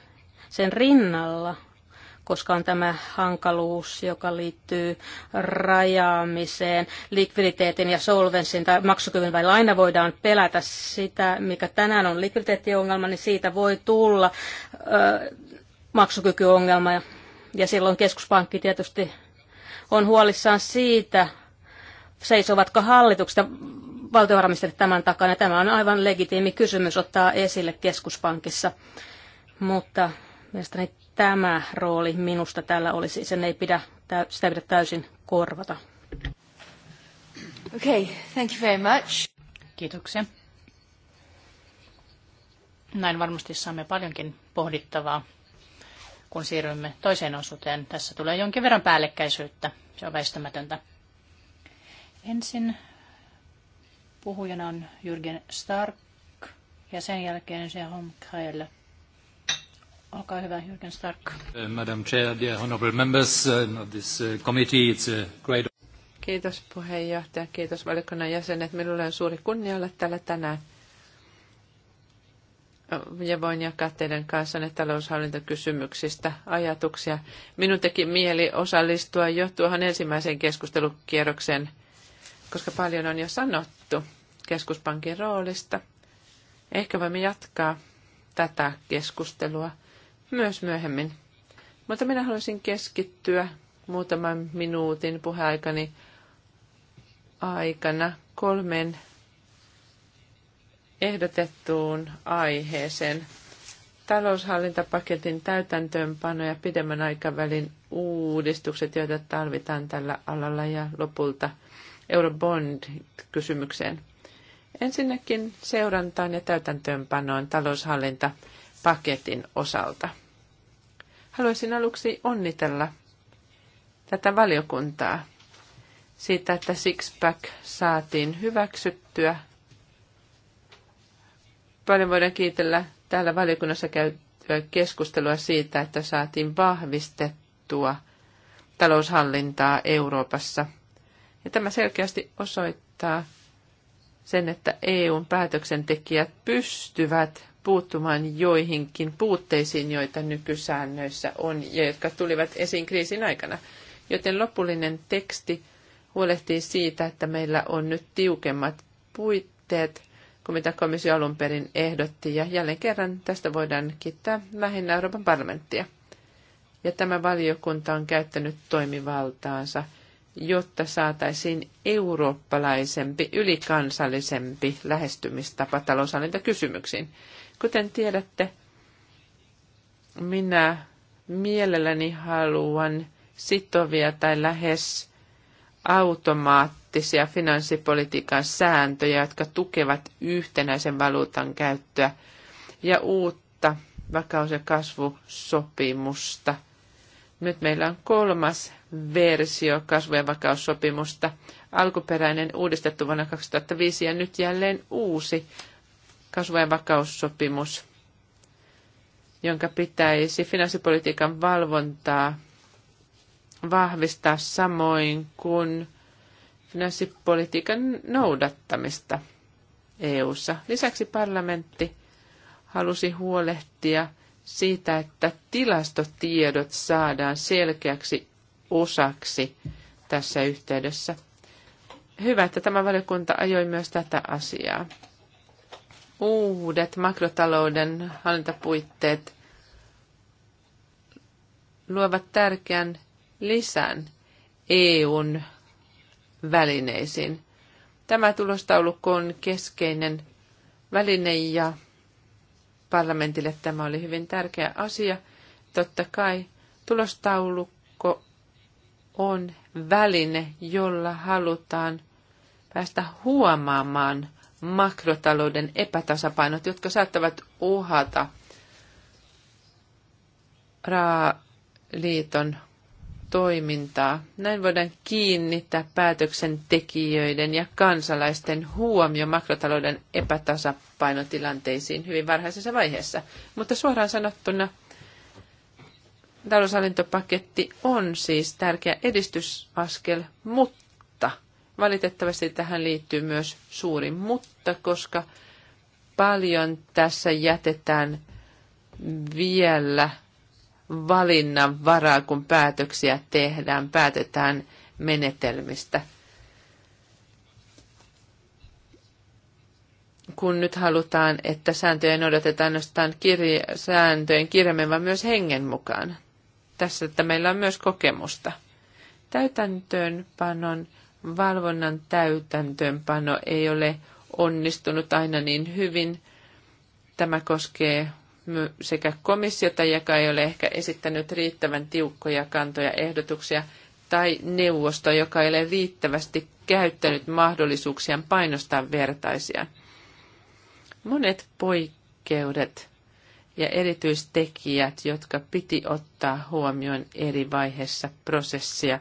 sen rinnalla, koska on tämä hankaluus, joka liittyy rajaamiseen, likviditeetin ja solvenssin tai maksukyvyn vai laina voidaan pelätä sitä, mikä tänään on likviditeettiongelma, niin siitä voi tulla ö, maksukykyongelma. Ja silloin keskuspankki tietysti on huolissaan siitä, seisovatko hallitukset valtiovarainministeri tämän takana. Tämä on aivan legitiimi kysymys ottaa esille keskuspankissa, mutta mielestäni tämä rooli minusta täällä olisi, sen ei pidä, sitä ei pidä täysin korvata. Okay, thank you very much. Kiitoksia. Näin varmasti saamme paljonkin pohdittavaa, kun siirrymme toiseen osuuteen. Tässä tulee jonkin verran päällekkäisyyttä, se on väistämätöntä. Ensin Puhujana on Jürgen Stark ja sen jälkeen on Krell. Olkaa hyvä, Jürgen Stark. Uh, Madam Chair, dear honorable members of uh, this uh, committee, it's a great... Kiitos puheenjohtaja, kiitos valiokunnan jäsenet. Minulle on suuri kunnia olla täällä tänään. Ja voin jakaa teidän kanssanne taloushallintokysymyksistä ajatuksia. Minun teki mieli osallistua jo tuohon ensimmäiseen keskustelukierrokseen, koska paljon on jo sanottu keskuspankin roolista. Ehkä voimme jatkaa tätä keskustelua myös myöhemmin. Mutta minä haluaisin keskittyä muutaman minuutin puheaikani aikana kolmen ehdotettuun aiheeseen. Taloushallintapaketin täytäntöönpano ja pidemmän aikavälin uudistukset, joita tarvitaan tällä alalla ja lopulta Eurobond-kysymykseen. Ensinnäkin seurantaan ja täytäntöönpanoon taloushallintapaketin osalta. Haluaisin aluksi onnitella tätä valiokuntaa siitä, että Sixpack saatiin hyväksyttyä. Paljon voidaan kiitellä täällä valiokunnassa käytyä keskustelua siitä, että saatiin vahvistettua taloushallintaa Euroopassa. Ja tämä selkeästi osoittaa, sen, että EUn päätöksentekijät pystyvät puuttumaan joihinkin puutteisiin, joita nykysäännöissä on ja jotka tulivat esiin kriisin aikana. Joten lopullinen teksti huolehtii siitä, että meillä on nyt tiukemmat puitteet kuin mitä komissio alun perin ehdotti. Ja jälleen kerran tästä voidaan kiittää lähinnä Euroopan parlamenttia. Ja tämä valiokunta on käyttänyt toimivaltaansa – jotta saataisiin eurooppalaisempi, ylikansallisempi lähestymistapa taloushallintakysymyksiin. Kuten tiedätte, minä mielelläni haluan sitovia tai lähes automaattisia finanssipolitiikan sääntöjä, jotka tukevat yhtenäisen valuutan käyttöä ja uutta vakaus- ja kasvusopimusta. Nyt meillä on kolmas versio kasvojen vakaussopimusta. Alkuperäinen uudistettu vuonna 2005 ja nyt jälleen uusi kasvojen vakaussopimus, jonka pitäisi finanssipolitiikan valvontaa vahvistaa samoin kuin finanssipolitiikan noudattamista EU:ssa. Lisäksi parlamentti halusi huolehtia siitä, että tilastotiedot saadaan selkeäksi osaksi tässä yhteydessä. Hyvä, että tämä valiokunta ajoi myös tätä asiaa. Uudet makrotalouden hallintapuitteet luovat tärkeän lisän EUn välineisiin. Tämä tulostaulukko on keskeinen väline ja parlamentille tämä oli hyvin tärkeä asia. Totta kai tulostaulukko on väline, jolla halutaan päästä huomaamaan makrotalouden epätasapainot, jotka saattavat uhata raaliiton toimintaa. Näin voidaan kiinnittää päätöksentekijöiden ja kansalaisten huomio makrotalouden epätasapainotilanteisiin hyvin varhaisessa vaiheessa. Mutta suoraan sanottuna – taloushallintopaketti on siis tärkeä edistysaskel, mutta valitettavasti tähän liittyy myös suuri mutta, koska paljon tässä jätetään vielä valinnan varaa, kun päätöksiä tehdään, päätetään menetelmistä. Kun nyt halutaan, että sääntöjä noudatetaan ainoastaan kirja, sääntöjen kirjaimen, vaan myös hengen mukaan tässä, että meillä on myös kokemusta. Täytäntöönpanon, valvonnan täytäntöönpano ei ole onnistunut aina niin hyvin. Tämä koskee sekä komissiota, joka ei ole ehkä esittänyt riittävän tiukkoja kantoja ehdotuksia, tai neuvosto, joka ei ole riittävästi käyttänyt mahdollisuuksiaan painostaa vertaisia. Monet poikkeudet ja erityistekijät, jotka piti ottaa huomioon eri vaiheissa prosessia,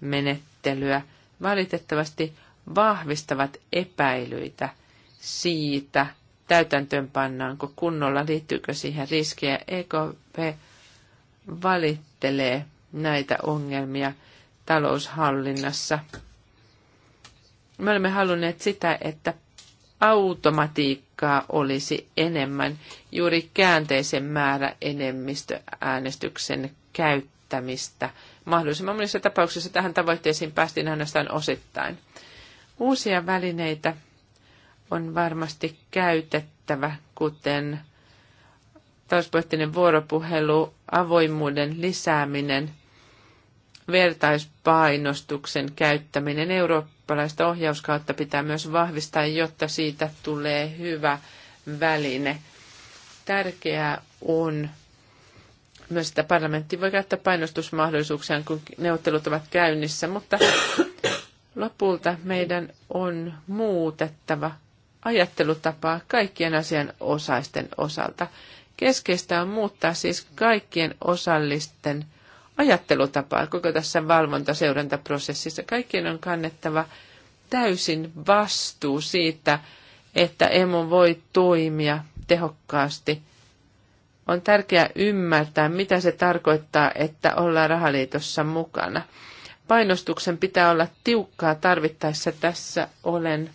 menettelyä, valitettavasti vahvistavat epäilyitä siitä, täytäntöönpannaanko kunnolla, liittyykö siihen riskejä. EKP valittelee näitä ongelmia taloushallinnassa. Me olemme halunneet sitä, että automatiikka aikaa olisi enemmän. Juuri käänteisen määrä enemmistöäänestyksen käyttämistä. Mahdollisimman monissa tapauksissa tähän tavoitteisiin päästiin ainoastaan osittain. Uusia välineitä on varmasti käytettävä, kuten talouspoliittinen vuoropuhelu, avoimuuden lisääminen, vertaispainostuksen käyttäminen Eurooppaan eurooppalaista ohjauskautta pitää myös vahvistaa, jotta siitä tulee hyvä väline. Tärkeää on myös, että parlamentti voi käyttää painostusmahdollisuuksia, kun neuvottelut ovat käynnissä, mutta lopulta meidän on muutettava ajattelutapaa kaikkien asian osaisten osalta. Keskeistä on muuttaa siis kaikkien osallisten ajattelutapaa, koko tässä valvontaseurantaprosessissa. Kaikkien on kannettava täysin vastuu siitä, että emo voi toimia tehokkaasti. On tärkeää ymmärtää, mitä se tarkoittaa, että ollaan rahaliitossa mukana. Painostuksen pitää olla tiukkaa tarvittaessa. Tässä olen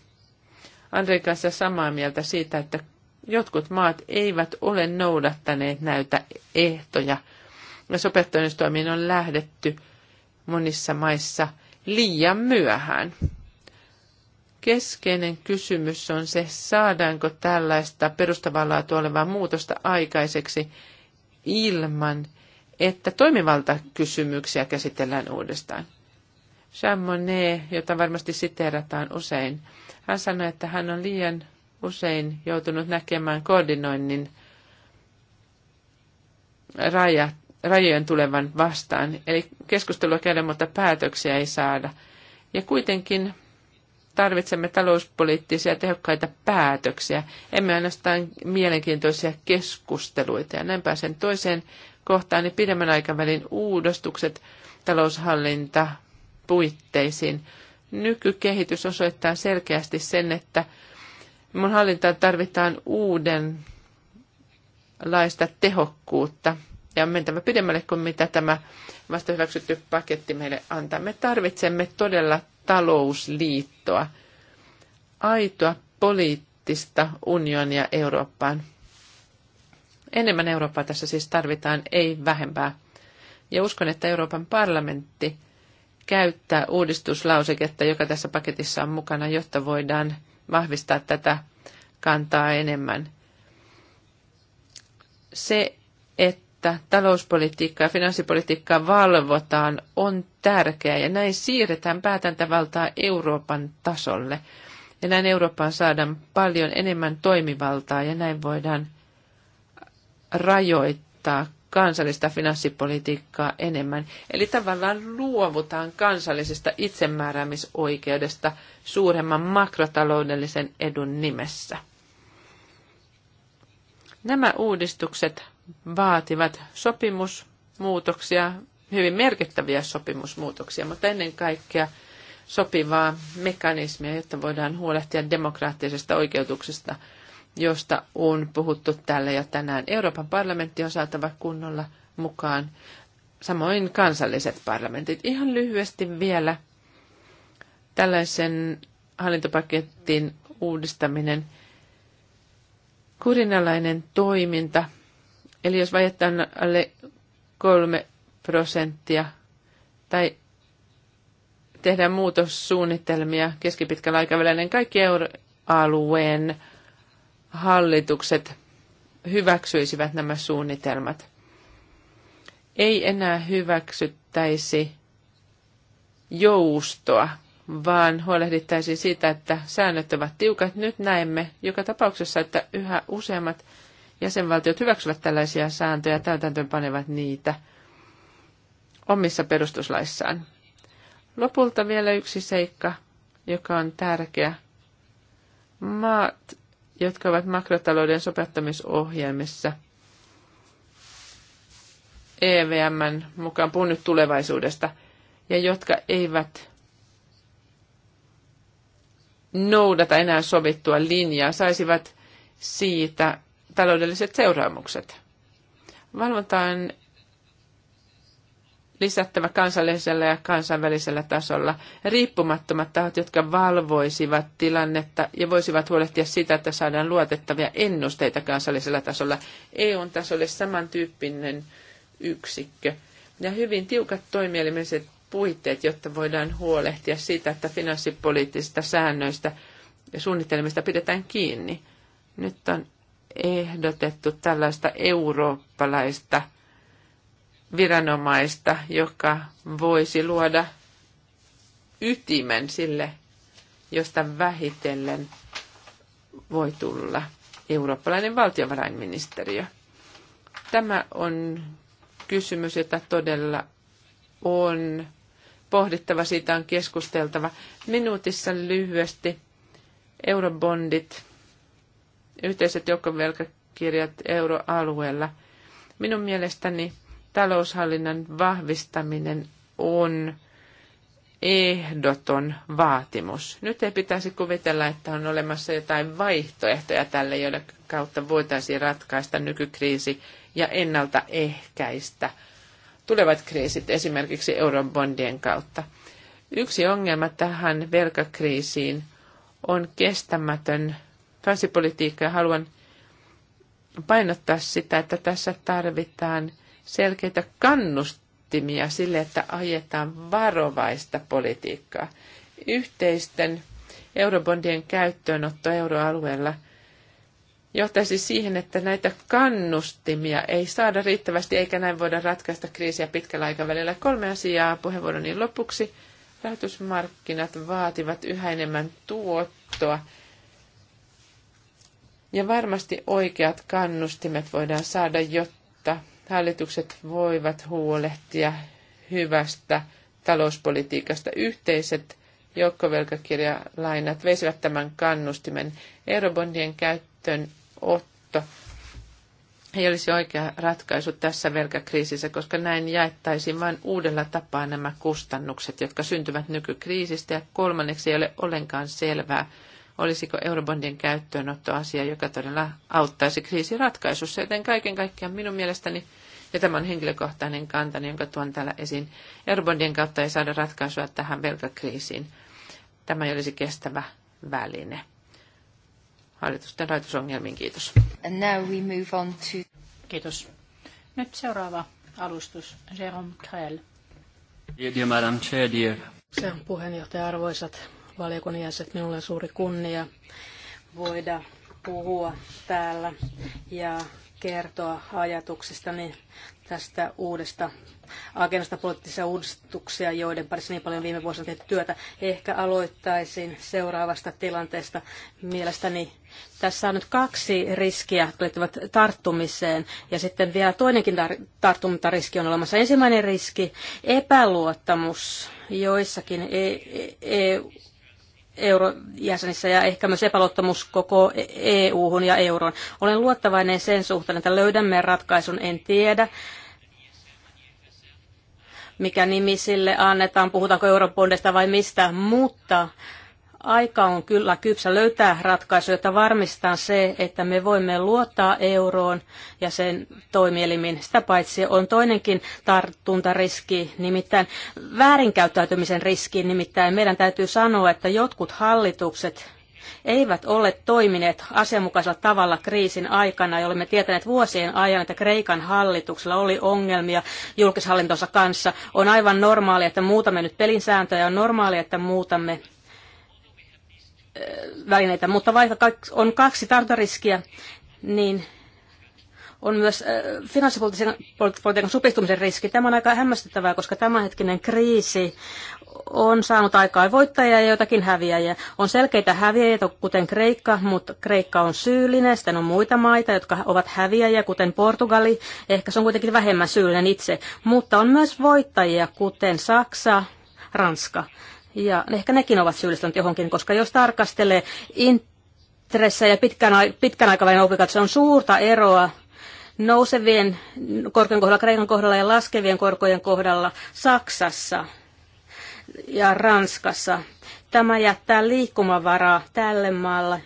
Andrei kanssa samaa mieltä siitä, että jotkut maat eivät ole noudattaneet näitä ehtoja – sopeuttamistoimiin on lähdetty monissa maissa liian myöhään. Keskeinen kysymys on se, saadaanko tällaista perustavalla olevaa muutosta aikaiseksi ilman, että toimivalta kysymyksiä käsitellään uudestaan. Jean Monnet, jota varmasti siteerataan usein, hän sanoi, että hän on liian usein joutunut näkemään koordinoinnin rajat rajojen tulevan vastaan. Eli keskustelua käydään, mutta päätöksiä ei saada. Ja kuitenkin tarvitsemme talouspoliittisia tehokkaita päätöksiä, emme ainoastaan mielenkiintoisia keskusteluita. Ja näin pääsen toiseen kohtaan, niin pidemmän aikavälin uudistukset taloushallinta puitteisiin. Nykykehitys osoittaa selkeästi sen, että mun hallintaan tarvitaan uudenlaista tehokkuutta ja mentävä pidemmälle kuin mitä tämä vasta hyväksytty paketti meille antaa. Me tarvitsemme todella talousliittoa, aitoa poliittista unionia Eurooppaan. Enemmän Eurooppaa tässä siis tarvitaan, ei vähempää. Ja uskon, että Euroopan parlamentti käyttää uudistuslauseketta, joka tässä paketissa on mukana, jotta voidaan vahvistaa tätä kantaa enemmän. Se, että että talouspolitiikkaa ja finanssipolitiikkaa valvotaan on tärkeää ja näin siirretään päätäntävaltaa Euroopan tasolle. Ja näin Eurooppaan saadaan paljon enemmän toimivaltaa ja näin voidaan rajoittaa kansallista finanssipolitiikkaa enemmän. Eli tavallaan luovutaan kansallisesta itsemääräämisoikeudesta suuremman makrotaloudellisen edun nimessä. Nämä uudistukset vaativat sopimusmuutoksia, hyvin merkittäviä sopimusmuutoksia, mutta ennen kaikkea sopivaa mekanismia, jotta voidaan huolehtia demokraattisesta oikeutuksesta, josta on puhuttu täällä ja tänään. Euroopan parlamentti on saatava kunnolla mukaan, samoin kansalliset parlamentit. Ihan lyhyesti vielä tällaisen hallintopaketin uudistaminen, kurinalainen toiminta, Eli jos vajetta on alle kolme prosenttia tai tehdään muutossuunnitelmia keskipitkällä aikavälillä, niin kaikki euroalueen hallitukset hyväksyisivät nämä suunnitelmat. Ei enää hyväksyttäisi joustoa, vaan huolehdittaisiin siitä, että säännöt ovat tiukat. Nyt näemme joka tapauksessa, että yhä useammat jäsenvaltiot hyväksyvät tällaisia sääntöjä ja panevat niitä omissa perustuslaissaan. Lopulta vielä yksi seikka, joka on tärkeä. Maat, jotka ovat makrotalouden sopeuttamisohjelmissa, EVMn mukaan puhun nyt tulevaisuudesta, ja jotka eivät noudata enää sovittua linjaa, saisivat siitä taloudelliset seuraamukset. Valvontaan lisättävä kansallisella ja kansainvälisellä tasolla riippumattomat tahot, jotka valvoisivat tilannetta ja voisivat huolehtia sitä, että saadaan luotettavia ennusteita kansallisella tasolla. EUn tasolle samantyyppinen yksikkö ja hyvin tiukat toimielimiset puitteet, jotta voidaan huolehtia siitä, että finanssipoliittisista säännöistä ja suunnitelmista pidetään kiinni. Nyt on ehdotettu tällaista eurooppalaista viranomaista, joka voisi luoda ytimen sille, josta vähitellen voi tulla eurooppalainen valtiovarainministeriö. Tämä on kysymys, jota todella on pohdittava, siitä on keskusteltava. Minuutissa lyhyesti eurobondit yhteiset joukkovelkakirjat euroalueella. Minun mielestäni taloushallinnan vahvistaminen on ehdoton vaatimus. Nyt ei pitäisi kuvitella, että on olemassa jotain vaihtoehtoja tälle, joiden kautta voitaisiin ratkaista nykykriisi ja ennaltaehkäistä tulevat kriisit esimerkiksi eurobondien kautta. Yksi ongelma tähän velkakriisiin on kestämätön finanssipolitiikkaa. Haluan painottaa sitä, että tässä tarvitaan selkeitä kannustimia sille, että ajetaan varovaista politiikkaa. Yhteisten eurobondien käyttöönotto euroalueella johtaisi siihen, että näitä kannustimia ei saada riittävästi, eikä näin voida ratkaista kriisiä pitkällä aikavälillä. Kolme asiaa puheenvuoroni lopuksi. Rahoitusmarkkinat vaativat yhä enemmän tuottoa ja varmasti oikeat kannustimet voidaan saada, jotta hallitukset voivat huolehtia hyvästä talouspolitiikasta. Yhteiset joukkovelkakirjalainat veisivät tämän kannustimen. Eurobondien käyttöön otto ei olisi oikea ratkaisu tässä velkakriisissä, koska näin jaettaisiin vain uudella tapaa nämä kustannukset, jotka syntyvät nykykriisistä. Ja kolmanneksi ei ole ollenkaan selvää, olisiko eurobondien käyttöönotto asia, joka todella auttaisi kriisin ratkaisussa. Joten kaiken kaikkiaan minun mielestäni, ja tämä on henkilökohtainen kanta, jonka tuon täällä esiin, eurobondien kautta ei saada ratkaisua tähän velkakriisiin. Tämä ei olisi kestävä väline. Hallitusten rahoitusongelmiin kiitos. And now we move on to... Kiitos. Nyt seuraava alustus, Jérôme Krell. Dear, dear Se on puheenjohtaja, arvoisat valiokunnan jäsenet. Minulle on suuri kunnia voida puhua täällä ja kertoa ajatuksistani tästä uudesta agendasta poliittisia uudistuksia, joiden parissa niin paljon viime vuosina tehty työtä. Ehkä aloittaisin seuraavasta tilanteesta. Mielestäni tässä on nyt kaksi riskiä, jotka liittyvät tarttumiseen, ja sitten vielä toinenkin tar- tartuntariski on olemassa. Ensimmäinen riski, epäluottamus joissakin EU e-, e-, e- eurojäsenissä ja ehkä myös epäluottamus koko e- EU-hun ja euroon. Olen luottavainen sen suhteen, että löydämme ratkaisun, en tiedä mikä nimi sille annetaan, puhutaanko eurobondeista vai mistä, mutta aika on kyllä kypsä löytää ratkaisu, jota varmistaa se, että me voimme luottaa euroon ja sen toimielimiin. Sitä paitsi on toinenkin tartuntariski, nimittäin väärinkäyttäytymisen riski, nimittäin meidän täytyy sanoa, että jotkut hallitukset eivät ole toimineet asianmukaisella tavalla kriisin aikana, jolloin me tietäneet vuosien ajan, että Kreikan hallituksella oli ongelmia julkishallintonsa kanssa. On aivan normaalia, että muutamme nyt pelin sääntöjä, on normaalia, että muutamme välineitä. Mutta vaikka on kaksi tartariskiä, niin on myös finanssipolitiikan supistumisen riski. Tämä on aika hämmästyttävää, koska tämänhetkinen kriisi on saanut aikaan voittajia ja joitakin häviäjiä. On selkeitä häviäjiä, kuten Kreikka, mutta Kreikka on syyllinen. Sitten on muita maita, jotka ovat häviäjiä, kuten Portugali. Ehkä se on kuitenkin vähemmän syyllinen itse. Mutta on myös voittajia, kuten Saksa, Ranska. Ja ehkä nekin ovat syyllistyneet johonkin, koska jos tarkastelee intressejä ja pitkän, pitkän aikavälin se on suurta eroa nousevien korkojen kohdalla, Kreikan kohdalla ja laskevien korkojen kohdalla Saksassa ja Ranskassa. Tämä jättää liikkumavaraa tälle maalle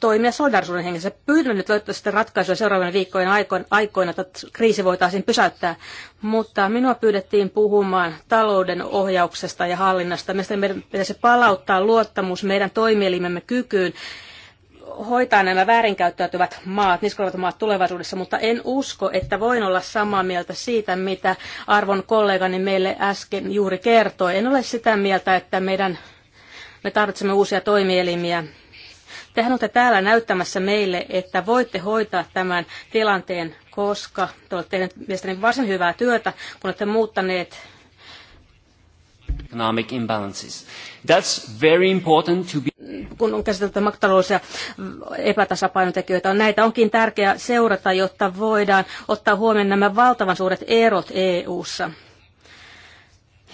toimia solidarisuuden hengessä. Pyydän nyt sitä ratkaisuja seuraavina viikkojen aikoina, että kriisi voitaisiin pysäyttää. Mutta minua pyydettiin puhumaan talouden ohjauksesta ja hallinnasta. Mielestäni meidän pitäisi palauttaa luottamus meidän toimielimemme kykyyn hoitaa nämä väärinkäyttäytyvät maat, niskolevat maat tulevaisuudessa, mutta en usko, että voin olla samaa mieltä siitä, mitä arvon kollegani meille äsken juuri kertoi. En ole sitä mieltä, että meidän, me tarvitsemme uusia toimielimiä Tehän olette täällä näyttämässä meille, että voitte hoitaa tämän tilanteen, koska te olette tehneet mielestäni varsin hyvää työtä, kun olette muuttaneet economic imbalances. That's very important to be... Kun on käsitelty makrotalous- epätasapainotekijöitä, on näitä onkin tärkeää seurata, jotta voidaan ottaa huomioon nämä valtavan suuret erot EU-ssa.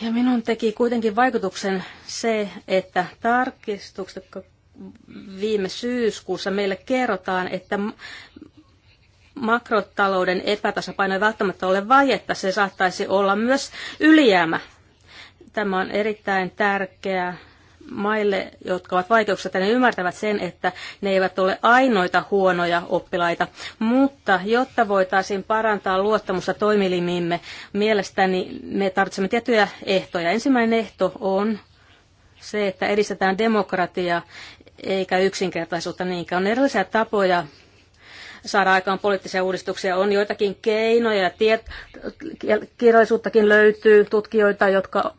Ja minun teki kuitenkin vaikutuksen se, että tarkistukset, viime syyskuussa meille kerrotaan, että makrotalouden epätasapaino ei välttämättä ole vajetta, se saattaisi olla myös ylijäämä. Tämä on erittäin tärkeää maille, jotka ovat vaikeuksissa, ne ymmärtävät sen, että ne eivät ole ainoita huonoja oppilaita. Mutta jotta voitaisiin parantaa luottamusta toimilimimme, mielestäni me tarvitsemme tiettyjä ehtoja. Ensimmäinen ehto on se, että edistetään demokratiaa eikä yksinkertaisuutta niinkään. On erilaisia tapoja saada aikaan poliittisia uudistuksia. On joitakin keinoja ja tiet- kirjallisuuttakin löytyy tutkijoita, jotka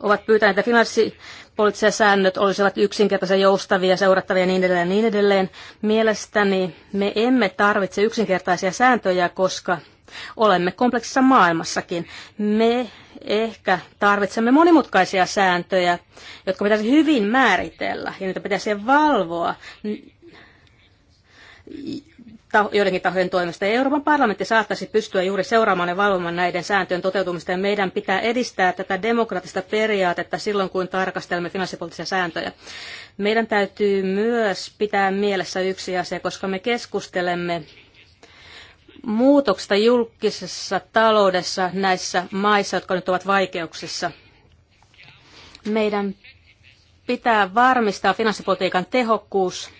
ovat pyytäneet, että finanssipoliittiset säännöt olisivat yksinkertaisia, joustavia, seurattavia ja niin edelleen. Niin edelleen. Mielestäni me emme tarvitse yksinkertaisia sääntöjä, koska Olemme kompleksissa maailmassakin. Me ehkä tarvitsemme monimutkaisia sääntöjä, jotka pitäisi hyvin määritellä ja niitä pitäisi valvoa joidenkin tahojen toimesta. Ja Euroopan parlamentti saattaisi pystyä juuri seuraamaan ja valvomaan näiden sääntöjen toteutumista, ja meidän pitää edistää tätä demokraattista periaatetta silloin, kun tarkastelemme finanssipoliittisia sääntöjä. Meidän täytyy myös pitää mielessä yksi asia, koska me keskustelemme muutoksesta julkisessa taloudessa näissä maissa, jotka nyt ovat vaikeuksissa. Meidän pitää varmistaa finanssipolitiikan tehokkuus.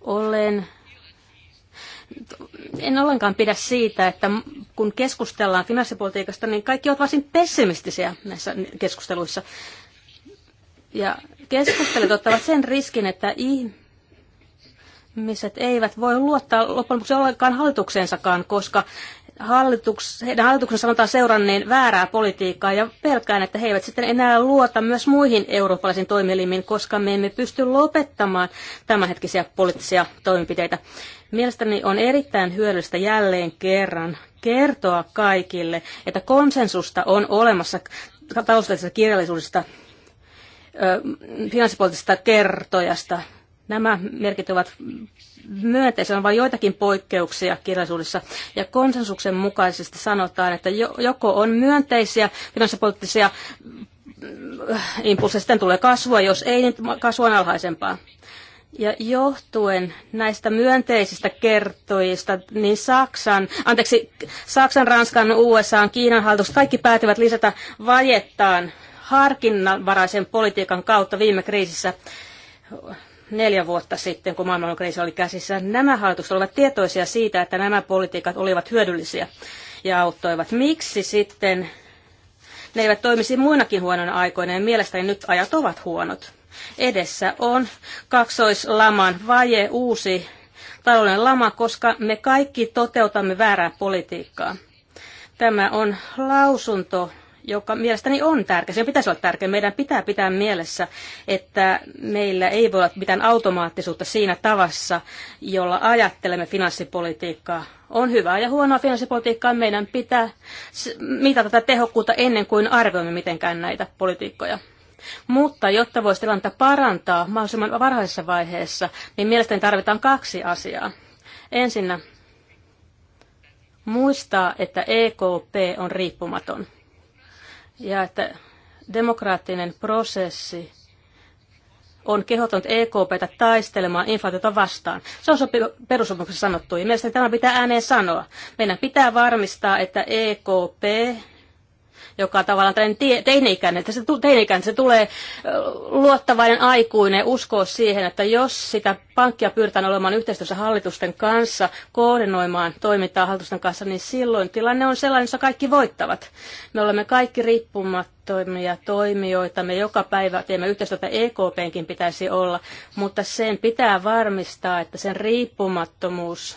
Olen en ollenkaan pidä siitä, että kun keskustellaan finanssipolitiikasta, niin kaikki ovat varsin pessimistisiä näissä keskusteluissa. Ja keskustelut ottavat sen riskin, että ihmiset ihmiset eivät voi luottaa loppujen lopuksi ollenkaan hallitukseensakaan, koska hallituks, heidän hallituksensa sanotaan seuranneen väärää politiikkaa ja pelkään, että he eivät sitten enää luota myös muihin eurooppalaisiin toimielimiin, koska me emme pysty lopettamaan tämänhetkisiä poliittisia toimenpiteitä. Mielestäni on erittäin hyödyllistä jälleen kerran kertoa kaikille, että konsensusta on olemassa taustallisesta kirjallisuudesta, finanssipoliittisesta kertojasta, Nämä merkit ovat myönteisiä, on vain joitakin poikkeuksia kirjallisuudessa. Ja konsensuksen mukaisesti sanotaan, että joko on myönteisiä finanssipoliittisia äh, impulsseja, sitten tulee kasvua, jos ei, niin kasvu on alhaisempaa. Ja johtuen näistä myönteisistä kertoista niin Saksan, anteeksi, Saksan, Ranskan, USA, Kiinan hallitus, kaikki päätivät lisätä vajettaan harkinnanvaraisen politiikan kautta viime kriisissä neljä vuotta sitten, kun maailmankriisi oli käsissä, nämä hallitukset olivat tietoisia siitä, että nämä politiikat olivat hyödyllisiä ja auttoivat. Miksi sitten ne eivät toimisi muinakin huonoina aikoina ja mielestäni nyt ajat ovat huonot. Edessä on kaksoislaman vaje, uusi taloudellinen lama, koska me kaikki toteutamme väärää politiikkaa. Tämä on lausunto joka mielestäni on tärkeä. Se pitäisi olla tärkeä. Meidän pitää pitää mielessä, että meillä ei voi olla mitään automaattisuutta siinä tavassa, jolla ajattelemme finanssipolitiikkaa. On hyvää ja huonoa finanssipolitiikkaa. Meidän pitää mitata tätä tehokkuutta ennen kuin arvioimme mitenkään näitä politiikkoja. Mutta jotta voisi tilannetta parantaa mahdollisimman varhaisessa vaiheessa, niin mielestäni tarvitaan kaksi asiaa. Ensinnä muistaa, että EKP on riippumaton ja että demokraattinen prosessi on kehottanut EKPtä taistelemaan inflaatiota vastaan. Se on perusopimuksessa sanottu ja mielestäni tämä pitää ääneen sanoa. Meidän pitää varmistaa, että EKP joka on tavallaan tällainen teini-ikäinen, että se, teini-ikäinen, se tulee luottavainen aikuinen uskoo siihen, että jos sitä pankkia pyritään olemaan yhteistyössä hallitusten kanssa, koordinoimaan toimintaa hallitusten kanssa, niin silloin tilanne on sellainen, jossa kaikki voittavat. Me olemme kaikki riippumattomia toimijoita, me joka päivä teemme yhteistyötä EKPnkin pitäisi olla, mutta sen pitää varmistaa, että sen riippumattomuus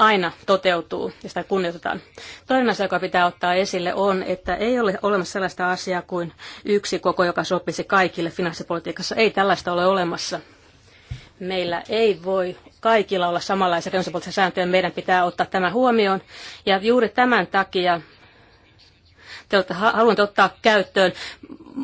aina toteutuu ja sitä kunnioitetaan. Toinen asia, joka pitää ottaa esille, on, että ei ole olemassa sellaista asiaa kuin yksi koko, joka sopisi kaikille finanssipolitiikassa. Ei tällaista ole olemassa. Meillä ei voi kaikilla olla samanlaisia finanssipolitiikan sääntöjä. Meidän pitää ottaa tämä huomioon. Ja juuri tämän takia te olette halunnut ottaa käyttöön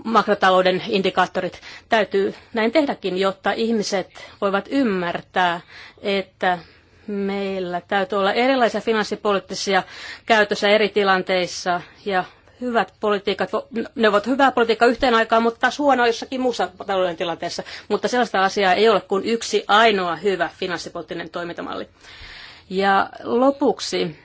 makrotalouden indikaattorit. Täytyy näin tehdäkin, jotta ihmiset voivat ymmärtää, että meillä täytyy olla erilaisia finanssipoliittisia käytössä eri tilanteissa ja hyvät politiikat, ne ovat hyvää politiikkaa yhteen aikaan, mutta taas huonoa jossakin muussa talouden tilanteessa. Mutta sellaista asiaa ei ole kuin yksi ainoa hyvä finanssipoliittinen toimintamalli. Ja lopuksi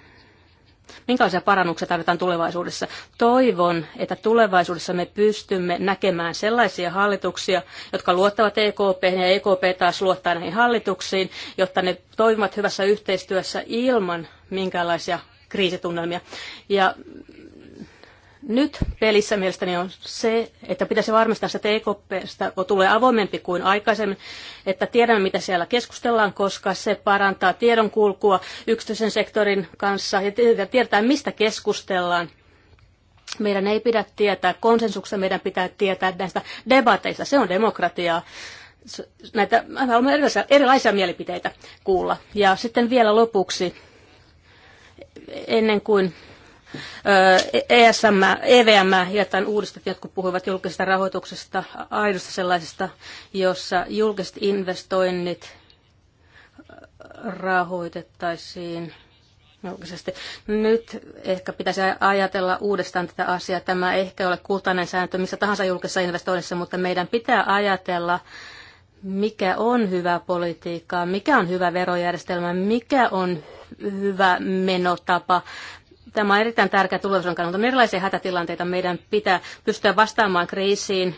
Minkälaisia parannuksia tarvitaan tulevaisuudessa? Toivon, että tulevaisuudessa me pystymme näkemään sellaisia hallituksia, jotka luottavat EKP ja EKP taas luottaa näihin hallituksiin, jotta ne toimivat hyvässä yhteistyössä ilman minkäänlaisia kriisitunnelmia. Ja nyt pelissä mielestäni on se, että pitäisi varmistaa, että EKPstä tulee avoimempi kuin aikaisemmin, että tiedämme, mitä siellä keskustellaan, koska se parantaa tiedonkulkua yksityisen sektorin kanssa ja tietää, mistä keskustellaan. Meidän ei pidä tietää konsensuksesta, meidän pitää tietää näistä debateista. Se on demokratiaa. Näitä haluamme erilaisia, erilaisia mielipiteitä kuulla. Ja sitten vielä lopuksi, ennen kuin ESM, EVM ja tämän uudistet, jotka puhuivat julkisesta rahoituksesta, aidosta sellaisesta, jossa julkiset investoinnit rahoitettaisiin julkisesti. Nyt ehkä pitäisi ajatella uudestaan tätä asiaa. Tämä ei ehkä ole kultainen sääntö missä tahansa julkisessa investoinnissa, mutta meidän pitää ajatella, mikä on hyvää politiikkaa, mikä on hyvä verojärjestelmä, mikä on hyvä menotapa, Tämä on erittäin tärkeä tulevaisuuden kannalta. On erilaisia hätätilanteita. Meidän pitää pystyä vastaamaan kriisiin.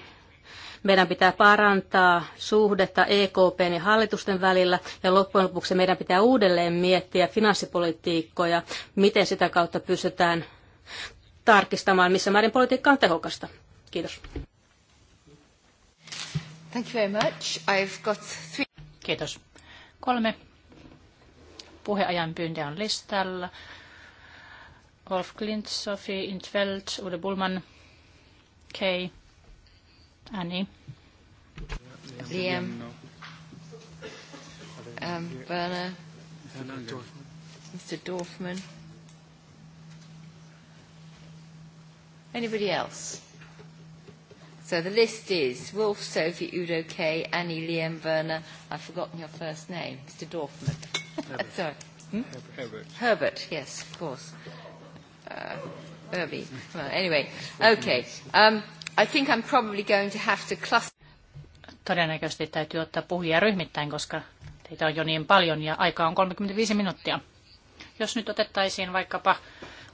Meidän pitää parantaa suhdetta EKPn ja hallitusten välillä ja loppujen lopuksi meidän pitää uudelleen miettiä finanssipolitiikkoja, miten sitä kautta pystytään tarkistamaan, missä määrin politiikka on tehokasta. Kiitos. Thank you very much. I've got three... Kiitos. Kolme puheajan pyyntöä on listalla. Rolf Klint, Sophie Intveld, Ude Bullman, Kay, Annie. Liam. Um, um, Werner. Mr. Dorfman. Anybody else? So the list is Wolf, Sophie, Udo, Kay, Annie, Liam, Werner. I've forgotten your first name, Mr. Dorfman. Herbert. Sorry. Hmm? Herbert. Herbert, yes, of course uh, Irby. Well, anyway, okay. Um, I think I'm probably going to have to cluster. Todennäköisesti täytyy ottaa puhujia ryhmittäin, koska teitä on jo niin paljon ja aikaa on 35 minuuttia. Jos nyt otettaisiin vaikkapa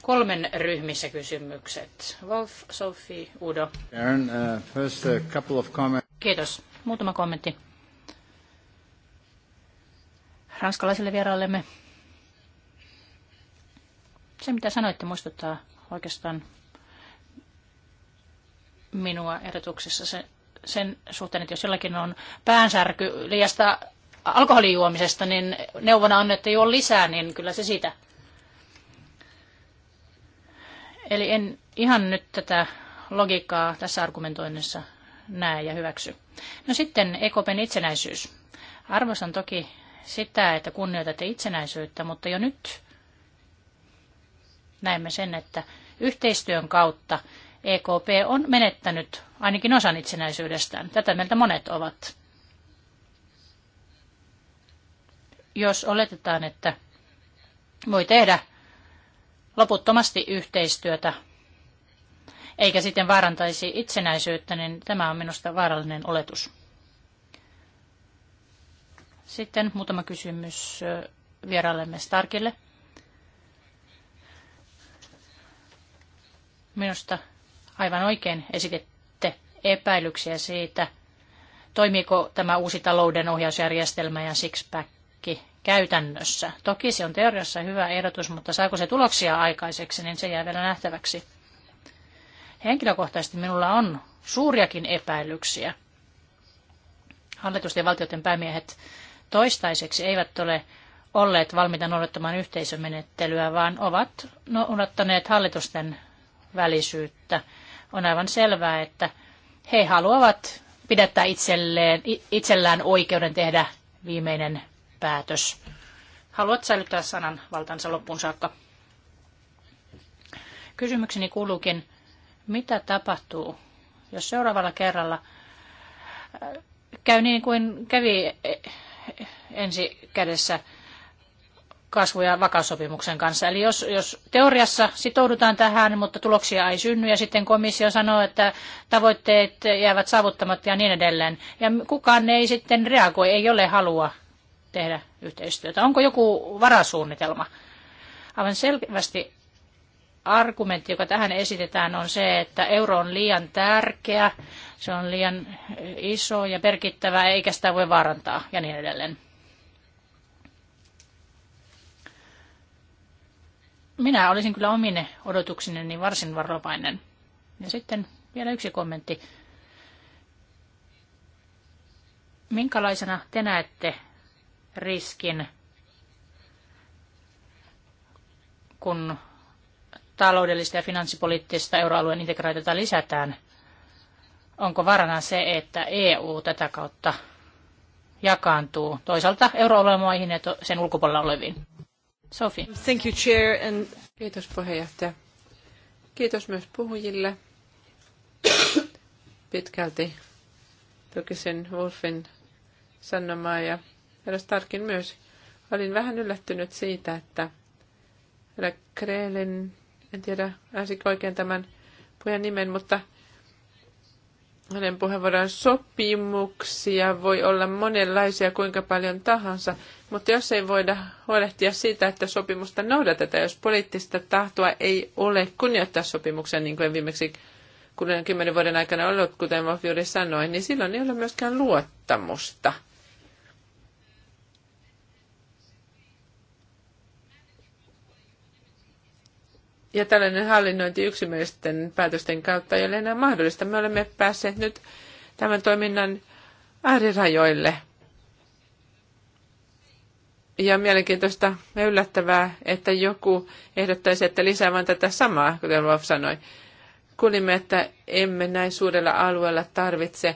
kolmen ryhmissä kysymykset. Wolf, Sophie, Udo. Aaron, uh, first a couple of comments. Kiitos. Muutama kommentti ranskalaisille vieraillemme se, mitä sanoitte, muistuttaa oikeastaan minua erotuksessa se, sen suhteen, että jos jollakin on päänsärky liiasta alkoholijuomisesta, niin neuvona on, että juo lisää, niin kyllä se sitä. Eli en ihan nyt tätä logiikkaa tässä argumentoinnissa näe ja hyväksy. No sitten EKPn itsenäisyys. Arvostan toki sitä, että kunnioitatte itsenäisyyttä, mutta jo nyt näemme sen, että yhteistyön kautta EKP on menettänyt ainakin osan itsenäisyydestään. Tätä meiltä monet ovat. Jos oletetaan, että voi tehdä loputtomasti yhteistyötä, eikä sitten vaarantaisi itsenäisyyttä, niin tämä on minusta vaarallinen oletus. Sitten muutama kysymys vieraillemme Starkille. Minusta aivan oikein esitette epäilyksiä siitä, toimiiko tämä uusi talouden ohjausjärjestelmä ja sixpack käytännössä. Toki se on teoriassa hyvä ehdotus, mutta saako se tuloksia aikaiseksi, niin se jää vielä nähtäväksi. Henkilökohtaisesti minulla on suuriakin epäilyksiä. Hallitusten ja valtioiden päämiehet toistaiseksi eivät ole olleet valmiita noudattamaan yhteisömenettelyä, vaan ovat noudattaneet hallitusten välisyyttä. On aivan selvää, että he haluavat pidättää itselleen, itsellään oikeuden tehdä viimeinen päätös. Haluat säilyttää sanan valtansa loppuun saakka. Kysymykseni kuuluukin, mitä tapahtuu, jos seuraavalla kerralla äh, käy niin kuin kävi eh, eh, ensi kädessä kasvu- ja vakaussopimuksen kanssa. Eli jos, jos teoriassa sitoudutaan tähän, mutta tuloksia ei synny ja sitten komissio sanoo, että tavoitteet jäävät saavuttamatta ja niin edelleen. Ja kukaan ei sitten reagoi, ei ole halua tehdä yhteistyötä. Onko joku varasuunnitelma? Aivan selvästi argumentti, joka tähän esitetään, on se, että euro on liian tärkeä, se on liian iso ja merkittävä, eikä sitä voi vaarantaa ja niin edelleen. minä olisin kyllä omine odotuksineni niin varsin varovainen. Ja sitten vielä yksi kommentti. Minkälaisena te näette riskin, kun taloudellista ja finanssipoliittista euroalueen integraatiota lisätään? Onko varana se, että EU tätä kautta jakaantuu toisaalta euroalueen maihin ja sen ulkopuolella oleviin? Sophie. Thank you, Chair. And... Kiitos puheenjohtaja. Kiitos myös puhujille. Pitkälti Tukisen Wolfin sanomaa ja eräs Starkin myös. Olin vähän yllättynyt siitä, että Kreelin, en tiedä äsikö oikein tämän puheen nimen, mutta hänen puheenvuoron sopimuksia voi olla monenlaisia kuinka paljon tahansa, mutta jos ei voida huolehtia siitä, että sopimusta noudatetaan, jos poliittista tahtoa ei ole kunnioittaa sopimuksia, niin kuin viimeksi 60 vuoden aikana ollut, kuten Wolf juuri sanoi, niin silloin ei ole myöskään luottamusta – Ja tällainen hallinnointi yksimielisten päätösten kautta ei ole enää mahdollista. Me olemme päässeet nyt tämän toiminnan äärirajoille. Ja mielenkiintoista ja yllättävää, että joku ehdottaisi, että vain tätä samaa, kuten Wolf sanoi. Kuulimme, että emme näin suurella alueella tarvitse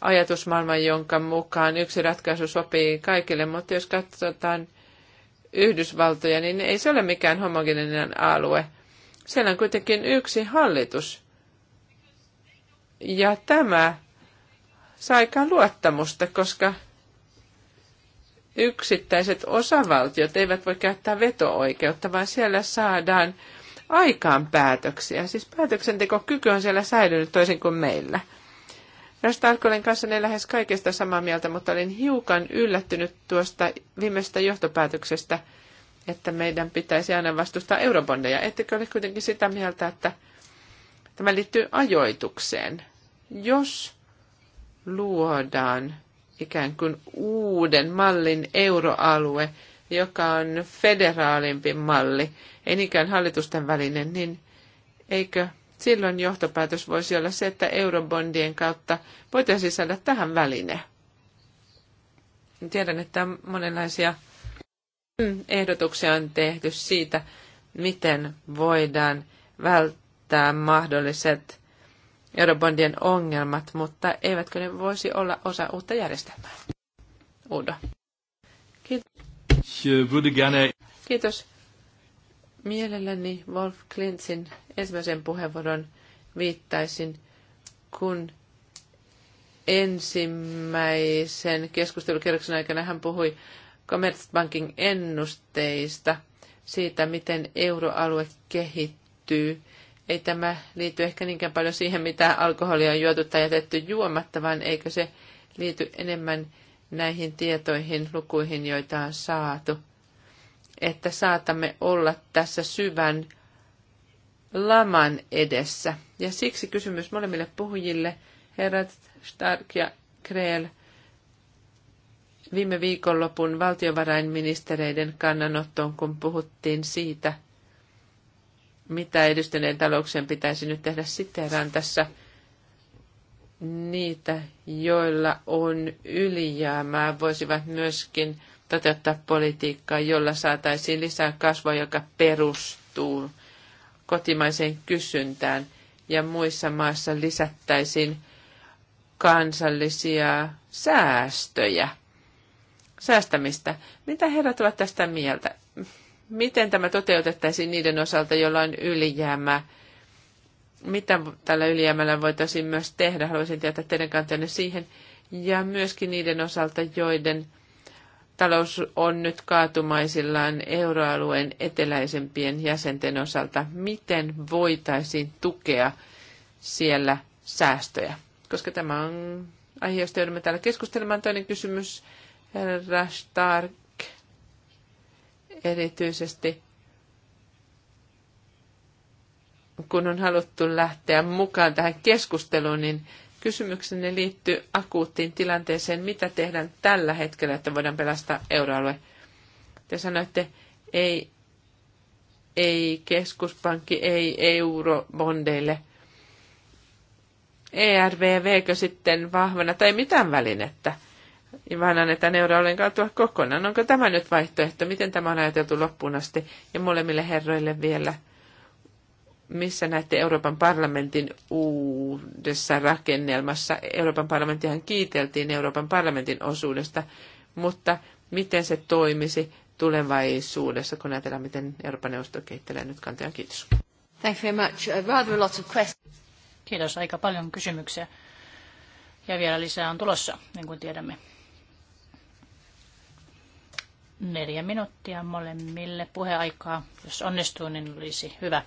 ajatusmaailman, jonka mukaan yksi ratkaisu sopii kaikille, mutta jos katsotaan Yhdysvaltoja, niin ei se ole mikään homogeeninen alue – siellä on kuitenkin yksi hallitus. Ja tämä saikaan luottamusta, koska yksittäiset osavaltiot eivät voi käyttää veto-oikeutta, vaan siellä saadaan aikaan päätöksiä. Siis päätöksentekokyky on siellä säilynyt toisin kuin meillä. Rastarkolen kanssa ne lähes kaikesta samaa mieltä, mutta olin hiukan yllättynyt tuosta viimeisestä johtopäätöksestä – että meidän pitäisi aina vastustaa eurobondeja. Ettekö ole kuitenkin sitä mieltä, että tämä liittyy ajoitukseen? Jos luodaan ikään kuin uuden mallin euroalue, joka on federaalimpi malli, ei niinkään hallitusten välinen, niin eikö silloin johtopäätös voisi olla se, että eurobondien kautta voitaisiin saada tähän väline? Tiedän, että on monenlaisia ehdotuksia on tehty siitä, miten voidaan välttää mahdolliset eurobondien ongelmat, mutta eivätkö ne voisi olla osa uutta järjestelmää? Udo. Kiitos. Kiitos. Mielelläni Wolf Klintzin ensimmäisen puheenvuoron viittaisin, kun ensimmäisen keskustelukierroksen aikana hän puhui Commerzbankin ennusteista siitä, miten euroalue kehittyy. Ei tämä liity ehkä niinkään paljon siihen, mitä alkoholia on juotu tai jätetty juomatta, vaan eikö se liity enemmän näihin tietoihin, lukuihin, joita on saatu. Että saatamme olla tässä syvän laman edessä. Ja siksi kysymys molemmille puhujille, herrat Stark ja Krell, viime viikonlopun valtiovarainministereiden kannanottoon, kun puhuttiin siitä, mitä edistyneen talouksien pitäisi nyt tehdä siteraan tässä niitä, joilla on ylijäämää, voisivat myöskin toteuttaa politiikkaa, jolla saataisiin lisää kasvua, joka perustuu kotimaiseen kysyntään ja muissa maissa lisättäisiin kansallisia säästöjä säästämistä. Mitä herrat ovat tästä mieltä? Miten tämä toteutettaisiin niiden osalta, joilla on ylijäämää? Mitä tällä ylijäämällä voitaisiin myös tehdä? Haluaisin tietää teidän kantanne siihen. Ja myöskin niiden osalta, joiden talous on nyt kaatumaisillaan euroalueen eteläisempien jäsenten osalta. Miten voitaisiin tukea siellä säästöjä? Koska tämä on aihe, josta joudumme täällä keskustelemaan. Toinen kysymys herra Stark erityisesti, kun on haluttu lähteä mukaan tähän keskusteluun, niin kysymyksenne liittyy akuuttiin tilanteeseen, mitä tehdään tällä hetkellä, että voidaan pelastaa euroalue. Te sanoitte, ei, ei keskuspankki, ei eurobondeille. ERVVkö sitten vahvana tai mitään välinettä? vaan annetaan euroalueen kaatua kokonaan. Onko tämä nyt vaihtoehto? Miten tämä on ajateltu loppuun asti? Ja molemmille herroille vielä, missä näette Euroopan parlamentin uudessa rakennelmassa? Euroopan parlamenttihan kiiteltiin Euroopan parlamentin osuudesta, mutta miten se toimisi tulevaisuudessa, kun ajatellaan, miten Euroopan neuvosto kehittelee nyt kantajan. Kiitos. Thank you very much. Uh, rather a lot of questions. Kiitos, aika paljon kysymyksiä. Ja vielä lisää on tulossa, niin kuin tiedämme. Neljä minuuttia molemmille puheaikaa. Jos onnistuu, niin olisi hyvä.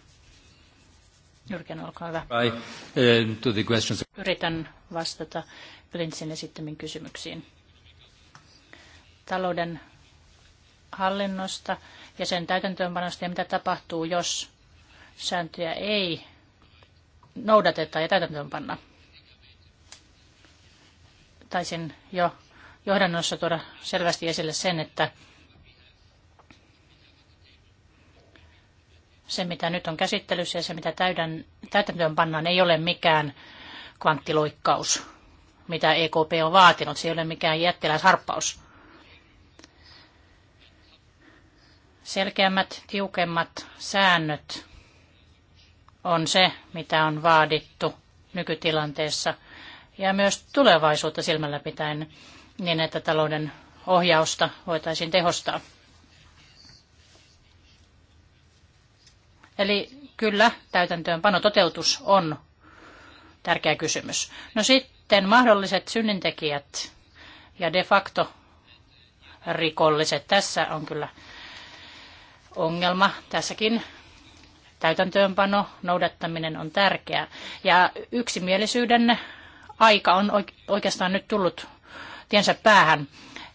Jyrken, olkaa hyvä. Uh, Yritän vastata Blintsin esittämiin kysymyksiin. Talouden hallinnosta ja sen täytäntöönpanosta ja mitä tapahtuu, jos sääntöjä ei noudateta ja täytäntöönpanna. Taisin jo johdannossa tuoda selvästi esille sen, että Se, mitä nyt on käsittelyssä ja se, mitä täydän, täytäntöön pannaan, ei ole mikään kvanttiloikkaus, mitä EKP on vaatinut. Se ei ole mikään jättiläisharppaus. Selkeämmät, tiukemmat säännöt on se, mitä on vaadittu nykytilanteessa ja myös tulevaisuutta silmällä pitäen niin, että talouden ohjausta voitaisiin tehostaa. Eli kyllä täytäntöönpano toteutus on tärkeä kysymys. No sitten mahdolliset synnintekijät ja de facto rikolliset. Tässä on kyllä ongelma tässäkin. Täytäntöönpano, noudattaminen on tärkeää. Ja yksimielisyyden aika on oikeastaan nyt tullut tiensä päähän.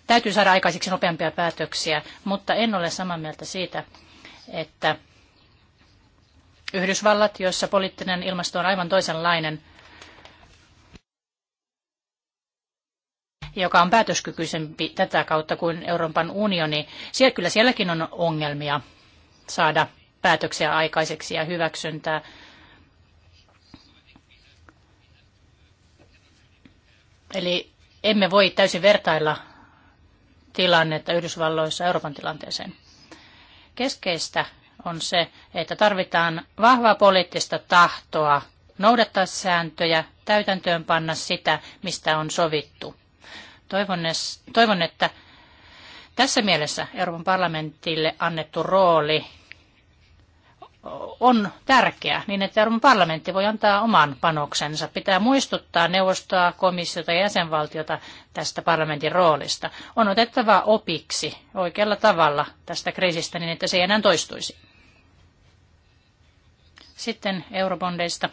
Täytyy saada aikaiseksi nopeampia päätöksiä, mutta en ole samaa mieltä siitä, että Yhdysvallat, jossa poliittinen ilmasto on aivan toisenlainen, joka on päätöskykyisempi tätä kautta kuin Euroopan unioni. Siellä, kyllä sielläkin on ongelmia saada päätöksiä aikaiseksi ja hyväksyntää. Eli emme voi täysin vertailla tilannetta Yhdysvalloissa Euroopan tilanteeseen. Keskeistä on se, että tarvitaan vahvaa poliittista tahtoa noudattaa sääntöjä, panna sitä, mistä on sovittu. Toivon, että tässä mielessä Euroopan parlamentille annettu rooli on tärkeä, niin että Euroopan parlamentti voi antaa oman panoksensa. Pitää muistuttaa neuvostoa, komissiota ja jäsenvaltiota tästä parlamentin roolista. On otettava opiksi oikealla tavalla tästä kriisistä niin, että se ei enää toistuisi. Sitten eurobondeista.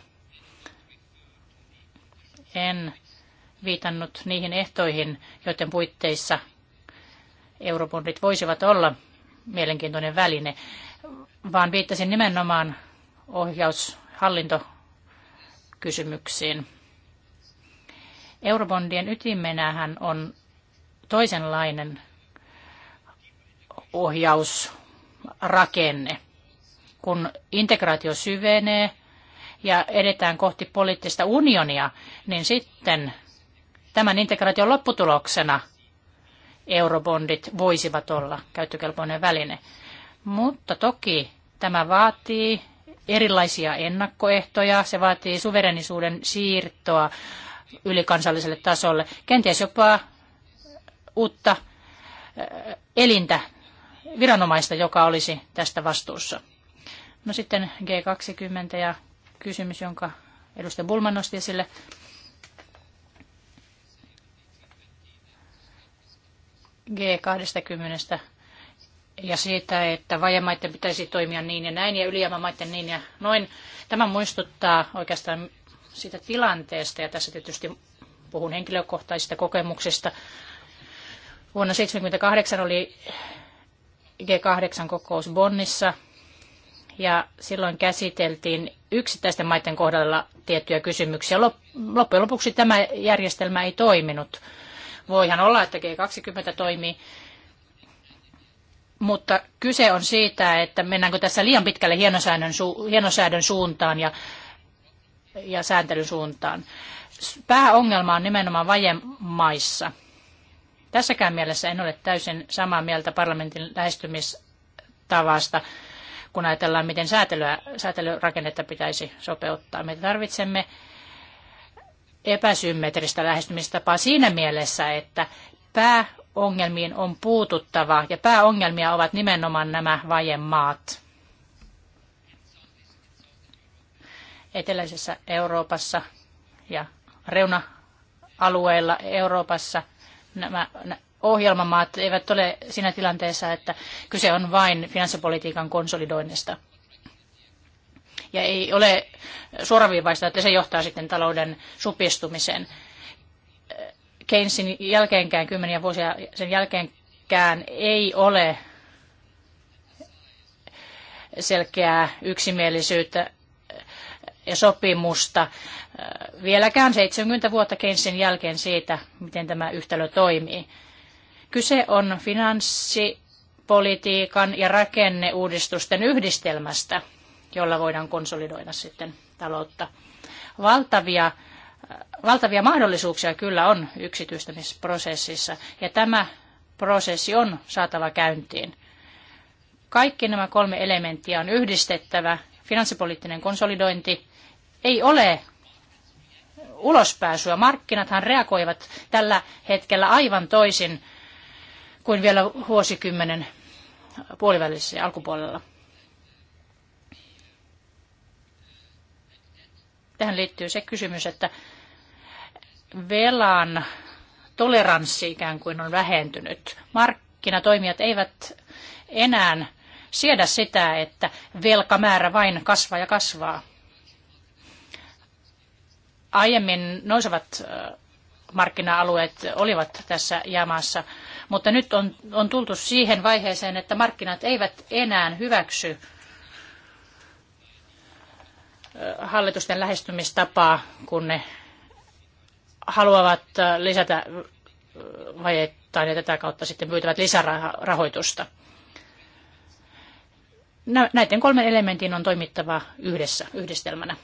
En viitannut niihin ehtoihin, joiden puitteissa eurobondit voisivat olla mielenkiintoinen väline, vaan viittasin nimenomaan ohjaushallintokysymyksiin. Eurobondien ytimenähän on toisenlainen ohjausrakenne – kun integraatio syvenee ja edetään kohti poliittista unionia, niin sitten tämän integraation lopputuloksena eurobondit voisivat olla käyttökelpoinen väline. Mutta toki tämä vaatii erilaisia ennakkoehtoja, se vaatii suverenisuuden siirtoa ylikansalliselle tasolle, kenties jopa uutta elintä viranomaista, joka olisi tästä vastuussa. No sitten G20 ja kysymys, jonka edustaja Bulman nosti esille. G20 ja siitä, että vajamaiden pitäisi toimia niin ja näin ja ylijäämämaiden niin ja noin. Tämä muistuttaa oikeastaan siitä tilanteesta ja tässä tietysti puhun henkilökohtaisista kokemuksista. Vuonna 1978 oli G8-kokous Bonnissa – ja silloin käsiteltiin yksittäisten maiden kohdalla tiettyjä kysymyksiä. Loppujen lopuksi tämä järjestelmä ei toiminut. Voihan olla, että G20 toimii, mutta kyse on siitä, että mennäänkö tässä liian pitkälle hienosäädön, su- hienosäädön suuntaan ja, ja sääntelyn suuntaan. Pääongelma on nimenomaan vajemaissa. Tässäkään mielessä en ole täysin samaa mieltä parlamentin lähestymistavasta kun ajatellaan, miten säätelyä, säätelyrakennetta pitäisi sopeuttaa. Me tarvitsemme epäsymmetristä lähestymistapaa siinä mielessä, että pääongelmiin on puututtava ja pääongelmia ovat nimenomaan nämä vajemaat. Eteläisessä Euroopassa ja reuna-alueilla Euroopassa nämä ohjelmamaat eivät ole siinä tilanteessa, että kyse on vain finanssipolitiikan konsolidoinnista. Ja ei ole suoraviivaista, että se johtaa sitten talouden supistumiseen. Keynesin jälkeenkään, kymmeniä vuosia sen jälkeenkään ei ole selkeää yksimielisyyttä ja sopimusta. Vieläkään 70 vuotta Keynesin jälkeen siitä, miten tämä yhtälö toimii. Kyse on finanssipolitiikan ja rakenneuudistusten yhdistelmästä, jolla voidaan konsolidoida sitten taloutta. Valtavia, äh, valtavia mahdollisuuksia kyllä on yksityistämisprosessissa, ja tämä prosessi on saatava käyntiin. Kaikki nämä kolme elementtiä on yhdistettävä. Finanssipoliittinen konsolidointi ei ole ulospääsyä. Markkinathan reagoivat tällä hetkellä aivan toisin kuin vielä vuosikymmenen puolivälissä ja alkupuolella. Tähän liittyy se kysymys, että velan toleranssi ikään kuin on vähentynyt. Markkinatoimijat eivät enää siedä sitä, että velkamäärä vain kasvaa ja kasvaa. Aiemmin nousevat markkina-alueet olivat tässä jäämässä mutta nyt on, on tultu siihen vaiheeseen, että markkinat eivät enää hyväksy hallitusten lähestymistapaa, kun ne haluavat lisätä vajettaan ja tätä kautta sitten pyytävät lisärahoitusta. Näiden kolmen elementin on toimittava yhdessä, yhdistelmänä.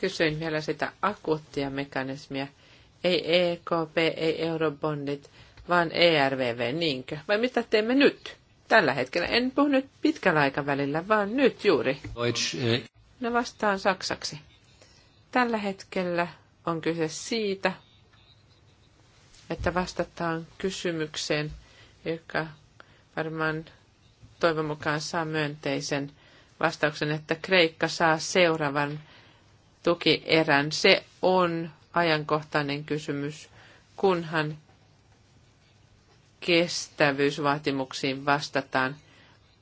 Kysyin vielä sitä akuuttia mekanismia. Ei EKP, ei eurobondit, vaan ERVV, niinkö? Vai mitä teemme nyt? Tällä hetkellä. En puhu nyt pitkällä aikavälillä, vaan nyt juuri. Äh, no vastaan saksaksi. Tällä hetkellä on kyse siitä, että vastataan kysymykseen, joka varmaan toivon mukaan saa myönteisen vastauksen, että Kreikka saa seuraavan tukierän. Se on ajankohtainen kysymys, kunhan kestävyysvaatimuksiin vastataan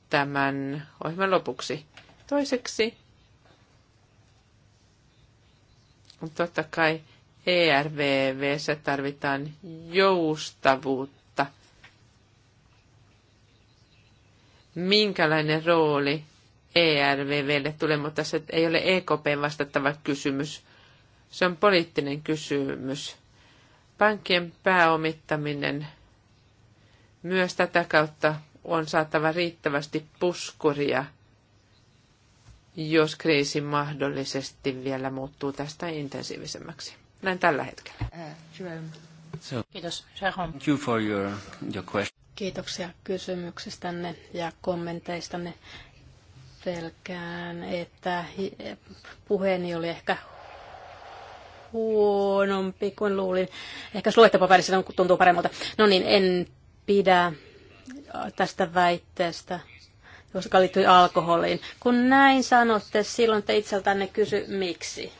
tämän ohjelman lopuksi. Toiseksi, totta kai ERVVssä tarvitaan joustavuutta. Minkälainen rooli ERVVlle tulee, mutta se ei ole EKP vastattava kysymys. Se on poliittinen kysymys. Pankkien pääomittaminen myös tätä kautta on saatava riittävästi puskuria, jos kriisi mahdollisesti vielä muuttuu tästä intensiivisemmäksi. Näin tällä hetkellä. Uh, Kiitos, Thank you for your, your question. Kiitoksia kysymyksistänne ja kommenteistanne. Pelkään, että puheeni oli ehkä huonompi kuin luulin. Ehkä luettepaperissa tuntuu paremmalta. No niin, en pidä äh, tästä väitteestä koska liittyy alkoholiin. Kun näin sanotte, silloin te itseltänne kysy, miksi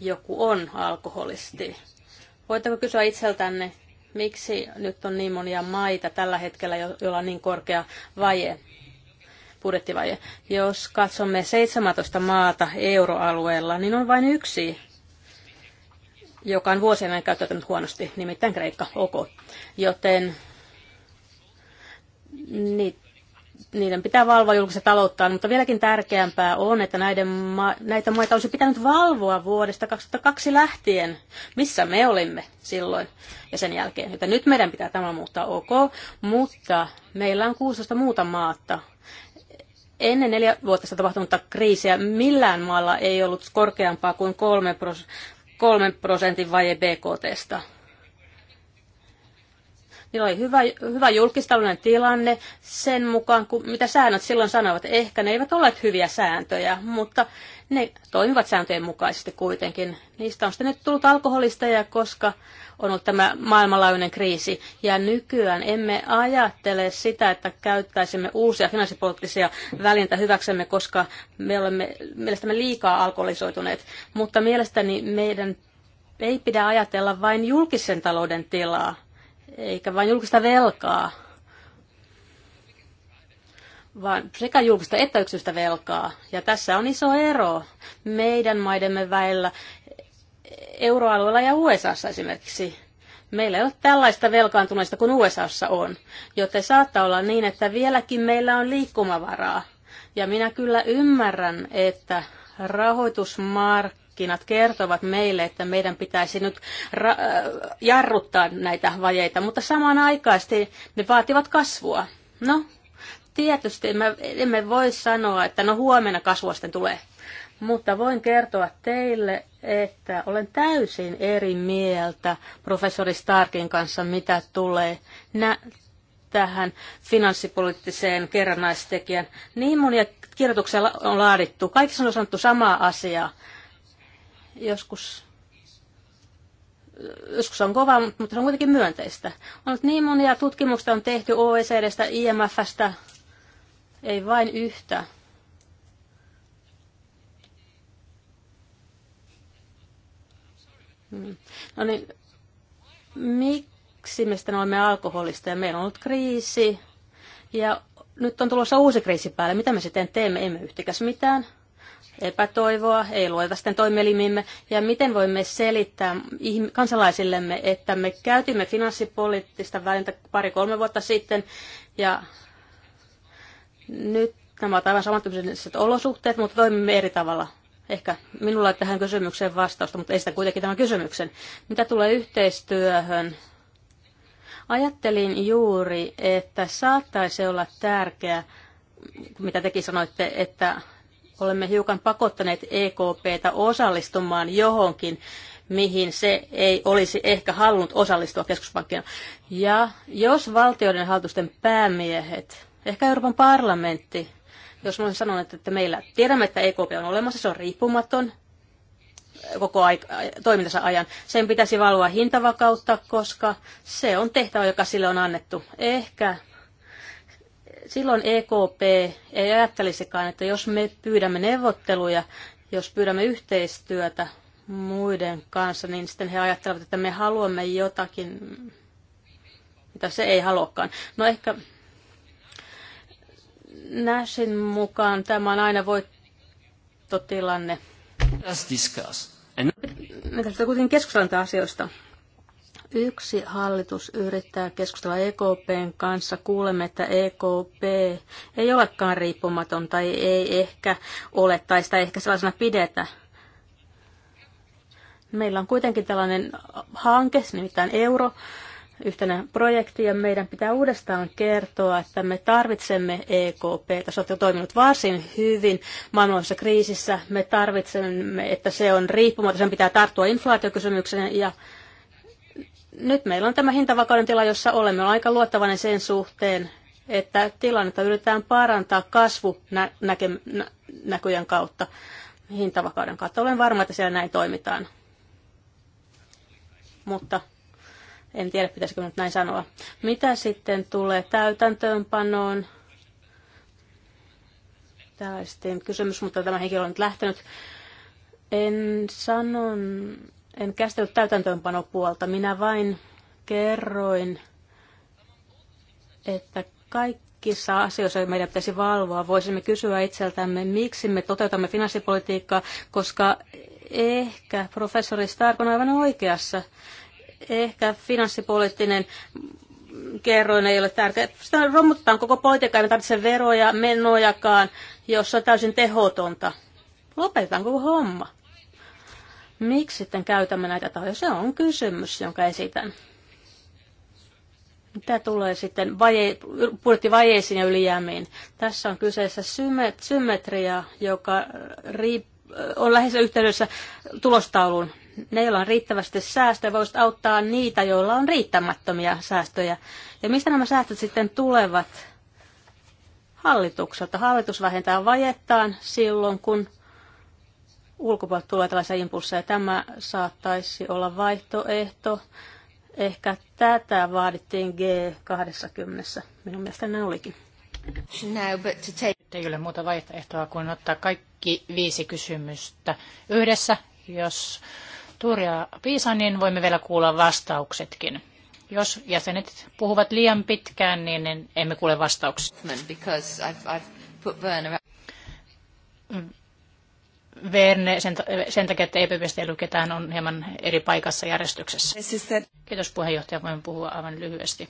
joku on alkoholisti. Voitteko kysyä itseltänne, miksi nyt on niin monia maita tällä hetkellä, joilla on niin korkea vaje, budjettivaje? Jos katsomme 17 maata euroalueella, niin on vain yksi joka on vuosien ajan käyttäytynyt huonosti, nimittäin Kreikka, ok. Joten niiden pitää valvoa julkista talouttaan, mutta vieläkin tärkeämpää on, että näiden ma- näitä maita olisi pitänyt valvoa vuodesta 2002 lähtien, missä me olimme silloin ja sen jälkeen. Joten nyt meidän pitää tämä muuttaa, ok, mutta meillä on 16 muuta maata. ennen neljä vuotta tapahtunutta kriisiä millään maalla ei ollut korkeampaa kuin kolme kolmen prosentin vaje BKTstä. Niillä oli hyvä, hyvä julkistalouden tilanne sen mukaan, kun, mitä säännöt silloin sanoivat. Ehkä ne eivät ole hyviä sääntöjä, mutta ne toimivat sääntöjen mukaisesti kuitenkin. Niistä on sitten nyt tullut alkoholista ja koska on ollut tämä maailmanlaajuinen kriisi. Ja nykyään emme ajattele sitä, että käyttäisimme uusia finanssipoliittisia välineitä hyväksemme, koska me olemme mielestämme liikaa alkoholisoituneet. Mutta mielestäni meidän ei pidä ajatella vain julkisen talouden tilaa, eikä vain julkista velkaa, vaan sekä julkista että yksityistä velkaa. Ja tässä on iso ero meidän maidemme väillä, euroalueella ja USAssa esimerkiksi. Meillä ei ole tällaista velkaantuneista kuin USAssa on, joten saattaa olla niin, että vieläkin meillä on liikkumavaraa. Ja minä kyllä ymmärrän, että rahoitusmarkkinat kertovat meille, että meidän pitäisi nyt äh, jarruttaa näitä vajeita, mutta samanaikaisesti ne vaativat kasvua. No, tietysti emme, emme voi sanoa, että no huomenna kasvua sitten tulee mutta voin kertoa teille, että olen täysin eri mieltä professori Starkin kanssa, mitä tulee nä- tähän finanssipoliittiseen kerrannaistekijän. Niin monia kirjoituksia on laadittu. Kaikissa on sanottu samaa asiaa. Joskus joskus on kova, mutta se on kuitenkin myönteistä. On niin monia tutkimuksia on tehty OECDstä, IMFstä, ei vain yhtä Mm. No niin, miksi me sitten olemme alkoholista meillä on ollut kriisi ja nyt on tulossa uusi kriisi päälle. Mitä me sitten teemme? Emme yhtikäs mitään epätoivoa, ei lueta sitten toimielimimme, ja miten voimme selittää kansalaisillemme, että me käytimme finanssipoliittista välintä pari-kolme vuotta sitten, ja nyt nämä ovat aivan samantyyppiset olosuhteet, mutta toimimme eri tavalla. Ehkä minulla on tähän kysymykseen vastausta, mutta esitän kuitenkin tämän kysymyksen. Mitä tulee yhteistyöhön? Ajattelin juuri, että saattaisi olla tärkeää, mitä tekin sanoitte, että olemme hiukan pakottaneet EKPtä osallistumaan johonkin, mihin se ei olisi ehkä halunnut osallistua keskuspankkina. Ja jos valtioiden hallitusten päämiehet, ehkä Euroopan parlamentti, jos olen sanonut, että meillä tiedämme, että EKP on olemassa, se on riippumaton koko aika, toimintansa ajan. Sen pitäisi valua hintavakautta, koska se on tehtävä, joka sille on annettu. Ehkä silloin EKP ei ajattelisikaan, että jos me pyydämme neuvotteluja, jos pyydämme yhteistyötä muiden kanssa, niin sitten he ajattelevat, että me haluamme jotakin, mitä se ei haluakaan. No ehkä Nashin mukaan tämä on aina voittotilanne. Me tästä kuitenkin keskustellaan asioista. Yksi hallitus yrittää keskustella EKPn kanssa. Kuulemme, että EKP ei olekaan riippumaton tai ei ehkä ole tai sitä ehkä sellaisena pidetä. Meillä on kuitenkin tällainen hanke, nimittäin euro, yhtenä projektia. Meidän pitää uudestaan kertoa, että me tarvitsemme EKP. Se on toiminut varsin hyvin maailmanlaisessa kriisissä. Me tarvitsemme, että se on riippumaton. Sen pitää tarttua inflaatiokysymykseen ja nyt meillä on tämä hintavakauden tila, jossa olemme. Olen aika luottavainen sen suhteen, että tilannetta yritetään parantaa kasvu näköjen kautta hintavakauden kautta. Olen varma, että siellä näin toimitaan. Mutta en tiedä, pitäisikö nyt näin sanoa. Mitä sitten tulee täytäntöönpanoon? Tämä sitten kysymys, mutta tämä henkilö on nyt lähtenyt. En sanon, en käsitellyt täytäntöönpanopuolta. Minä vain kerroin, että kaikissa asioissa meidän pitäisi valvoa. Voisimme kysyä itseltämme, miksi me toteutamme finanssipolitiikkaa, koska ehkä professori Stark on aivan oikeassa. Ehkä finanssipoliittinen kerroin ei ole tärkeä. Sitä romutetaan koko politiikka, ei tarvitse veroja, menojakaan, jos on täysin tehotonta. Lopetetaan koko homma. Miksi sitten käytämme näitä tahoja? Se on kysymys, jonka esitän. Mitä tulee sitten vaje, budjettivajeisiin ja ylijäämiin? Tässä on kyseessä symmetria, joka on lähes yhteydessä tulostaulun ne, joilla on riittävästi säästöjä, voisivat auttaa niitä, joilla on riittämättömiä säästöjä. Ja mistä nämä säästöt sitten tulevat? Hallitukselta. Hallitus vähentää vajettaan silloin, kun ulkopuolelta tulee tällaisia impulsseja. Tämä saattaisi olla vaihtoehto. Ehkä tätä vaadittiin G20. Minun mielestäni ne olikin. No, but to take... Ei ole muuta vaihtoehtoa kuin ottaa kaikki viisi kysymystä yhdessä, jos Tuuria Piisa, niin voimme vielä kuulla vastauksetkin. Jos jäsenet puhuvat liian pitkään, niin emme kuule vastauksia. Verne, sen, sen takia, että EPPstä ei ketään, on hieman eri paikassa järjestyksessä. Kiitos puheenjohtaja, voin puhua aivan lyhyesti.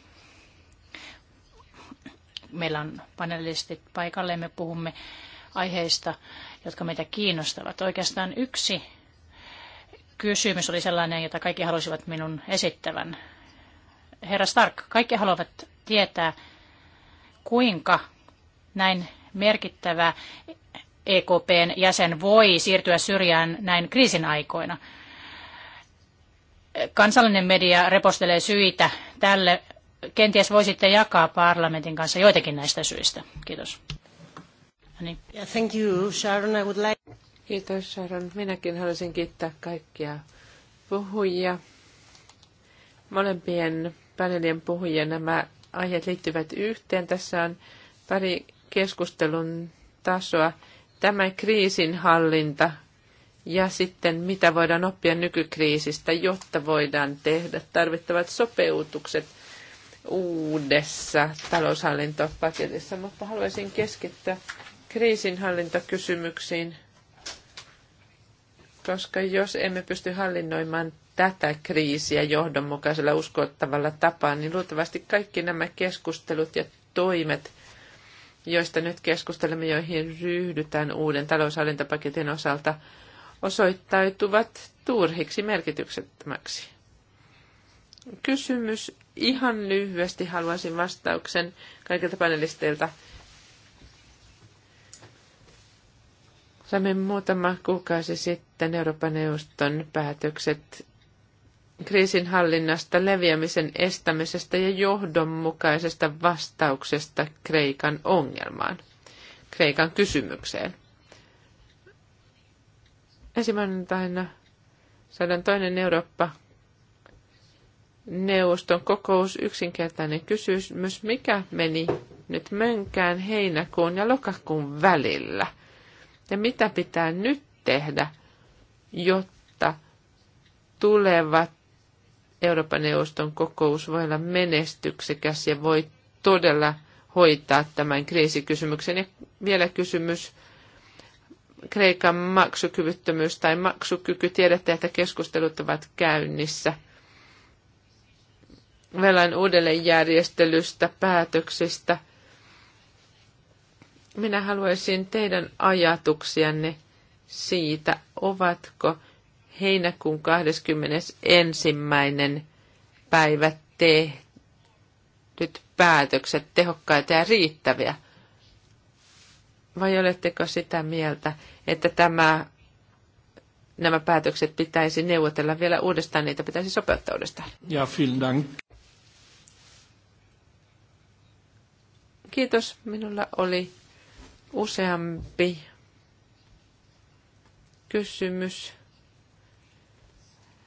Meillä on panelistit paikalle me puhumme aiheista, jotka meitä kiinnostavat. Oikeastaan yksi kysymys oli sellainen, jota kaikki halusivat minun esittävän. Herra Stark, kaikki haluavat tietää, kuinka näin merkittävä EKPn jäsen voi siirtyä syrjään näin kriisin aikoina. Kansallinen media repostelee syitä tälle. Kenties voisitte jakaa parlamentin kanssa joitakin näistä syistä. Kiitos. No niin. thank you, Sharon. I would like... Kiitos Sharon. Minäkin haluaisin kiittää kaikkia puhujia. Molempien paneelien puhujia nämä aiheet liittyvät yhteen. Tässä on pari keskustelun tasoa. Tämä kriisinhallinta ja sitten mitä voidaan oppia nykykriisistä, jotta voidaan tehdä tarvittavat sopeutukset uudessa taloushallintopaketissa, mutta haluaisin keskittyä kriisinhallintakysymyksiin koska jos emme pysty hallinnoimaan tätä kriisiä johdonmukaisella uskottavalla tapaa, niin luultavasti kaikki nämä keskustelut ja toimet, joista nyt keskustelemme, joihin ryhdytään uuden taloushallintapaketin osalta, osoittautuvat turhiksi merkityksettömäksi. Kysymys. Ihan lyhyesti haluaisin vastauksen kaikilta panelisteilta Saimme muutama kuukausi sitten Euroopan neuvoston päätökset kriisinhallinnasta, leviämisen estämisestä ja johdonmukaisesta vastauksesta Kreikan ongelmaan, Kreikan kysymykseen. Ensimmäinen saadaan toinen Eurooppa neuvoston kokous yksinkertainen kysymys, mikä meni nyt mönkään heinäkuun ja lokakuun välillä – ja mitä pitää nyt tehdä, jotta tulevat Euroopan neuvoston kokous voi olla menestyksekäs ja voi todella hoitaa tämän kriisikysymyksen. Ja vielä kysymys Kreikan maksukyvyttömyys tai maksukyky. Tiedätte, että keskustelut ovat käynnissä. Velan uudelleenjärjestelystä, päätöksistä – minä haluaisin teidän ajatuksianne siitä, ovatko heinäkuun 21. päivä tehdyt päätökset tehokkaita ja riittäviä? Vai oletteko sitä mieltä, että tämä, nämä päätökset pitäisi neuvotella vielä uudestaan, niitä pitäisi sopeuttaa uudestaan? Ja, vielen dank. Kiitos, minulla oli Useampi kysymys.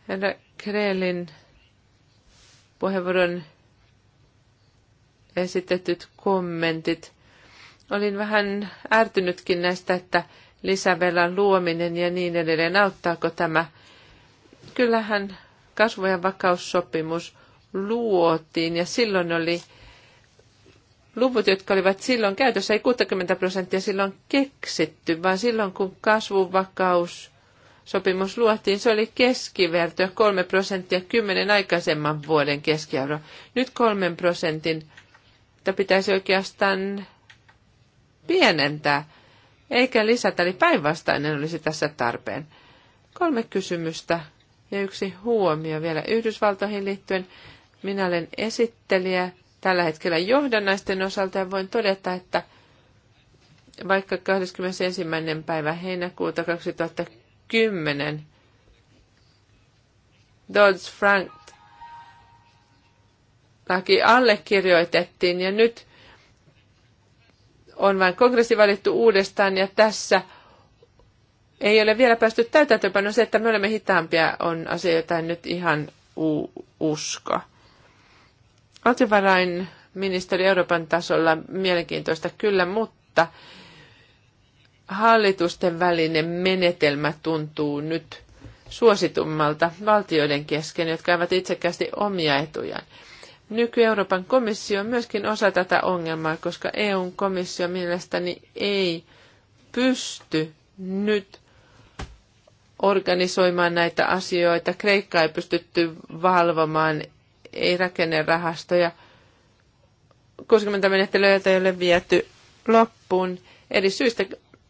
Herra Kreelin puheenvuoron esitetyt kommentit. Olin vähän ärtynytkin näistä, että lisävelan luominen ja niin edelleen, auttaako tämä? Kyllähän kasvu- ja vakaussopimus luotiin ja silloin oli luvut, jotka olivat silloin käytössä, ei 60 prosenttia silloin keksitty, vaan silloin kun kasvuvakaus sopimus luotiin, se oli keskiverto 3 prosenttia kymmenen aikaisemman vuoden keskiarvo. Nyt kolmen prosentin että pitäisi oikeastaan pienentää, eikä lisätä, eli päinvastainen olisi tässä tarpeen. Kolme kysymystä ja yksi huomio vielä Yhdysvaltoihin liittyen. Minä olen esittelijä tällä hetkellä johdannaisten osalta ja voin todeta, että vaikka 21. päivä heinäkuuta 2010 Dodds frank laki allekirjoitettiin ja nyt on vain kongressi valittu uudestaan ja tässä ei ole vielä päästy täytäntöönpanoon se, että me olemme hitaampia, on asia, jota en nyt ihan u- usko. Valtiovarainministeri Euroopan tasolla mielenkiintoista kyllä, mutta hallitusten välinen menetelmä tuntuu nyt suositummalta valtioiden kesken, jotka ovat itsekästi omia etujaan. Nyky-Euroopan komissio on myöskin osa tätä ongelmaa, koska EUn komissio mielestäni ei pysty nyt organisoimaan näitä asioita. Kreikka ei pystytty valvomaan ei rahastoja. 60 menettelyä, ei ole viety loppuun. Eli syystä,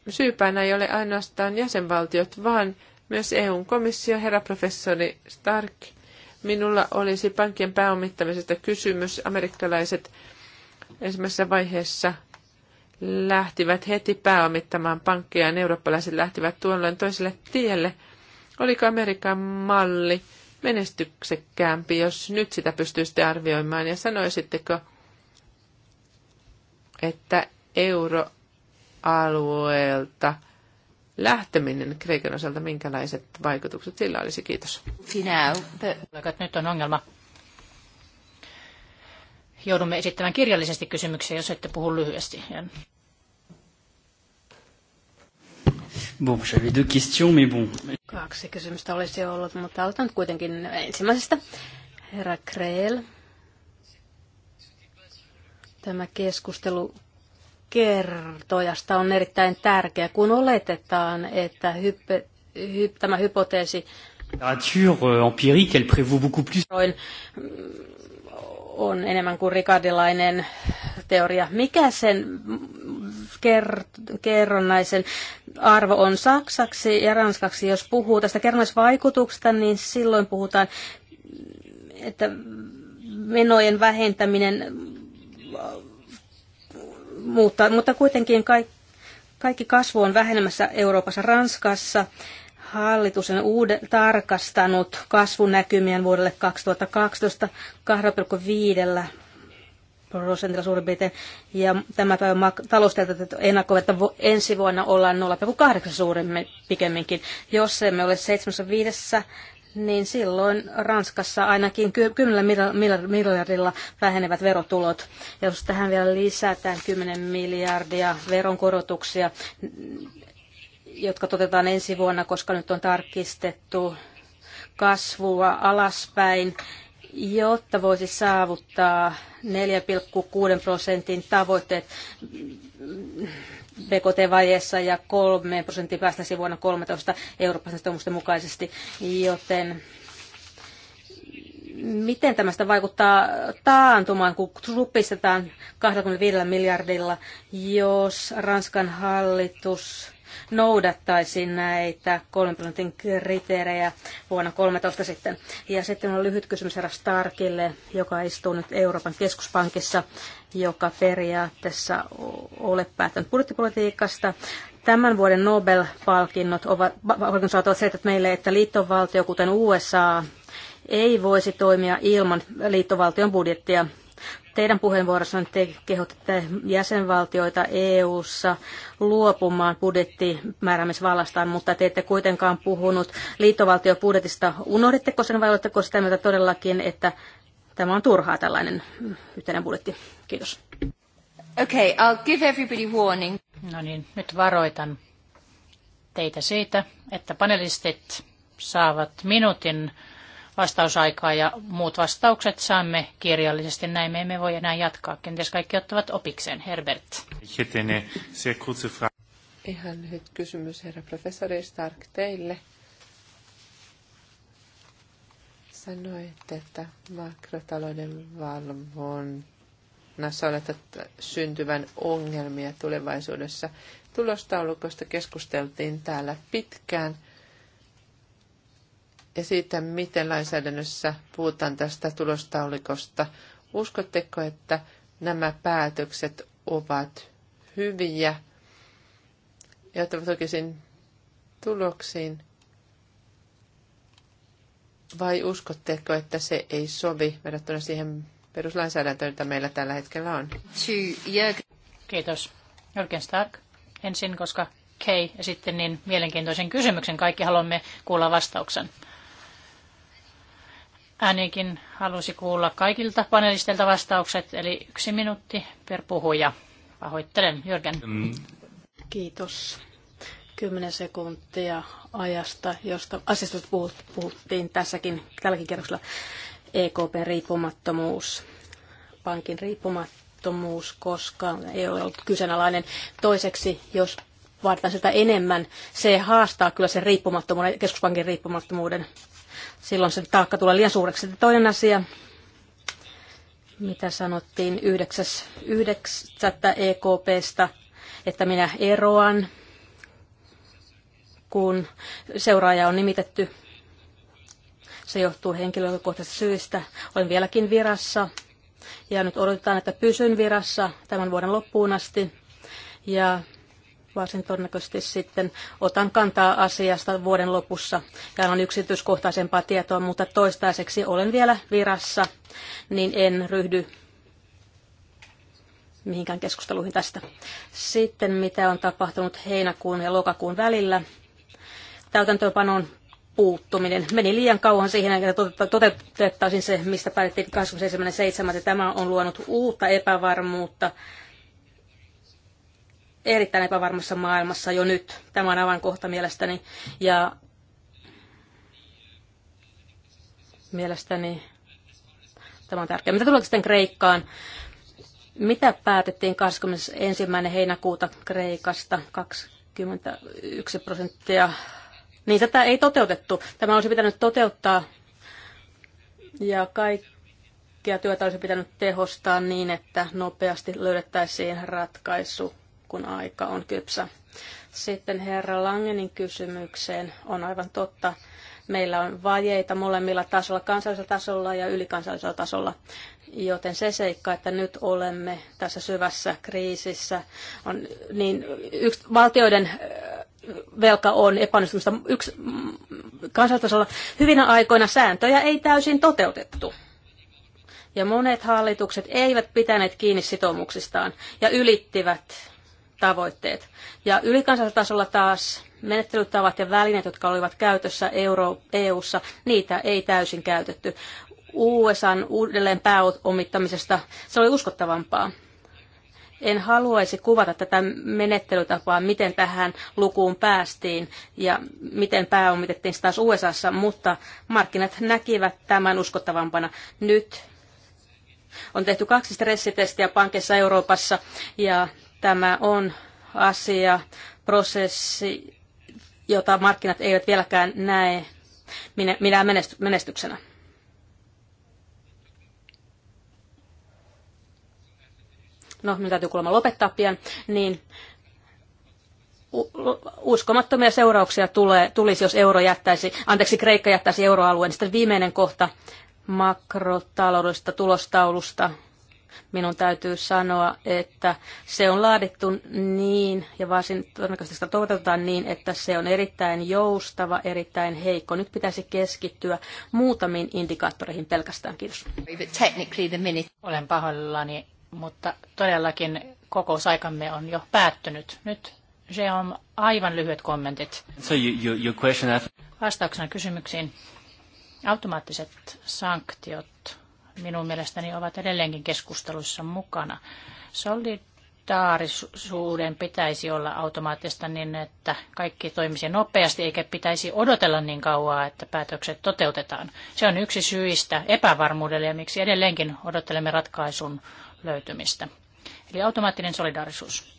syypäänä ei ole ainoastaan jäsenvaltiot, vaan myös EUn komissio, herra professori Stark. Minulla olisi pankkien pääomittamisesta kysymys. Amerikkalaiset ensimmäisessä vaiheessa lähtivät heti pääomittamaan pankkeja, eurooppalaiset lähtivät tuolloin toiselle tielle. Oliko Amerikan malli menestyksekkäämpi, jos nyt sitä pystyisitte arvioimaan ja sanoisitteko, että euroalueelta lähteminen Kreikan osalta, minkälaiset vaikutukset sillä olisi? Kiitos. Nyt on ongelma. Joudumme esittämään kirjallisesti kysymyksiä, jos ette puhu lyhyesti. Bon, j'avais deux questions, mais bon. Kaksi kysymystä olisi ollut, mutta aloitan kuitenkin ensimmäisestä. Herra Kreel, tämä keskustelu kertojasta on erittäin tärkeä, kun oletetaan, että hyppe, hy, tämä hypoteesi euh, empirique, elle beaucoup plus. Mm, on enemmän kuin rikadilainen teoria. Mikä sen ker- kerronnaisen arvo on saksaksi ja ranskaksi? Jos puhuu tästä kerronnaisvaikutuksesta, niin silloin puhutaan, että menojen vähentäminen muuttaa, mutta kuitenkin kaikki kaikki kasvu on vähenemässä Euroopassa. Ranskassa hallitus on uuden, tarkastanut kasvunäkymien vuodelle 2012 2,5 prosentilla suurin piirtein. Ja tämä päivä taloustieteilijät ennakkoi, että ensi vuonna ollaan 0,8 suurimmin pikemminkin. Jos emme ole 75 niin silloin Ranskassa ainakin 10 miljardilla vähenevät verotulot. Ja jos tähän vielä lisätään 10 miljardia veronkorotuksia, jotka toteutetaan ensi vuonna, koska nyt on tarkistettu kasvua alaspäin, jotta voisi saavuttaa 4,6 prosentin tavoitteet BKT-vajeessa ja 3 prosenttia päästäisiin vuonna 13 Euroopan sitoumusten mukaisesti, joten miten tämästä vaikuttaa taantumaan, kun supistetaan 25 miljardilla, jos Ranskan hallitus noudattaisi näitä kolmen prosentin kriteerejä vuonna 13 sitten. Ja sitten on lyhyt kysymys herra Starkille, joka istuu nyt Euroopan keskuspankissa, joka periaatteessa ole päättänyt budjettipolitiikasta. Tämän vuoden Nobel-palkinnot ovat, ovat että meille, että liittovaltio, kuten USA, ei voisi toimia ilman liittovaltion budjettia Teidän puheenvuorossanne te kehotatte jäsenvaltioita EU-ssa luopumaan budjettimääräämisvallastaan, mutta te ette kuitenkaan puhunut liittovaltiobudjetista. Unohditteko sen vai oletteko sitä mieltä todellakin, että tämä on turhaa tällainen yhteinen budjetti? Kiitos. Okay, I'll give everybody warning. No niin, nyt varoitan teitä siitä, että panelistit saavat minuutin vastausaikaa ja muut vastaukset saamme kirjallisesti. Näin me emme voi enää jatkaa. Kenties kaikki ottavat opikseen. Herbert. Ihan lyhyt kysymys, herra professori Stark, teille. Sanoitte, että makrotalouden valvonnassa olette syntyvän ongelmia tulevaisuudessa. Tulostaulukosta keskusteltiin täällä pitkään – ja siitä, miten lainsäädännössä puhutaan tästä tulostaulikosta. Uskotteko, että nämä päätökset ovat hyviä ja ottavat oikeisiin tuloksiin? Vai uskotteko, että se ei sovi verrattuna siihen peruslainsäädäntöön, jota meillä tällä hetkellä on? Kiitos. Jörgen Stark ensin, koska Kei esitti niin mielenkiintoisen kysymyksen. Kaikki haluamme kuulla vastauksen. Äänikin halusi kuulla kaikilta panelisteilta vastaukset, eli yksi minuutti per puhuja. Pahoittelen, Jörgen. Mm. Kiitos. Kymmenen sekuntia ajasta, josta asiasta puhuttiin tässäkin, tälläkin kerroksella. ekp riippumattomuus, pankin riippumattomuus koska ei ole ollut kyseenalainen. Toiseksi, jos vaaditaan sitä enemmän, se haastaa kyllä sen riippumattomuuden, keskuspankin riippumattomuuden silloin se taakka tulee liian suureksi. Sitten toinen asia, mitä sanottiin 9.9. EKPstä, että minä eroan, kun seuraaja on nimitetty. Se johtuu henkilökohtaisista syistä. Olen vieläkin virassa ja nyt odotetaan, että pysyn virassa tämän vuoden loppuun asti. Ja varsin todennäköisesti sitten otan kantaa asiasta vuoden lopussa. Täällä on yksityiskohtaisempaa tietoa, mutta toistaiseksi olen vielä virassa, niin en ryhdy mihinkään keskusteluihin tästä. Sitten mitä on tapahtunut heinäkuun ja lokakuun välillä. Täytäntöönpanon puuttuminen. Meni liian kauan siihen, että toteutettaisiin se, mistä päätettiin 27.7. Tämä on luonut uutta epävarmuutta erittäin epävarmassa maailmassa jo nyt. Tämä on aivan kohta mielestäni. Ja mielestäni tämä on tärkeää. Mitä tulee sitten Kreikkaan? Mitä päätettiin 21. heinäkuuta Kreikasta? 21 prosenttia. Niin tätä ei toteutettu. Tämä olisi pitänyt toteuttaa ja kaikkia työtä olisi pitänyt tehostaa niin, että nopeasti löydettäisiin ratkaisu kun aika on kypsä. Sitten herra Langenin kysymykseen on aivan totta. Meillä on vajeita molemmilla tasolla, kansallisella tasolla ja ylikansallisella tasolla. Joten se seikka, että nyt olemme tässä syvässä kriisissä, on niin yksi valtioiden velka on epäonnistumista yksi kansallisella Hyvinä aikoina sääntöjä ei täysin toteutettu. Ja monet hallitukset eivät pitäneet kiinni sitoumuksistaan ja ylittivät tavoitteet. Ja ylikansallisella tasolla taas menettelytavat ja välineet, jotka olivat käytössä Euro, EU-ssa, niitä ei täysin käytetty. USAn uudelleen pääomittamisesta se oli uskottavampaa. En haluaisi kuvata tätä menettelytapaa, miten tähän lukuun päästiin ja miten pääomitettiin sitä taas USAssa, mutta markkinat näkivät tämän uskottavampana. Nyt on tehty kaksi stressitestiä pankissa Euroopassa ja Tämä on asia, prosessi, jota markkinat eivät vieläkään näe minä menestyksenä. no minun täytyy kuulemma lopettaa pian, niin uskomattomia seurauksia tulee, tulisi, jos euro jättäisi, anteeksi, Kreikka jättäisi euroalueen. Sitten viimeinen kohta makrotaloudellisesta tulostaulusta minun täytyy sanoa, että se on laadittu niin, ja varsin todennäköisesti sitä toteutetaan niin, että se on erittäin joustava, erittäin heikko. Nyt pitäisi keskittyä muutamiin indikaattoreihin pelkästään. Kiitos. Olen pahoillani, mutta todellakin kokousaikamme on jo päättynyt. Nyt se on aivan lyhyet kommentit. So you, you, Vastauksena kysymyksiin. Automaattiset sanktiot minun mielestäni ovat edelleenkin keskusteluissa mukana. Solidaarisuuden pitäisi olla automaattista niin, että kaikki toimisi nopeasti eikä pitäisi odotella niin kauaa, että päätökset toteutetaan. Se on yksi syistä epävarmuudelle ja miksi edelleenkin odottelemme ratkaisun löytymistä. Eli automaattinen solidaarisuus.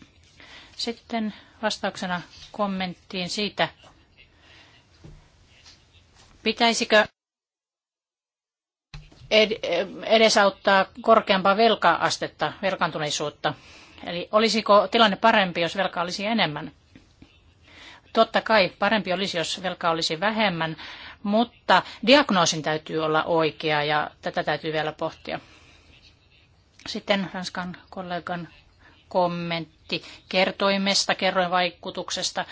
Sitten vastauksena kommenttiin siitä, pitäisikö edesauttaa korkeampaa velka-astetta, velkaantuneisuutta? Eli olisiko tilanne parempi, jos velkaa olisi enemmän? Totta kai parempi olisi, jos velkaa olisi vähemmän, mutta diagnoosin täytyy olla oikea ja tätä täytyy vielä pohtia. Sitten Ranskan kollegan kommentti kertoimesta, kerroin vaikutuksesta.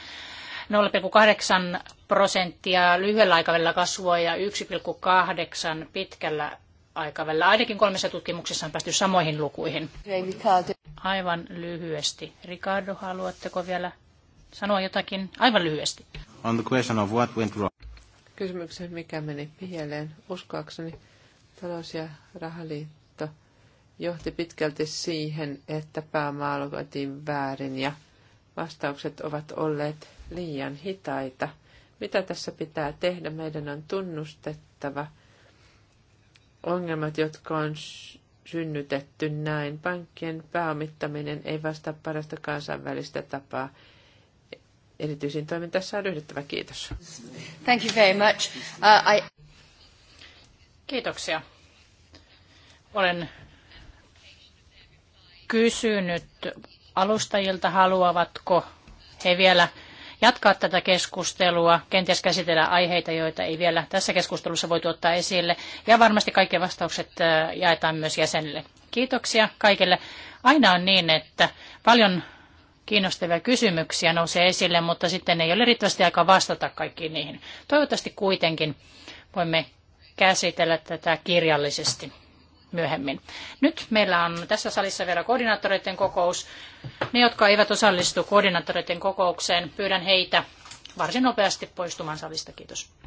0,8 prosenttia lyhyellä aikavälillä kasvua ja 1,8 pitkällä aikavälillä. Ainakin kolmessa tutkimuksessa on päästy samoihin lukuihin. Aivan lyhyesti. Ricardo, haluatteko vielä sanoa jotakin? Aivan lyhyesti. On the question of what went wrong. Kysymykseen, mikä meni pieleen. Uskoakseni talous- ja rahaliitto johti pitkälti siihen, että päämaa alkoitiin väärin ja vastaukset ovat olleet liian hitaita. Mitä tässä pitää tehdä? Meidän on tunnustettava – ongelmat, jotka on synnytetty näin. Pankkien pääomittaminen ei vastaa parasta kansainvälistä tapaa. Erityisin toimin tässä on ryhdyttävä. Kiitos. Thank you very much. Uh, I... Kiitoksia. Olen kysynyt alustajilta, haluavatko he vielä jatkaa tätä keskustelua, kenties käsitellä aiheita, joita ei vielä tässä keskustelussa voi ottaa esille. Ja varmasti kaikki vastaukset äh, jaetaan myös jäsenille. Kiitoksia kaikille. Aina on niin, että paljon kiinnostavia kysymyksiä nousee esille, mutta sitten ei ole riittävästi aikaa vastata kaikkiin niihin. Toivottavasti kuitenkin voimme käsitellä tätä kirjallisesti myöhemmin. Nyt meillä on tässä salissa vielä koordinaattoreiden kokous. Ne, jotka eivät osallistu koordinaattoreiden kokoukseen, pyydän heitä varsin nopeasti poistumaan salista. Kiitos.